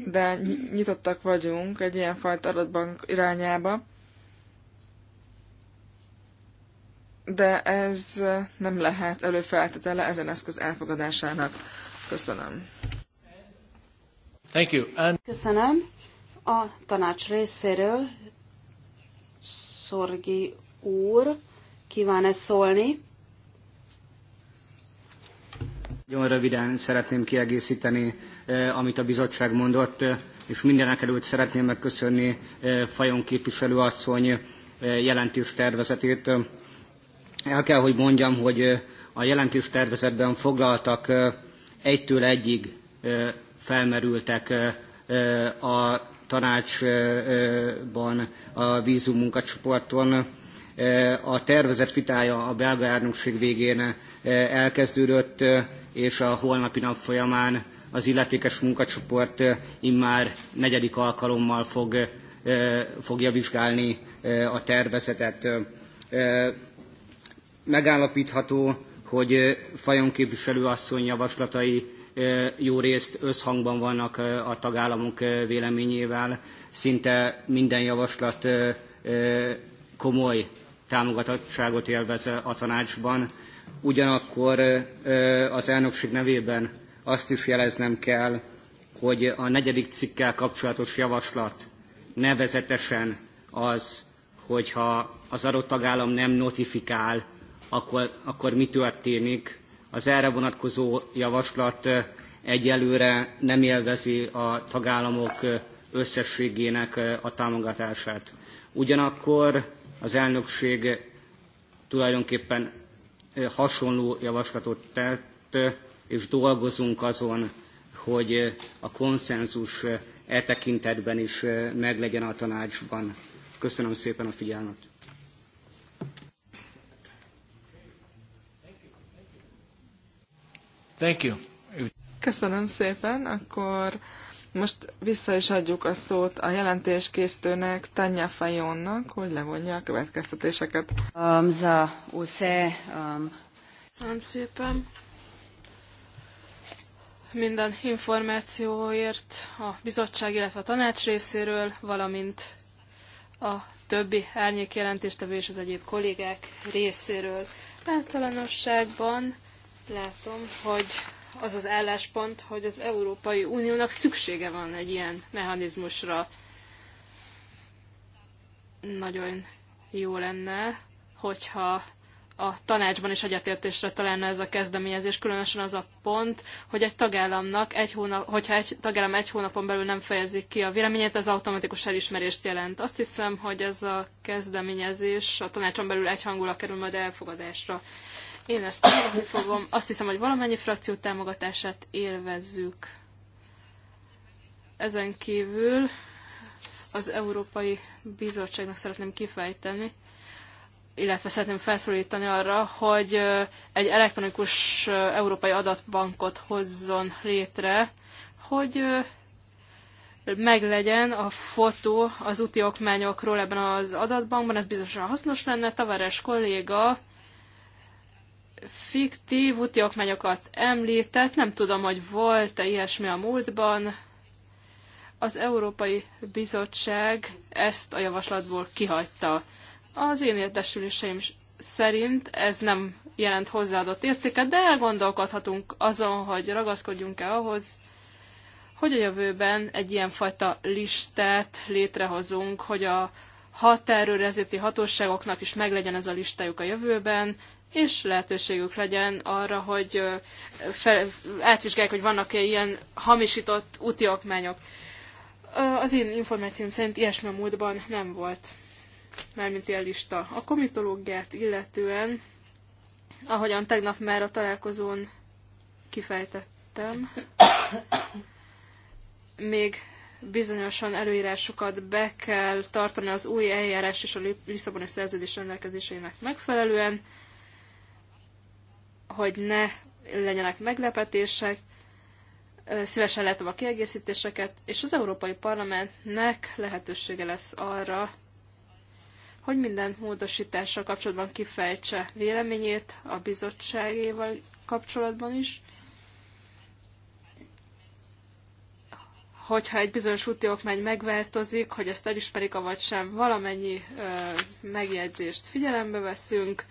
de nyitottak vagyunk egy ilyenfajta adatbank irányába. De ez nem lehet előfeltétele ezen eszköz elfogadásának. Köszönöm. Thank you. And... Köszönöm. A tanács részéről Szorgi úr kíván-e szólni? Nagyon röviden szeretném kiegészíteni, eh, amit a bizottság mondott, eh, és előtt szeretném megköszönni eh, Fajon képviselő asszony jelentés tervezetét. El kell, hogy mondjam, hogy a jelentés tervezetben foglaltak egytől egyig felmerültek a tanácsban, a vízum munkacsoporton a tervezett vitája a belga elnökség végén eh, elkezdődött, eh, és a holnapi nap folyamán az illetékes munkacsoport eh, immár negyedik alkalommal fog, fogja vizsgálni a tervezetet. Megállapítható, hogy Fajon képviselő asszony javaslatai jó részt összhangban vannak a tagállamok véleményével. Szinte minden javaslat komoly támogatottságot élvez a tanácsban. Ugyanakkor az elnökség nevében azt is jeleznem kell, hogy a negyedik cikkel kapcsolatos javaslat nevezetesen az, hogyha az adott tagállam nem notifikál, akkor, akkor mi történik, az erre vonatkozó javaslat egyelőre nem élvezi a tagállamok összességének a támogatását. Ugyanakkor az elnökség tulajdonképpen hasonló javaslatot tett, és dolgozunk azon, hogy a konszenzus e tekintetben is meglegyen a tanácsban. Köszönöm szépen a figyelmet. Thank you. Köszönöm szépen, akkor most vissza is adjuk a szót a jelentéskészítőnek, Tanya Fajonnak, hogy levonja a következtetéseket. Um, za, usze, um... Köszönöm szépen minden információért a bizottság, illetve a tanács részéről, valamint a többi árnyék jelentéstevő és az egyéb kollégák részéről. Általánosságban látom, hogy az az álláspont, hogy az Európai Uniónak szüksége van egy ilyen mechanizmusra. Nagyon jó lenne, hogyha a tanácsban is egyetértésre találna ez a kezdeményezés, különösen az a pont, hogy egy tagállamnak egy hónap, hogyha egy tagállam egy hónapon belül nem fejezik ki a véleményét, ez automatikus elismerést jelent. Azt hiszem, hogy ez a kezdeményezés a tanácson belül egyhangulag kerül majd elfogadásra. Én ezt támogatni fogom. Azt hiszem, hogy valamennyi frakció támogatását élvezzük. Ezen kívül az Európai Bizottságnak szeretném kifejteni, illetve szeretném felszólítani arra, hogy egy elektronikus európai adatbankot hozzon létre, hogy meglegyen a fotó az úti okmányokról ebben az adatbankban, ez bizonyosan hasznos lenne. Tavares kolléga fiktív úti okmányokat említett, nem tudom, hogy volt-e ilyesmi a múltban. Az Európai Bizottság ezt a javaslatból kihagyta. Az én értesüléseim szerint ez nem jelent hozzáadott értéket, de elgondolkodhatunk azon, hogy ragaszkodjunk-e ahhoz, hogy a jövőben egy ilyenfajta listát létrehozunk, hogy a határőrezeti hatóságoknak is meglegyen ez a listájuk a jövőben, és lehetőségük legyen arra, hogy fel, átvizsgálják, hogy vannak-e ilyen hamisított úti okmányok. Az én információm szerint ilyesmi a múltban nem volt, mármint ilyen lista. A komitológiát illetően, ahogyan tegnap már a találkozón kifejtettem, még bizonyosan előírásokat be kell tartani az új eljárás és a Lisszaboni szerződés rendelkezéseinek megfelelően, hogy ne legyenek meglepetések, szívesen látom a kiegészítéseket, és az Európai Parlamentnek lehetősége lesz arra, hogy minden módosítással kapcsolatban kifejtse véleményét a bizottságéval kapcsolatban is, hogyha egy bizonyos úti okmány megváltozik, hogy ezt elismerik, avagy sem, valamennyi ö, megjegyzést figyelembe veszünk,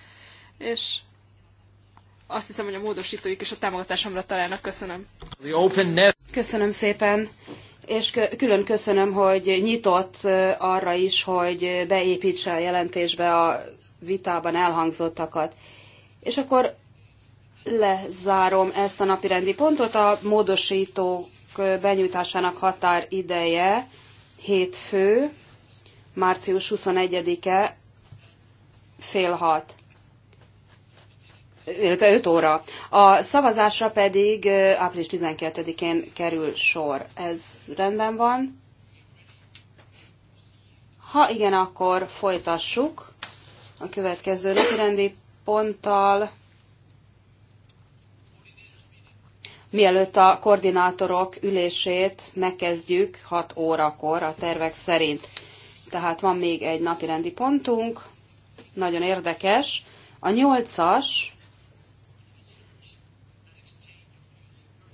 és azt hiszem, hogy a módosítóik is a támogatásomra találnak. Köszönöm. Köszönöm szépen, és külön köszönöm, hogy nyitott arra is, hogy beépítse a jelentésbe a vitában elhangzottakat. És akkor lezárom ezt a napirendi pontot. A módosítók benyújtásának határideje hétfő, március 21-e, fél hat illetve 5 óra. A szavazásra pedig április 12-én kerül sor. Ez rendben van? Ha igen, akkor folytassuk a következő napirendi ponttal. Mielőtt a koordinátorok ülését megkezdjük 6 órakor a tervek szerint. Tehát van még egy napirendi pontunk, nagyon érdekes. A nyolcas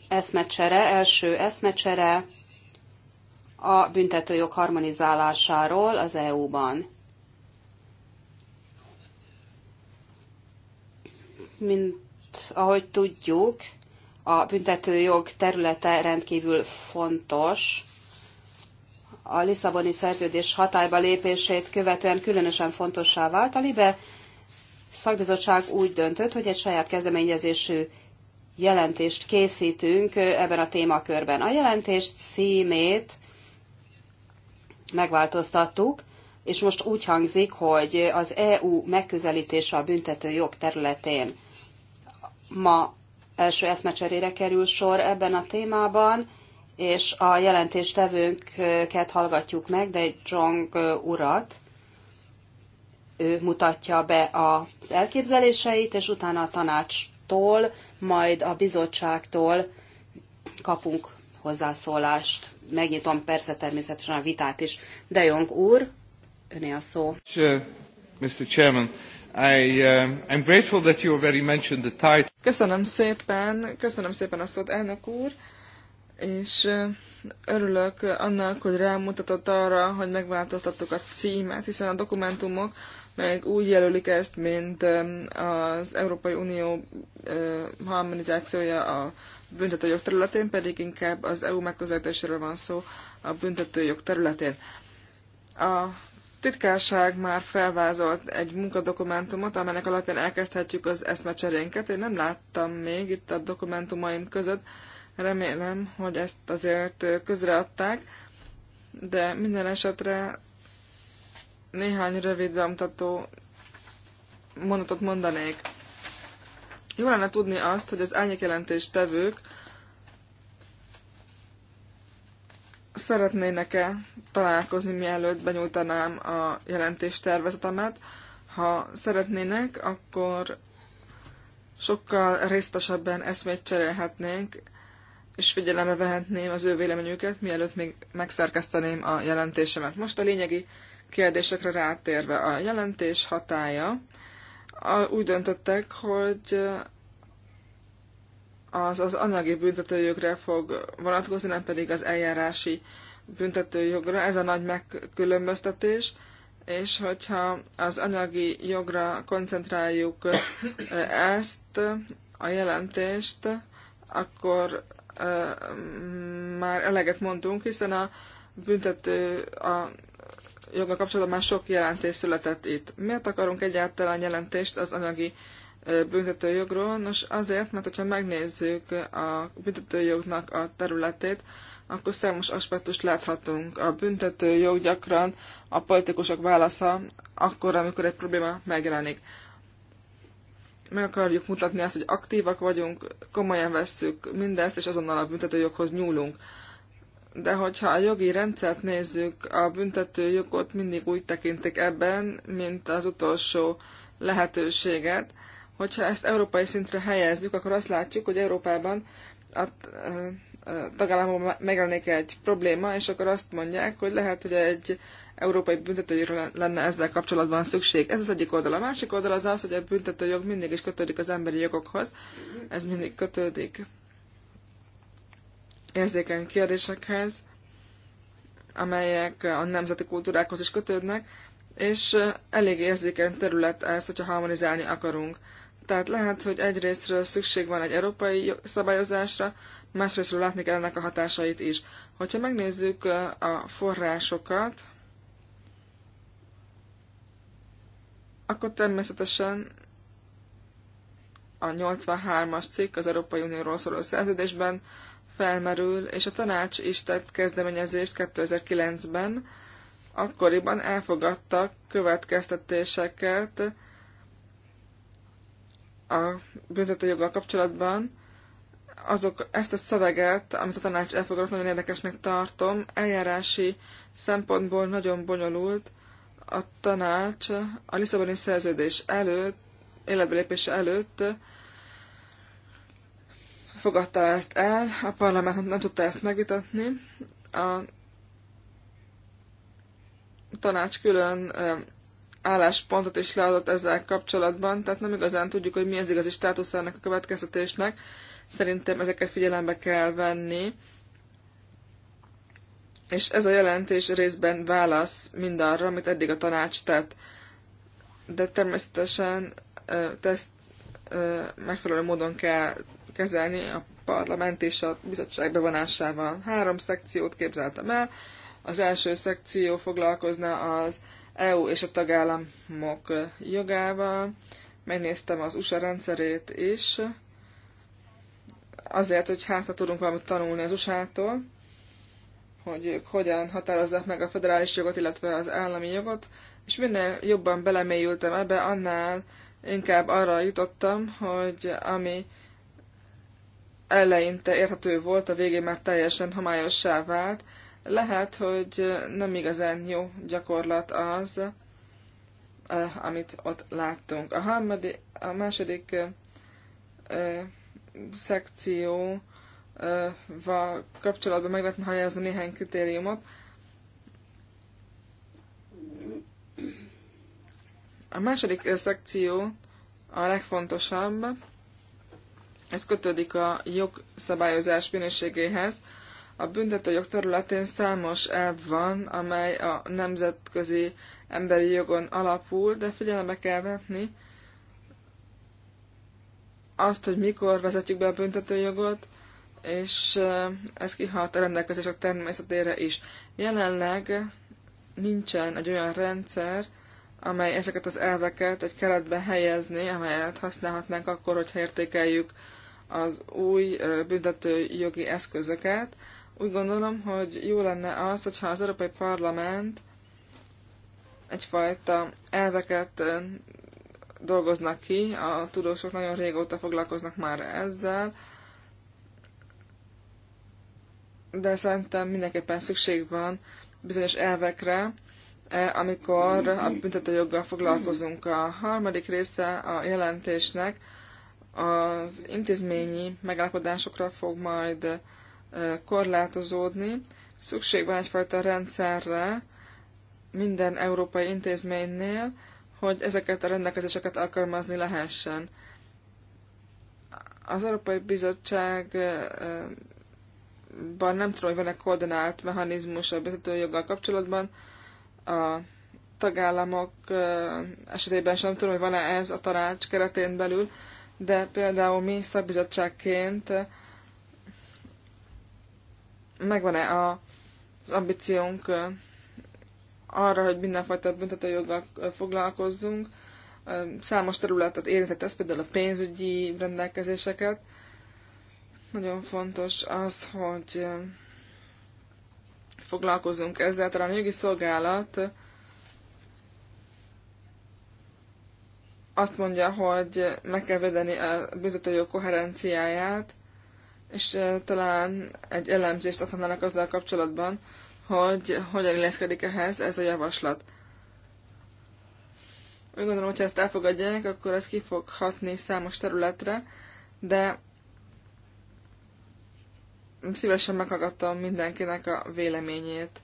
eszmecsere, első eszmecsere a büntetőjog harmonizálásáról az EU-ban. Mint ahogy tudjuk, a büntetőjog területe rendkívül fontos. A Lisszaboni szerződés hatályba lépését követően különösen fontossá vált a Libe szakbizottság úgy döntött, hogy egy saját kezdeményezésű jelentést készítünk ebben a témakörben. A jelentést címét megváltoztattuk, és most úgy hangzik, hogy az EU megközelítése a büntető jog területén. Ma első eszmecserére kerül sor ebben a témában, és a jelentéstevőnket hallgatjuk meg, de egy Jong urat, ő mutatja be az elképzeléseit, és utána a tanács tól, majd a bizottságtól kapunk hozzászólást. Megnyitom persze természetesen a vitát is. De Jong úr, öné a szó. Mr. Chairman, I, uh, I'm grateful that you already mentioned the title. Köszönöm szépen, köszönöm szépen a szót, elnök úr, és uh, örülök annak, hogy rámutatott arra, hogy megváltoztattuk a címet, hiszen a dokumentumok meg úgy jelölik ezt, mint az Európai Unió harmonizációja a büntetőjog területén, pedig inkább az EU megközelítéséről van szó a büntetőjog területén. A titkárság már felvázolt egy munkadokumentumot, amelynek alapján elkezdhetjük az eszmecserénket. Én nem láttam még itt a dokumentumaim között, remélem, hogy ezt azért közreadták, de minden esetre néhány rövid bemutató mondatot mondanék. Jó lenne tudni azt, hogy az jelentés tevők szeretnének-e találkozni, mielőtt benyújtanám a jelentés tervezetemet. Ha szeretnének, akkor sokkal részletesebben eszmét cserélhetnénk, és figyelembe vehetném az ő véleményüket, mielőtt még megszerkeszteném a jelentésemet. Most a lényegi kérdésekre rátérve a jelentés hatája, úgy döntöttek, hogy az, az anyagi büntetőjogra fog vonatkozni, nem pedig az eljárási büntetőjogra. Ez a nagy megkülönböztetés, és hogyha az anyagi jogra koncentráljuk eh, ezt, a jelentést, akkor eh, már eleget mondunk, hiszen a büntető, a joggal kapcsolatban már sok jelentés született itt. Miért akarunk egyáltalán jelentést az anyagi büntetőjogról? Nos, azért, mert hogyha megnézzük a büntetőjognak a területét, akkor számos aspektust láthatunk. A büntetőjog gyakran a politikusok válasza akkor, amikor egy probléma megjelenik. Meg akarjuk mutatni azt, hogy aktívak vagyunk, komolyan vesszük mindezt, és azonnal a büntetőjoghoz nyúlunk de hogyha a jogi rendszert nézzük, a büntető jogot mindig úgy tekintik ebben, mint az utolsó lehetőséget. Hogyha ezt európai szintre helyezzük, akkor azt látjuk, hogy Európában a tagállamokban megjelenik egy probléma, és akkor azt mondják, hogy lehet, hogy egy európai büntetőjogra lenne ezzel kapcsolatban szükség. Ez az egyik oldal. A másik oldal az az, hogy a büntetőjog mindig is kötődik az emberi jogokhoz. Ez mindig kötődik érzékeny kérdésekhez, amelyek a nemzeti kultúrákhoz is kötődnek, és elég érzékeny terület ez, hogyha harmonizálni akarunk. Tehát lehet, hogy egyrésztről szükség van egy európai szabályozásra, másrésztről látni kell ennek a hatásait is. Hogyha megnézzük a forrásokat, akkor természetesen a 83-as cikk az Európai Unióról szóló szerződésben felmerül, és a tanács is tett kezdeményezést 2009-ben, akkoriban elfogadtak következtetéseket a büntetőjoggal kapcsolatban. Azok, ezt a szöveget, amit a tanács elfogadott, nagyon érdekesnek tartom. Eljárási szempontból nagyon bonyolult. A tanács a Lisszaboni szerződés előtt, életbelépése előtt fogadta ezt el, a parlament nem tudta ezt megvitatni. A tanács külön álláspontot is leadott ezzel kapcsolatban, tehát nem igazán tudjuk, hogy mi az igazi státusz ennek a következtetésnek. Szerintem ezeket figyelembe kell venni. És ez a jelentés részben válasz mindarra, amit eddig a tanács tett. De természetesen ezt megfelelő módon kell kezelni a parlament és a bizottság bevonásával. Három szekciót képzeltem el. Az első szekció foglalkozna az EU és a tagállamok jogával. Megnéztem az USA rendszerét is, azért, hogy hátra tudunk valamit tanulni az USA-tól, hogy ők hogyan határozzák meg a federális jogot, illetve az állami jogot, és minél jobban belemélyültem ebbe, annál inkább arra jutottam, hogy ami eleinte érhető volt, a végén már teljesen homályossá vált. Lehet, hogy nem igazán jó gyakorlat az, eh, amit ott láttunk. A, harmadik, a második ö, eh, szekcióval eh, kapcsolatban meg lehetne hajázni néhány kritériumot. A második szekció a legfontosabb, ez kötődik a jogszabályozás minőségéhez. A büntetőjog területén számos elv van, amely a nemzetközi emberi jogon alapul, de figyelembe kell vetni azt, hogy mikor vezetjük be a büntetőjogot, és eh, ez kihat a rendelkezések természetére is. Jelenleg nincsen egy olyan rendszer, amely ezeket az elveket egy keretbe helyezni, amelyet használhatnánk akkor, hogyha értékeljük az új büntető jogi eszközöket. Úgy gondolom, hogy jó lenne az, hogyha az Európai Parlament egyfajta elveket dolgoznak ki, a tudósok nagyon régóta foglalkoznak már ezzel, de szerintem mindenképpen szükség van bizonyos elvekre, E, amikor a büntetőjoggal foglalkozunk. A harmadik része a jelentésnek az intézményi megállapodásokra fog majd e, korlátozódni. Szükség van egyfajta rendszerre minden európai intézménynél, hogy ezeket a rendelkezéseket alkalmazni lehessen. Az Európai Bizottságban e, nem tudom, hogy van-e koordinált mechanizmus a büntetőjoggal kapcsolatban, a tagállamok esetében sem tudom, hogy van-e ez a tanács keretén belül, de például mi szakbizottságként megvan-e az ambíciónk arra, hogy mindenfajta büntetőjoggal foglalkozzunk. Számos területet érintett ez, például a pénzügyi rendelkezéseket. Nagyon fontos az, hogy foglalkozunk ezzel, talán a jogi szolgálat azt mondja, hogy meg kell védeni a jó koherenciáját, és eh, talán egy elemzést adhatnának azzal kapcsolatban, hogy hogyan illeszkedik ehhez ez a javaslat. Úgy gondolom, hogyha ezt elfogadják, akkor ez ki fog hatni számos területre, de szívesen meghallgattam mindenkinek a véleményét.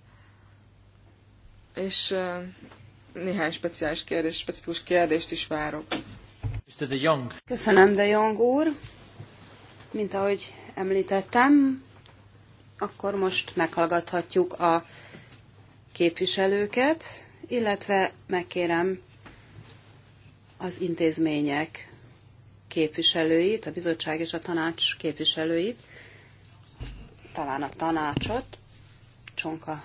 És néhány speciális kérdés, specifikus kérdést is várok. Köszönöm, De Jong úr. Mint ahogy említettem, akkor most meghallgathatjuk a képviselőket, illetve megkérem az intézmények képviselőit, a bizottság és a tanács képviselőit, talán a tanácsot. Csonka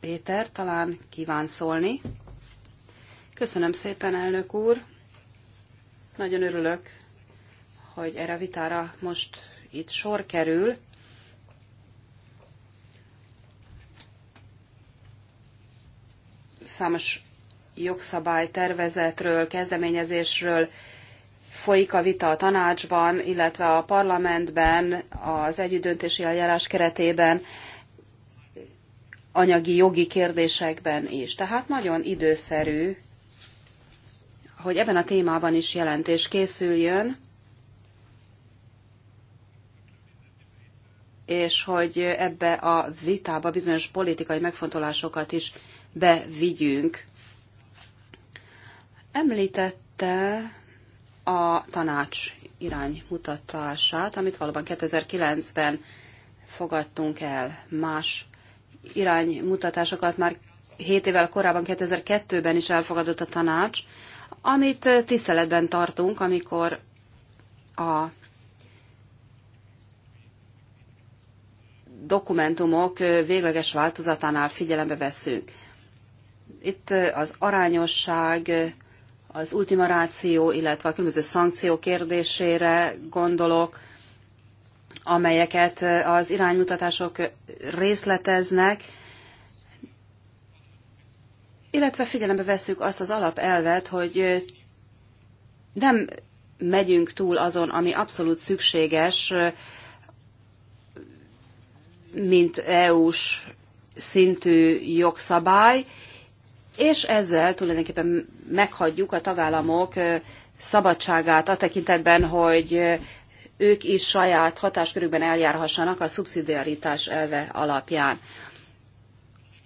Péter talán kíván szólni. Köszönöm szépen, elnök úr. Nagyon örülök, hogy erre a vitára most itt sor kerül. Számos jogszabálytervezetről, kezdeményezésről folyik a vita a tanácsban, illetve a parlamentben, az együttdöntési eljárás keretében, anyagi jogi kérdésekben is. Tehát nagyon időszerű, hogy ebben a témában is jelentés készüljön, és hogy ebbe a vitába bizonyos politikai megfontolásokat is bevigyünk. Említette a tanács iránymutatását, amit valóban 2009-ben fogadtunk el. Más iránymutatásokat már 7 évvel korábban, 2002-ben is elfogadott a tanács, amit tiszteletben tartunk, amikor a dokumentumok végleges változatánál figyelembe veszünk. Itt az arányosság az ultima ráció, illetve a különböző szankciók kérdésére gondolok, amelyeket az iránymutatások részleteznek, illetve figyelembe veszük azt az alapelvet, hogy nem megyünk túl azon, ami abszolút szükséges, mint EU-s szintű jogszabály, és ezzel tulajdonképpen meghagyjuk a tagállamok szabadságát a tekintetben, hogy ők is saját hatáskörükben eljárhassanak a szubszidiaritás elve alapján.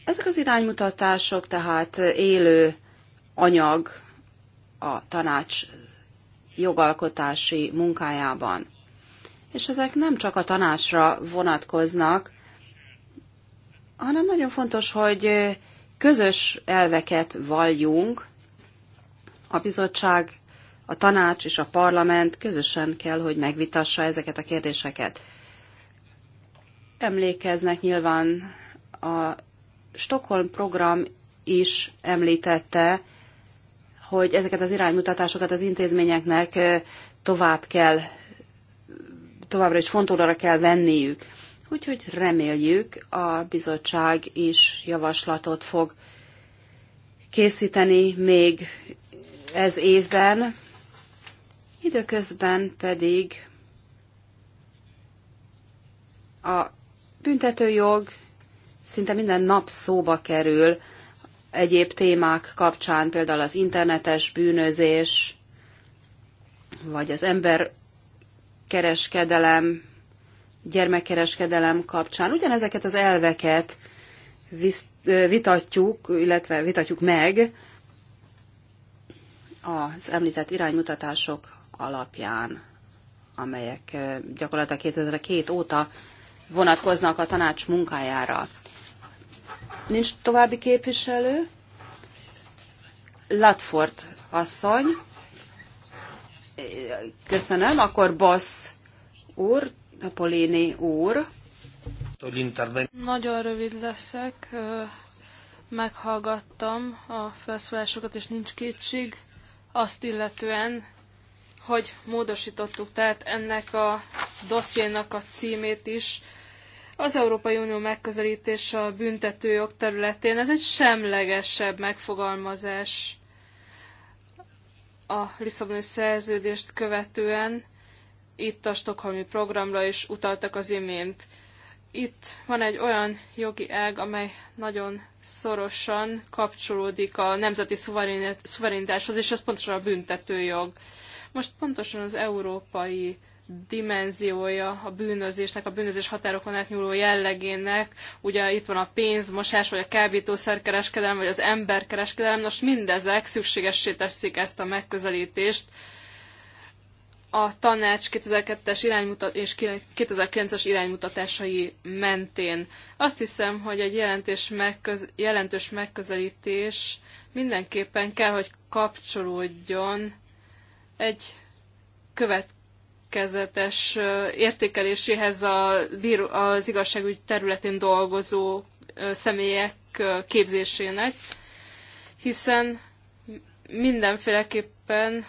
Ezek az iránymutatások tehát élő anyag a tanács jogalkotási munkájában. És ezek nem csak a tanácsra vonatkoznak, hanem nagyon fontos, hogy közös elveket valljunk, a bizottság, a tanács és a parlament közösen kell, hogy megvitassa ezeket a kérdéseket. Emlékeznek nyilván a Stockholm program is említette, hogy ezeket az iránymutatásokat az intézményeknek tovább kell, továbbra is fontolóra kell venniük. Úgyhogy reméljük a bizottság is javaslatot fog készíteni még ez évben, időközben pedig a büntetőjog szinte minden nap szóba kerül egyéb témák kapcsán, például az internetes bűnözés, vagy az emberkereskedelem gyermekkereskedelem kapcsán. Ugyanezeket az elveket vitatjuk, illetve vitatjuk meg az említett iránymutatások alapján, amelyek gyakorlatilag 2002 óta vonatkoznak a tanács munkájára. Nincs további képviselő? Latford asszony. Köszönöm, akkor Boss úr, Apollini úr. Nagyon rövid leszek. Meghallgattam a felszólásokat, és nincs kétség azt illetően, hogy módosítottuk tehát ennek a dossziénak a címét is. Az Európai Unió megközelítése a büntetőjog területén, ez egy semlegesebb megfogalmazás a Lisszaboni szerződést követően, itt a stokholmi programra is utaltak az imént. Itt van egy olyan jogi ág, amely nagyon szorosan kapcsolódik a nemzeti szuverenitáshoz, és ez pontosan a büntetőjog. Most pontosan az európai dimenziója a bűnözésnek, a bűnözés határokon átnyúló jellegének. Ugye itt van a pénzmosás, vagy a kábítószerkereskedelem, vagy az emberkereskedelem. Most mindezek szükségessé teszik ezt a megközelítést, a tanács 2002-es iránymutat és 2009-es iránymutatásai mentén. Azt hiszem, hogy egy jelentés megköz, jelentős megközelítés mindenképpen kell, hogy kapcsolódjon egy következetes értékeléséhez a, az igazságügy területén dolgozó személyek képzésének, hiszen mindenféleképpen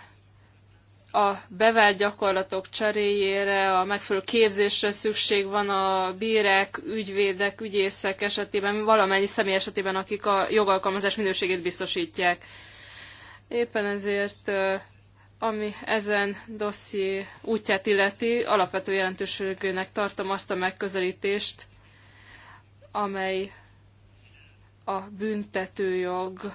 a bevált gyakorlatok cseréjére, a megfelelő képzésre szükség van a bírek, ügyvédek, ügyészek esetében, valamennyi személy esetében, akik a jogalkalmazás minőségét biztosítják. Éppen ezért ami ezen dosszi útját illeti, alapvető jelentőségűnek tartom azt a megközelítést, amely a büntetőjog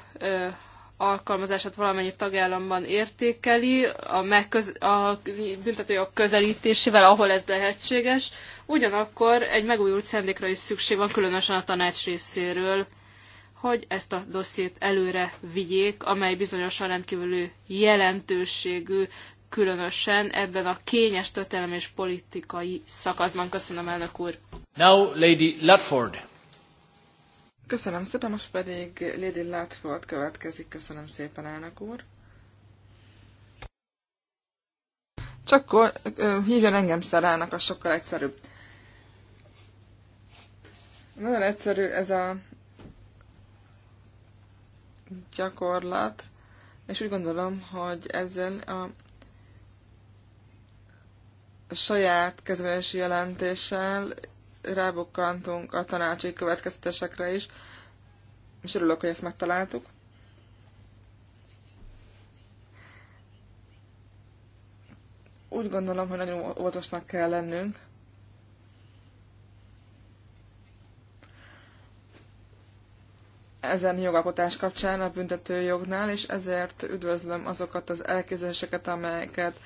alkalmazását valamennyi tagállamban értékeli, a, megköz, a büntetőjog közelítésével, ahol ez lehetséges. Ugyanakkor egy megújult szendékra is szükség van, különösen a tanács részéről, hogy ezt a dossziét előre vigyék, amely bizonyosan rendkívül jelentőségű, különösen ebben a kényes történelmi és politikai szakaszban. Köszönöm, elnök úr! Now, Lady Ludford. Köszönöm szépen, most pedig Lady Latford következik. Köszönöm szépen, elnök úr. Csak akkor hívjon engem szerának, az sokkal egyszerűbb. Nagyon egyszerű ez a gyakorlat, és úgy gondolom, hogy ezzel a saját kezelési jelentéssel rábukkantunk a tanácsi következtetésekre is, és örülök, hogy ezt megtaláltuk. Úgy gondolom, hogy nagyon óvatosnak kell lennünk. ezen jogalkotás kapcsán a büntetőjognál, és ezért üdvözlöm azokat az elképzeléseket, amelyeket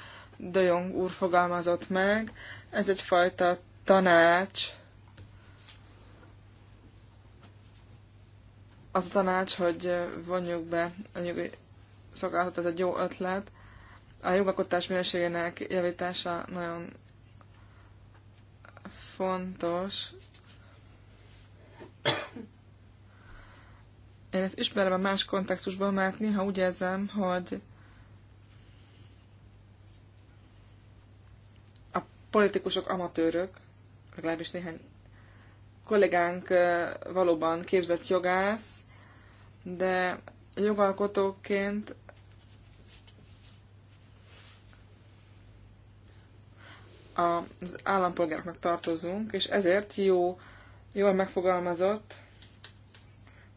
Dajong úr fogalmazott meg. Ez egyfajta tanács az a tanács, hogy vonjuk be a nyugi szolgálatot, ez egy jó ötlet. A jogalkotás minőségének javítása nagyon fontos. Én ezt ismerem a más kontextusban, mert néha úgy érzem, hogy a politikusok amatőrök, legalábbis néhány kollégánk valóban képzett jogász, de jogalkotóként az állampolgároknak tartozunk, és ezért jó, jól megfogalmazott,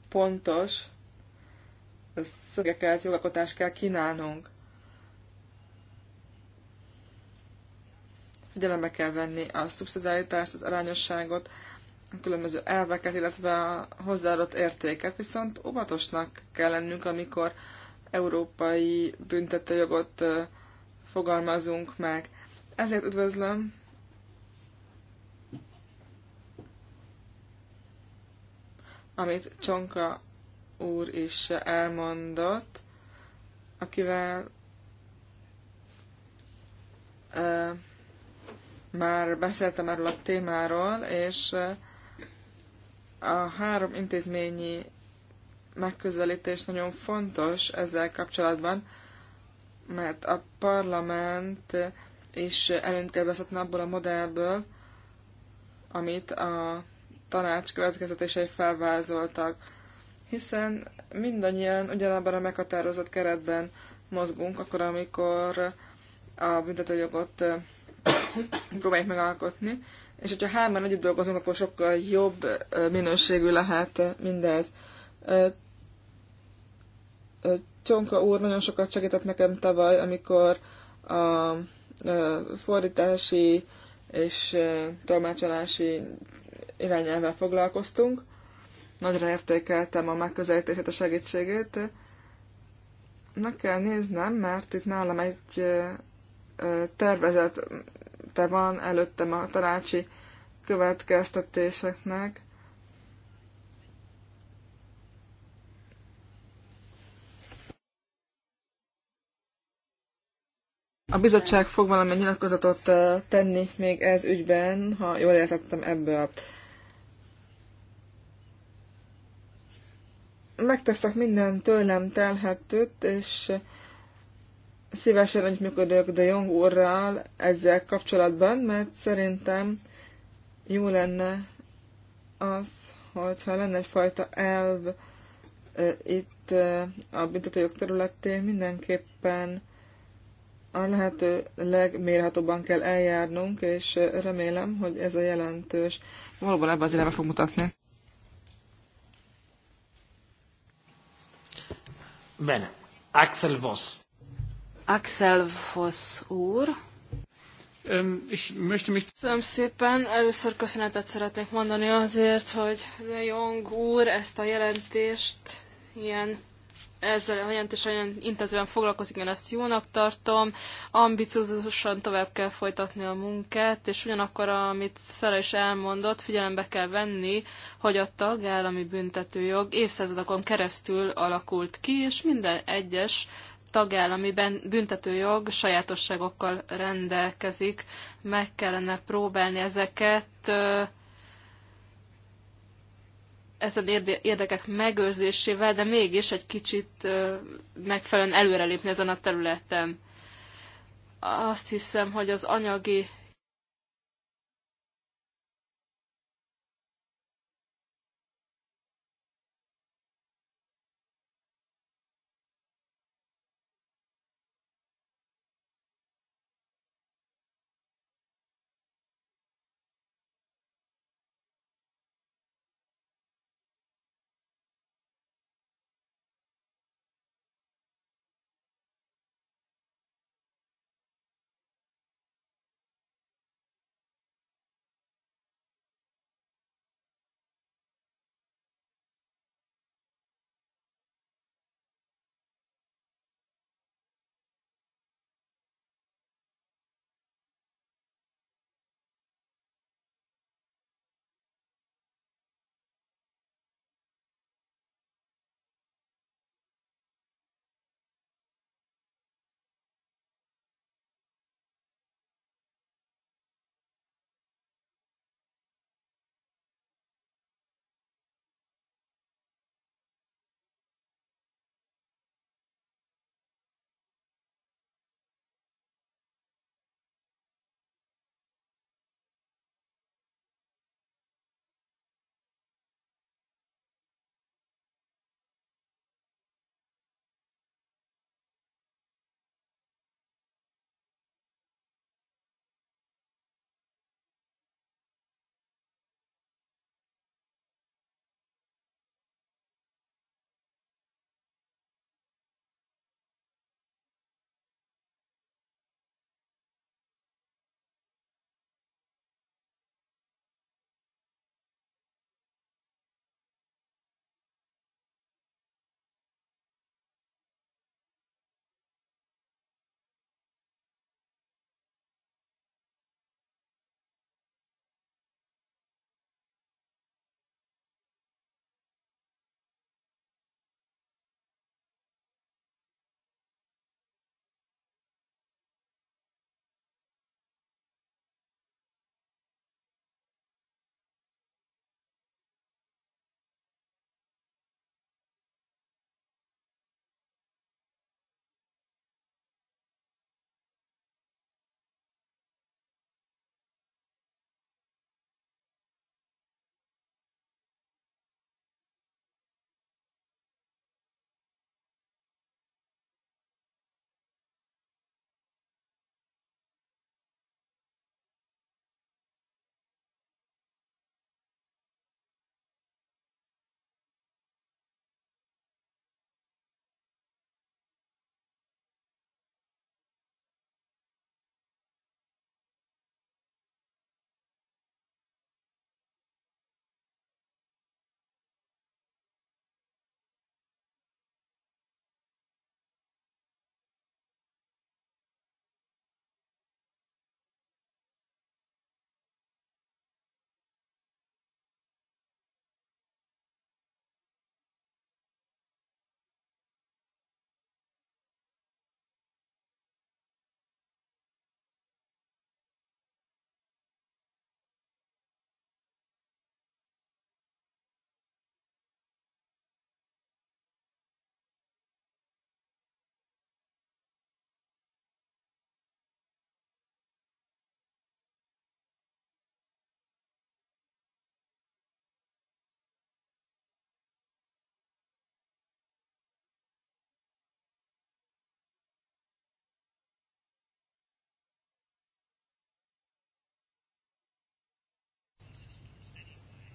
pontos szögeket, jogalkotást kell kínálnunk. Figyelembe kell venni a szubszidálitást, az arányosságot, különböző elveket, illetve a hozzáadott értéket, viszont óvatosnak kell lennünk, amikor európai büntetőjogot fogalmazunk meg. Ezért üdvözlöm amit Csonka úr is elmondott, akivel uh, már beszéltem erről a témáról, és a három intézményi megközelítés nagyon fontos ezzel kapcsolatban, mert a parlament is előnyt kell abból a modellből, amit a tanács következetései felvázoltak. Hiszen mindannyian ugyanabban a meghatározott keretben mozgunk, akkor, amikor a büntetőjogot próbáljuk megalkotni, és hogyha hárman együtt dolgozunk, akkor sokkal jobb minőségű lehet mindez. Csonka úr nagyon sokat segített nekem tavaly, amikor a fordítási és tolmácsolási irányelvvel foglalkoztunk. Nagyra értékeltem a megközelítését, a segítségét. Meg kell néznem, mert itt nálam egy tervezet te van, előtte a tanácsi következtetéseknek. A bizottság fog valami nyilatkozatot tenni még ez ügyben, ha jól értettem ebből. Megteszek minden tőlem telhetőt, és szívesen együttműködök de Jong úrral ezzel kapcsolatban, mert szerintem jó lenne az, hogyha lenne egyfajta elv itt a büntetőjog területén, mindenképpen a lehető legmérhatóban kell eljárnunk, és remélem, hogy ez a jelentős valóban ebbe az irányba fog mutatni. Bene. Axel Voss. Axel Voss úr. Ich möchte mich... Köszönöm szépen. Először köszönetet szeretnék mondani azért, hogy De Jong úr ezt a jelentést ilyen ezzel a jelentéssel olyan intenzíven foglalkozik, én ezt jónak tartom. Ambiciózusan tovább kell folytatni a munkát, és ugyanakkor, amit Szara is elmondott, figyelembe kell venni, hogy a tagállami büntetőjog évszázadokon keresztül alakult ki, és minden egyes tagállami büntetőjog sajátosságokkal rendelkezik, meg kellene próbálni ezeket ezen érdekek megőrzésével, de mégis egy kicsit megfelelően előrelépni ezen a területen. Azt hiszem, hogy az anyagi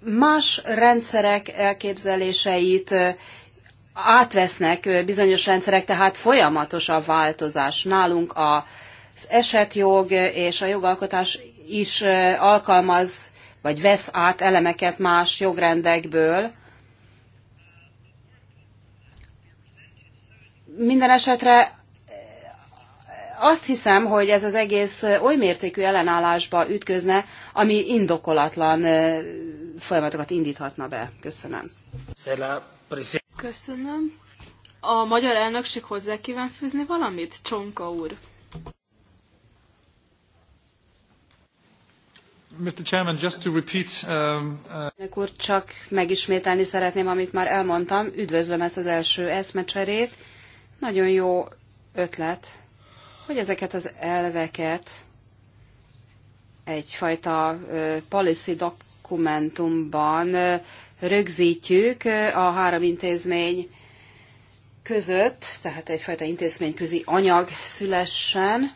más rendszerek elképzeléseit átvesznek bizonyos rendszerek, tehát folyamatos a változás. Nálunk az esetjog és a jogalkotás is alkalmaz, vagy vesz át elemeket más jogrendekből. Minden esetre azt hiszem, hogy ez az egész oly mértékű ellenállásba ütközne, ami indokolatlan folyamatokat indíthatna be. Köszönöm. Köszönöm. A magyar elnökség hozzá kíván fűzni valamit, Csonka úr? Mr. Chairman, just to repeat, um, uh... úr, csak megismételni szeretném, amit már elmondtam. Üdvözlöm ezt az első eszmecserét. Nagyon jó ötlet, hogy ezeket az elveket egyfajta uh, policy doc dokumentumban rögzítjük a három intézmény között, tehát egyfajta intézményközi anyag szülessen.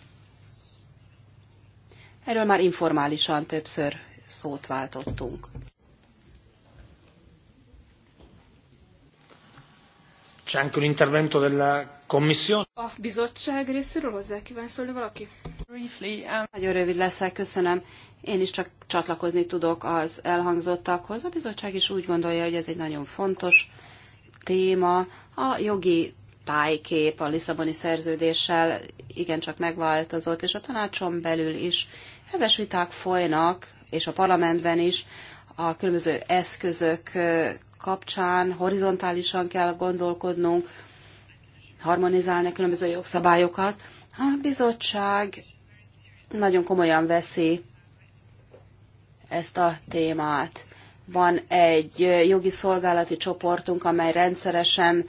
Erről már informálisan többször szót váltottunk. C'è anche un intervento della Commissione. A bizottság részéről hozzá kíván szólni valaki? Briefly, um... Nagyon rövid leszek, köszönöm. Én is csak csatlakozni tudok az elhangzottakhoz. A bizottság is úgy gondolja, hogy ez egy nagyon fontos téma. A jogi tájkép a Lisszaboni szerződéssel igencsak megváltozott, és a tanácson belül is heves viták folynak, és a parlamentben is a különböző eszközök kapcsán horizontálisan kell gondolkodnunk, harmonizálni a különböző jogszabályokat. A bizottság nagyon komolyan veszi ezt a témát. Van egy jogi szolgálati csoportunk, amely rendszeresen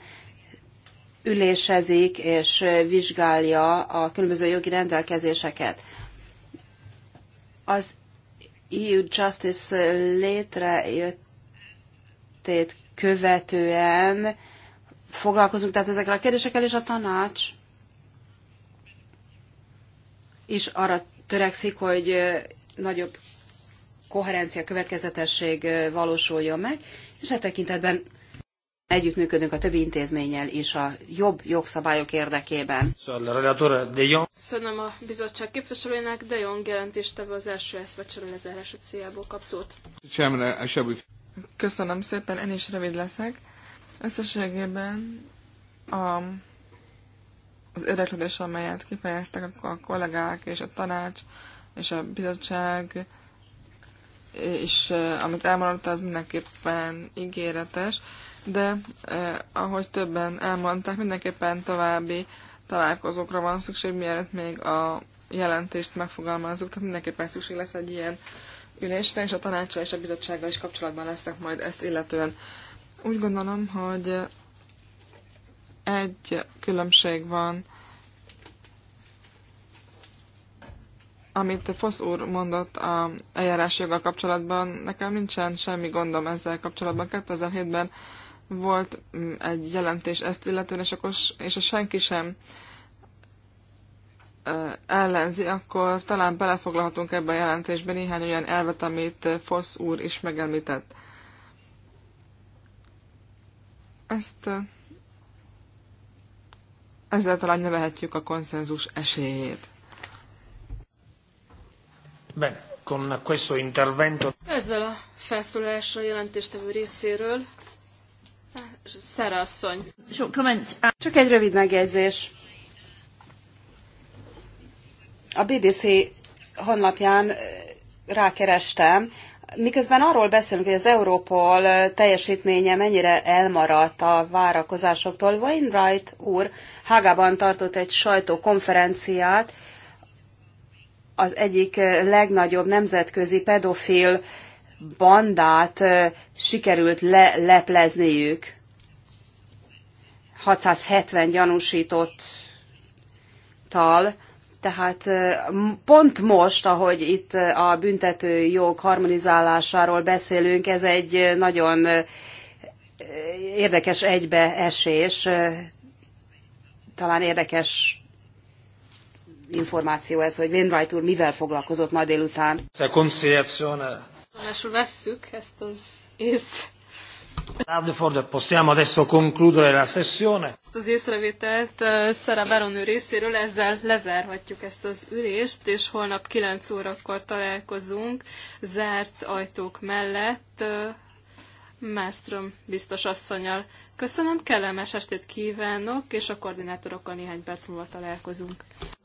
ülésezik és vizsgálja a különböző jogi rendelkezéseket. Az EU Justice létrejöttét követően foglalkozunk tehát ezekkel a kérdésekkel, és a tanács is arra törekszik, hogy nagyobb koherencia, következetesség valósuljon meg, és e tekintetben együttműködünk a többi intézménnyel is a jobb jogszabályok érdekében. Köszönöm a bizottság képviselőjének, de Jong jelentéstevő az első eszvecsere lezárása céljából kap szót. Köszönöm szépen, én is rövid leszek. Összességében a, az érdeklődés, amelyet kifejeztek a kollégák és a tanács és a bizottság és eh, amit elmondta, az mindenképpen ígéretes, de eh, ahogy többen elmondták, mindenképpen további találkozókra van szükség, mielőtt még a jelentést megfogalmazzuk, tehát mindenképpen szükség lesz egy ilyen ülésre, és a tanácsa és a bizottsággal is kapcsolatban leszek majd ezt illetően. Úgy gondolom, hogy egy különbség van amit Fosz úr mondott a eljárás joga kapcsolatban, nekem nincsen semmi gondom ezzel kapcsolatban. 2007-ben volt mm, egy jelentés ezt illetően, és, akkor, és ha senki sem ellenzi, akkor talán belefoglalhatunk ebbe a jelentésbe néhány olyan elvet, amit Fosz úr is megemlített. Ezt ezzel talán nevehetjük a konszenzus esélyét. Bene, con questo intervento... Ezzel a felszólalással jelentéstevő részéről Szere asszony. Csak egy rövid megjegyzés. A BBC honlapján rákerestem, miközben arról beszélünk, hogy az Európol teljesítménye mennyire elmaradt a várakozásoktól, Wainwright úr Hágában tartott egy sajtókonferenciát, az egyik eh, legnagyobb nemzetközi pedofil bandát eh, sikerült leleplezniük. 670 tal tehát eh, pont most, ahogy itt a büntető jog harmonizálásáról beszélünk, ez egy nagyon érdekes egybeesés, talán érdekes információ ez, hogy Wainwright úr mivel foglalkozott ma délután. Ráadásul vesszük ezt az észt. Radford, possiamo adesso concludere la sessione. Ezt az észrevételt uh, Szara Baronő részéről ezzel lezárhatjuk ezt az ülést, és holnap 9 órakor találkozunk zárt ajtók mellett uh, Mástrom biztos asszonyal. Köszönöm, kellemes estét kívánok, és a koordinátorokkal néhány perc múlva találkozunk.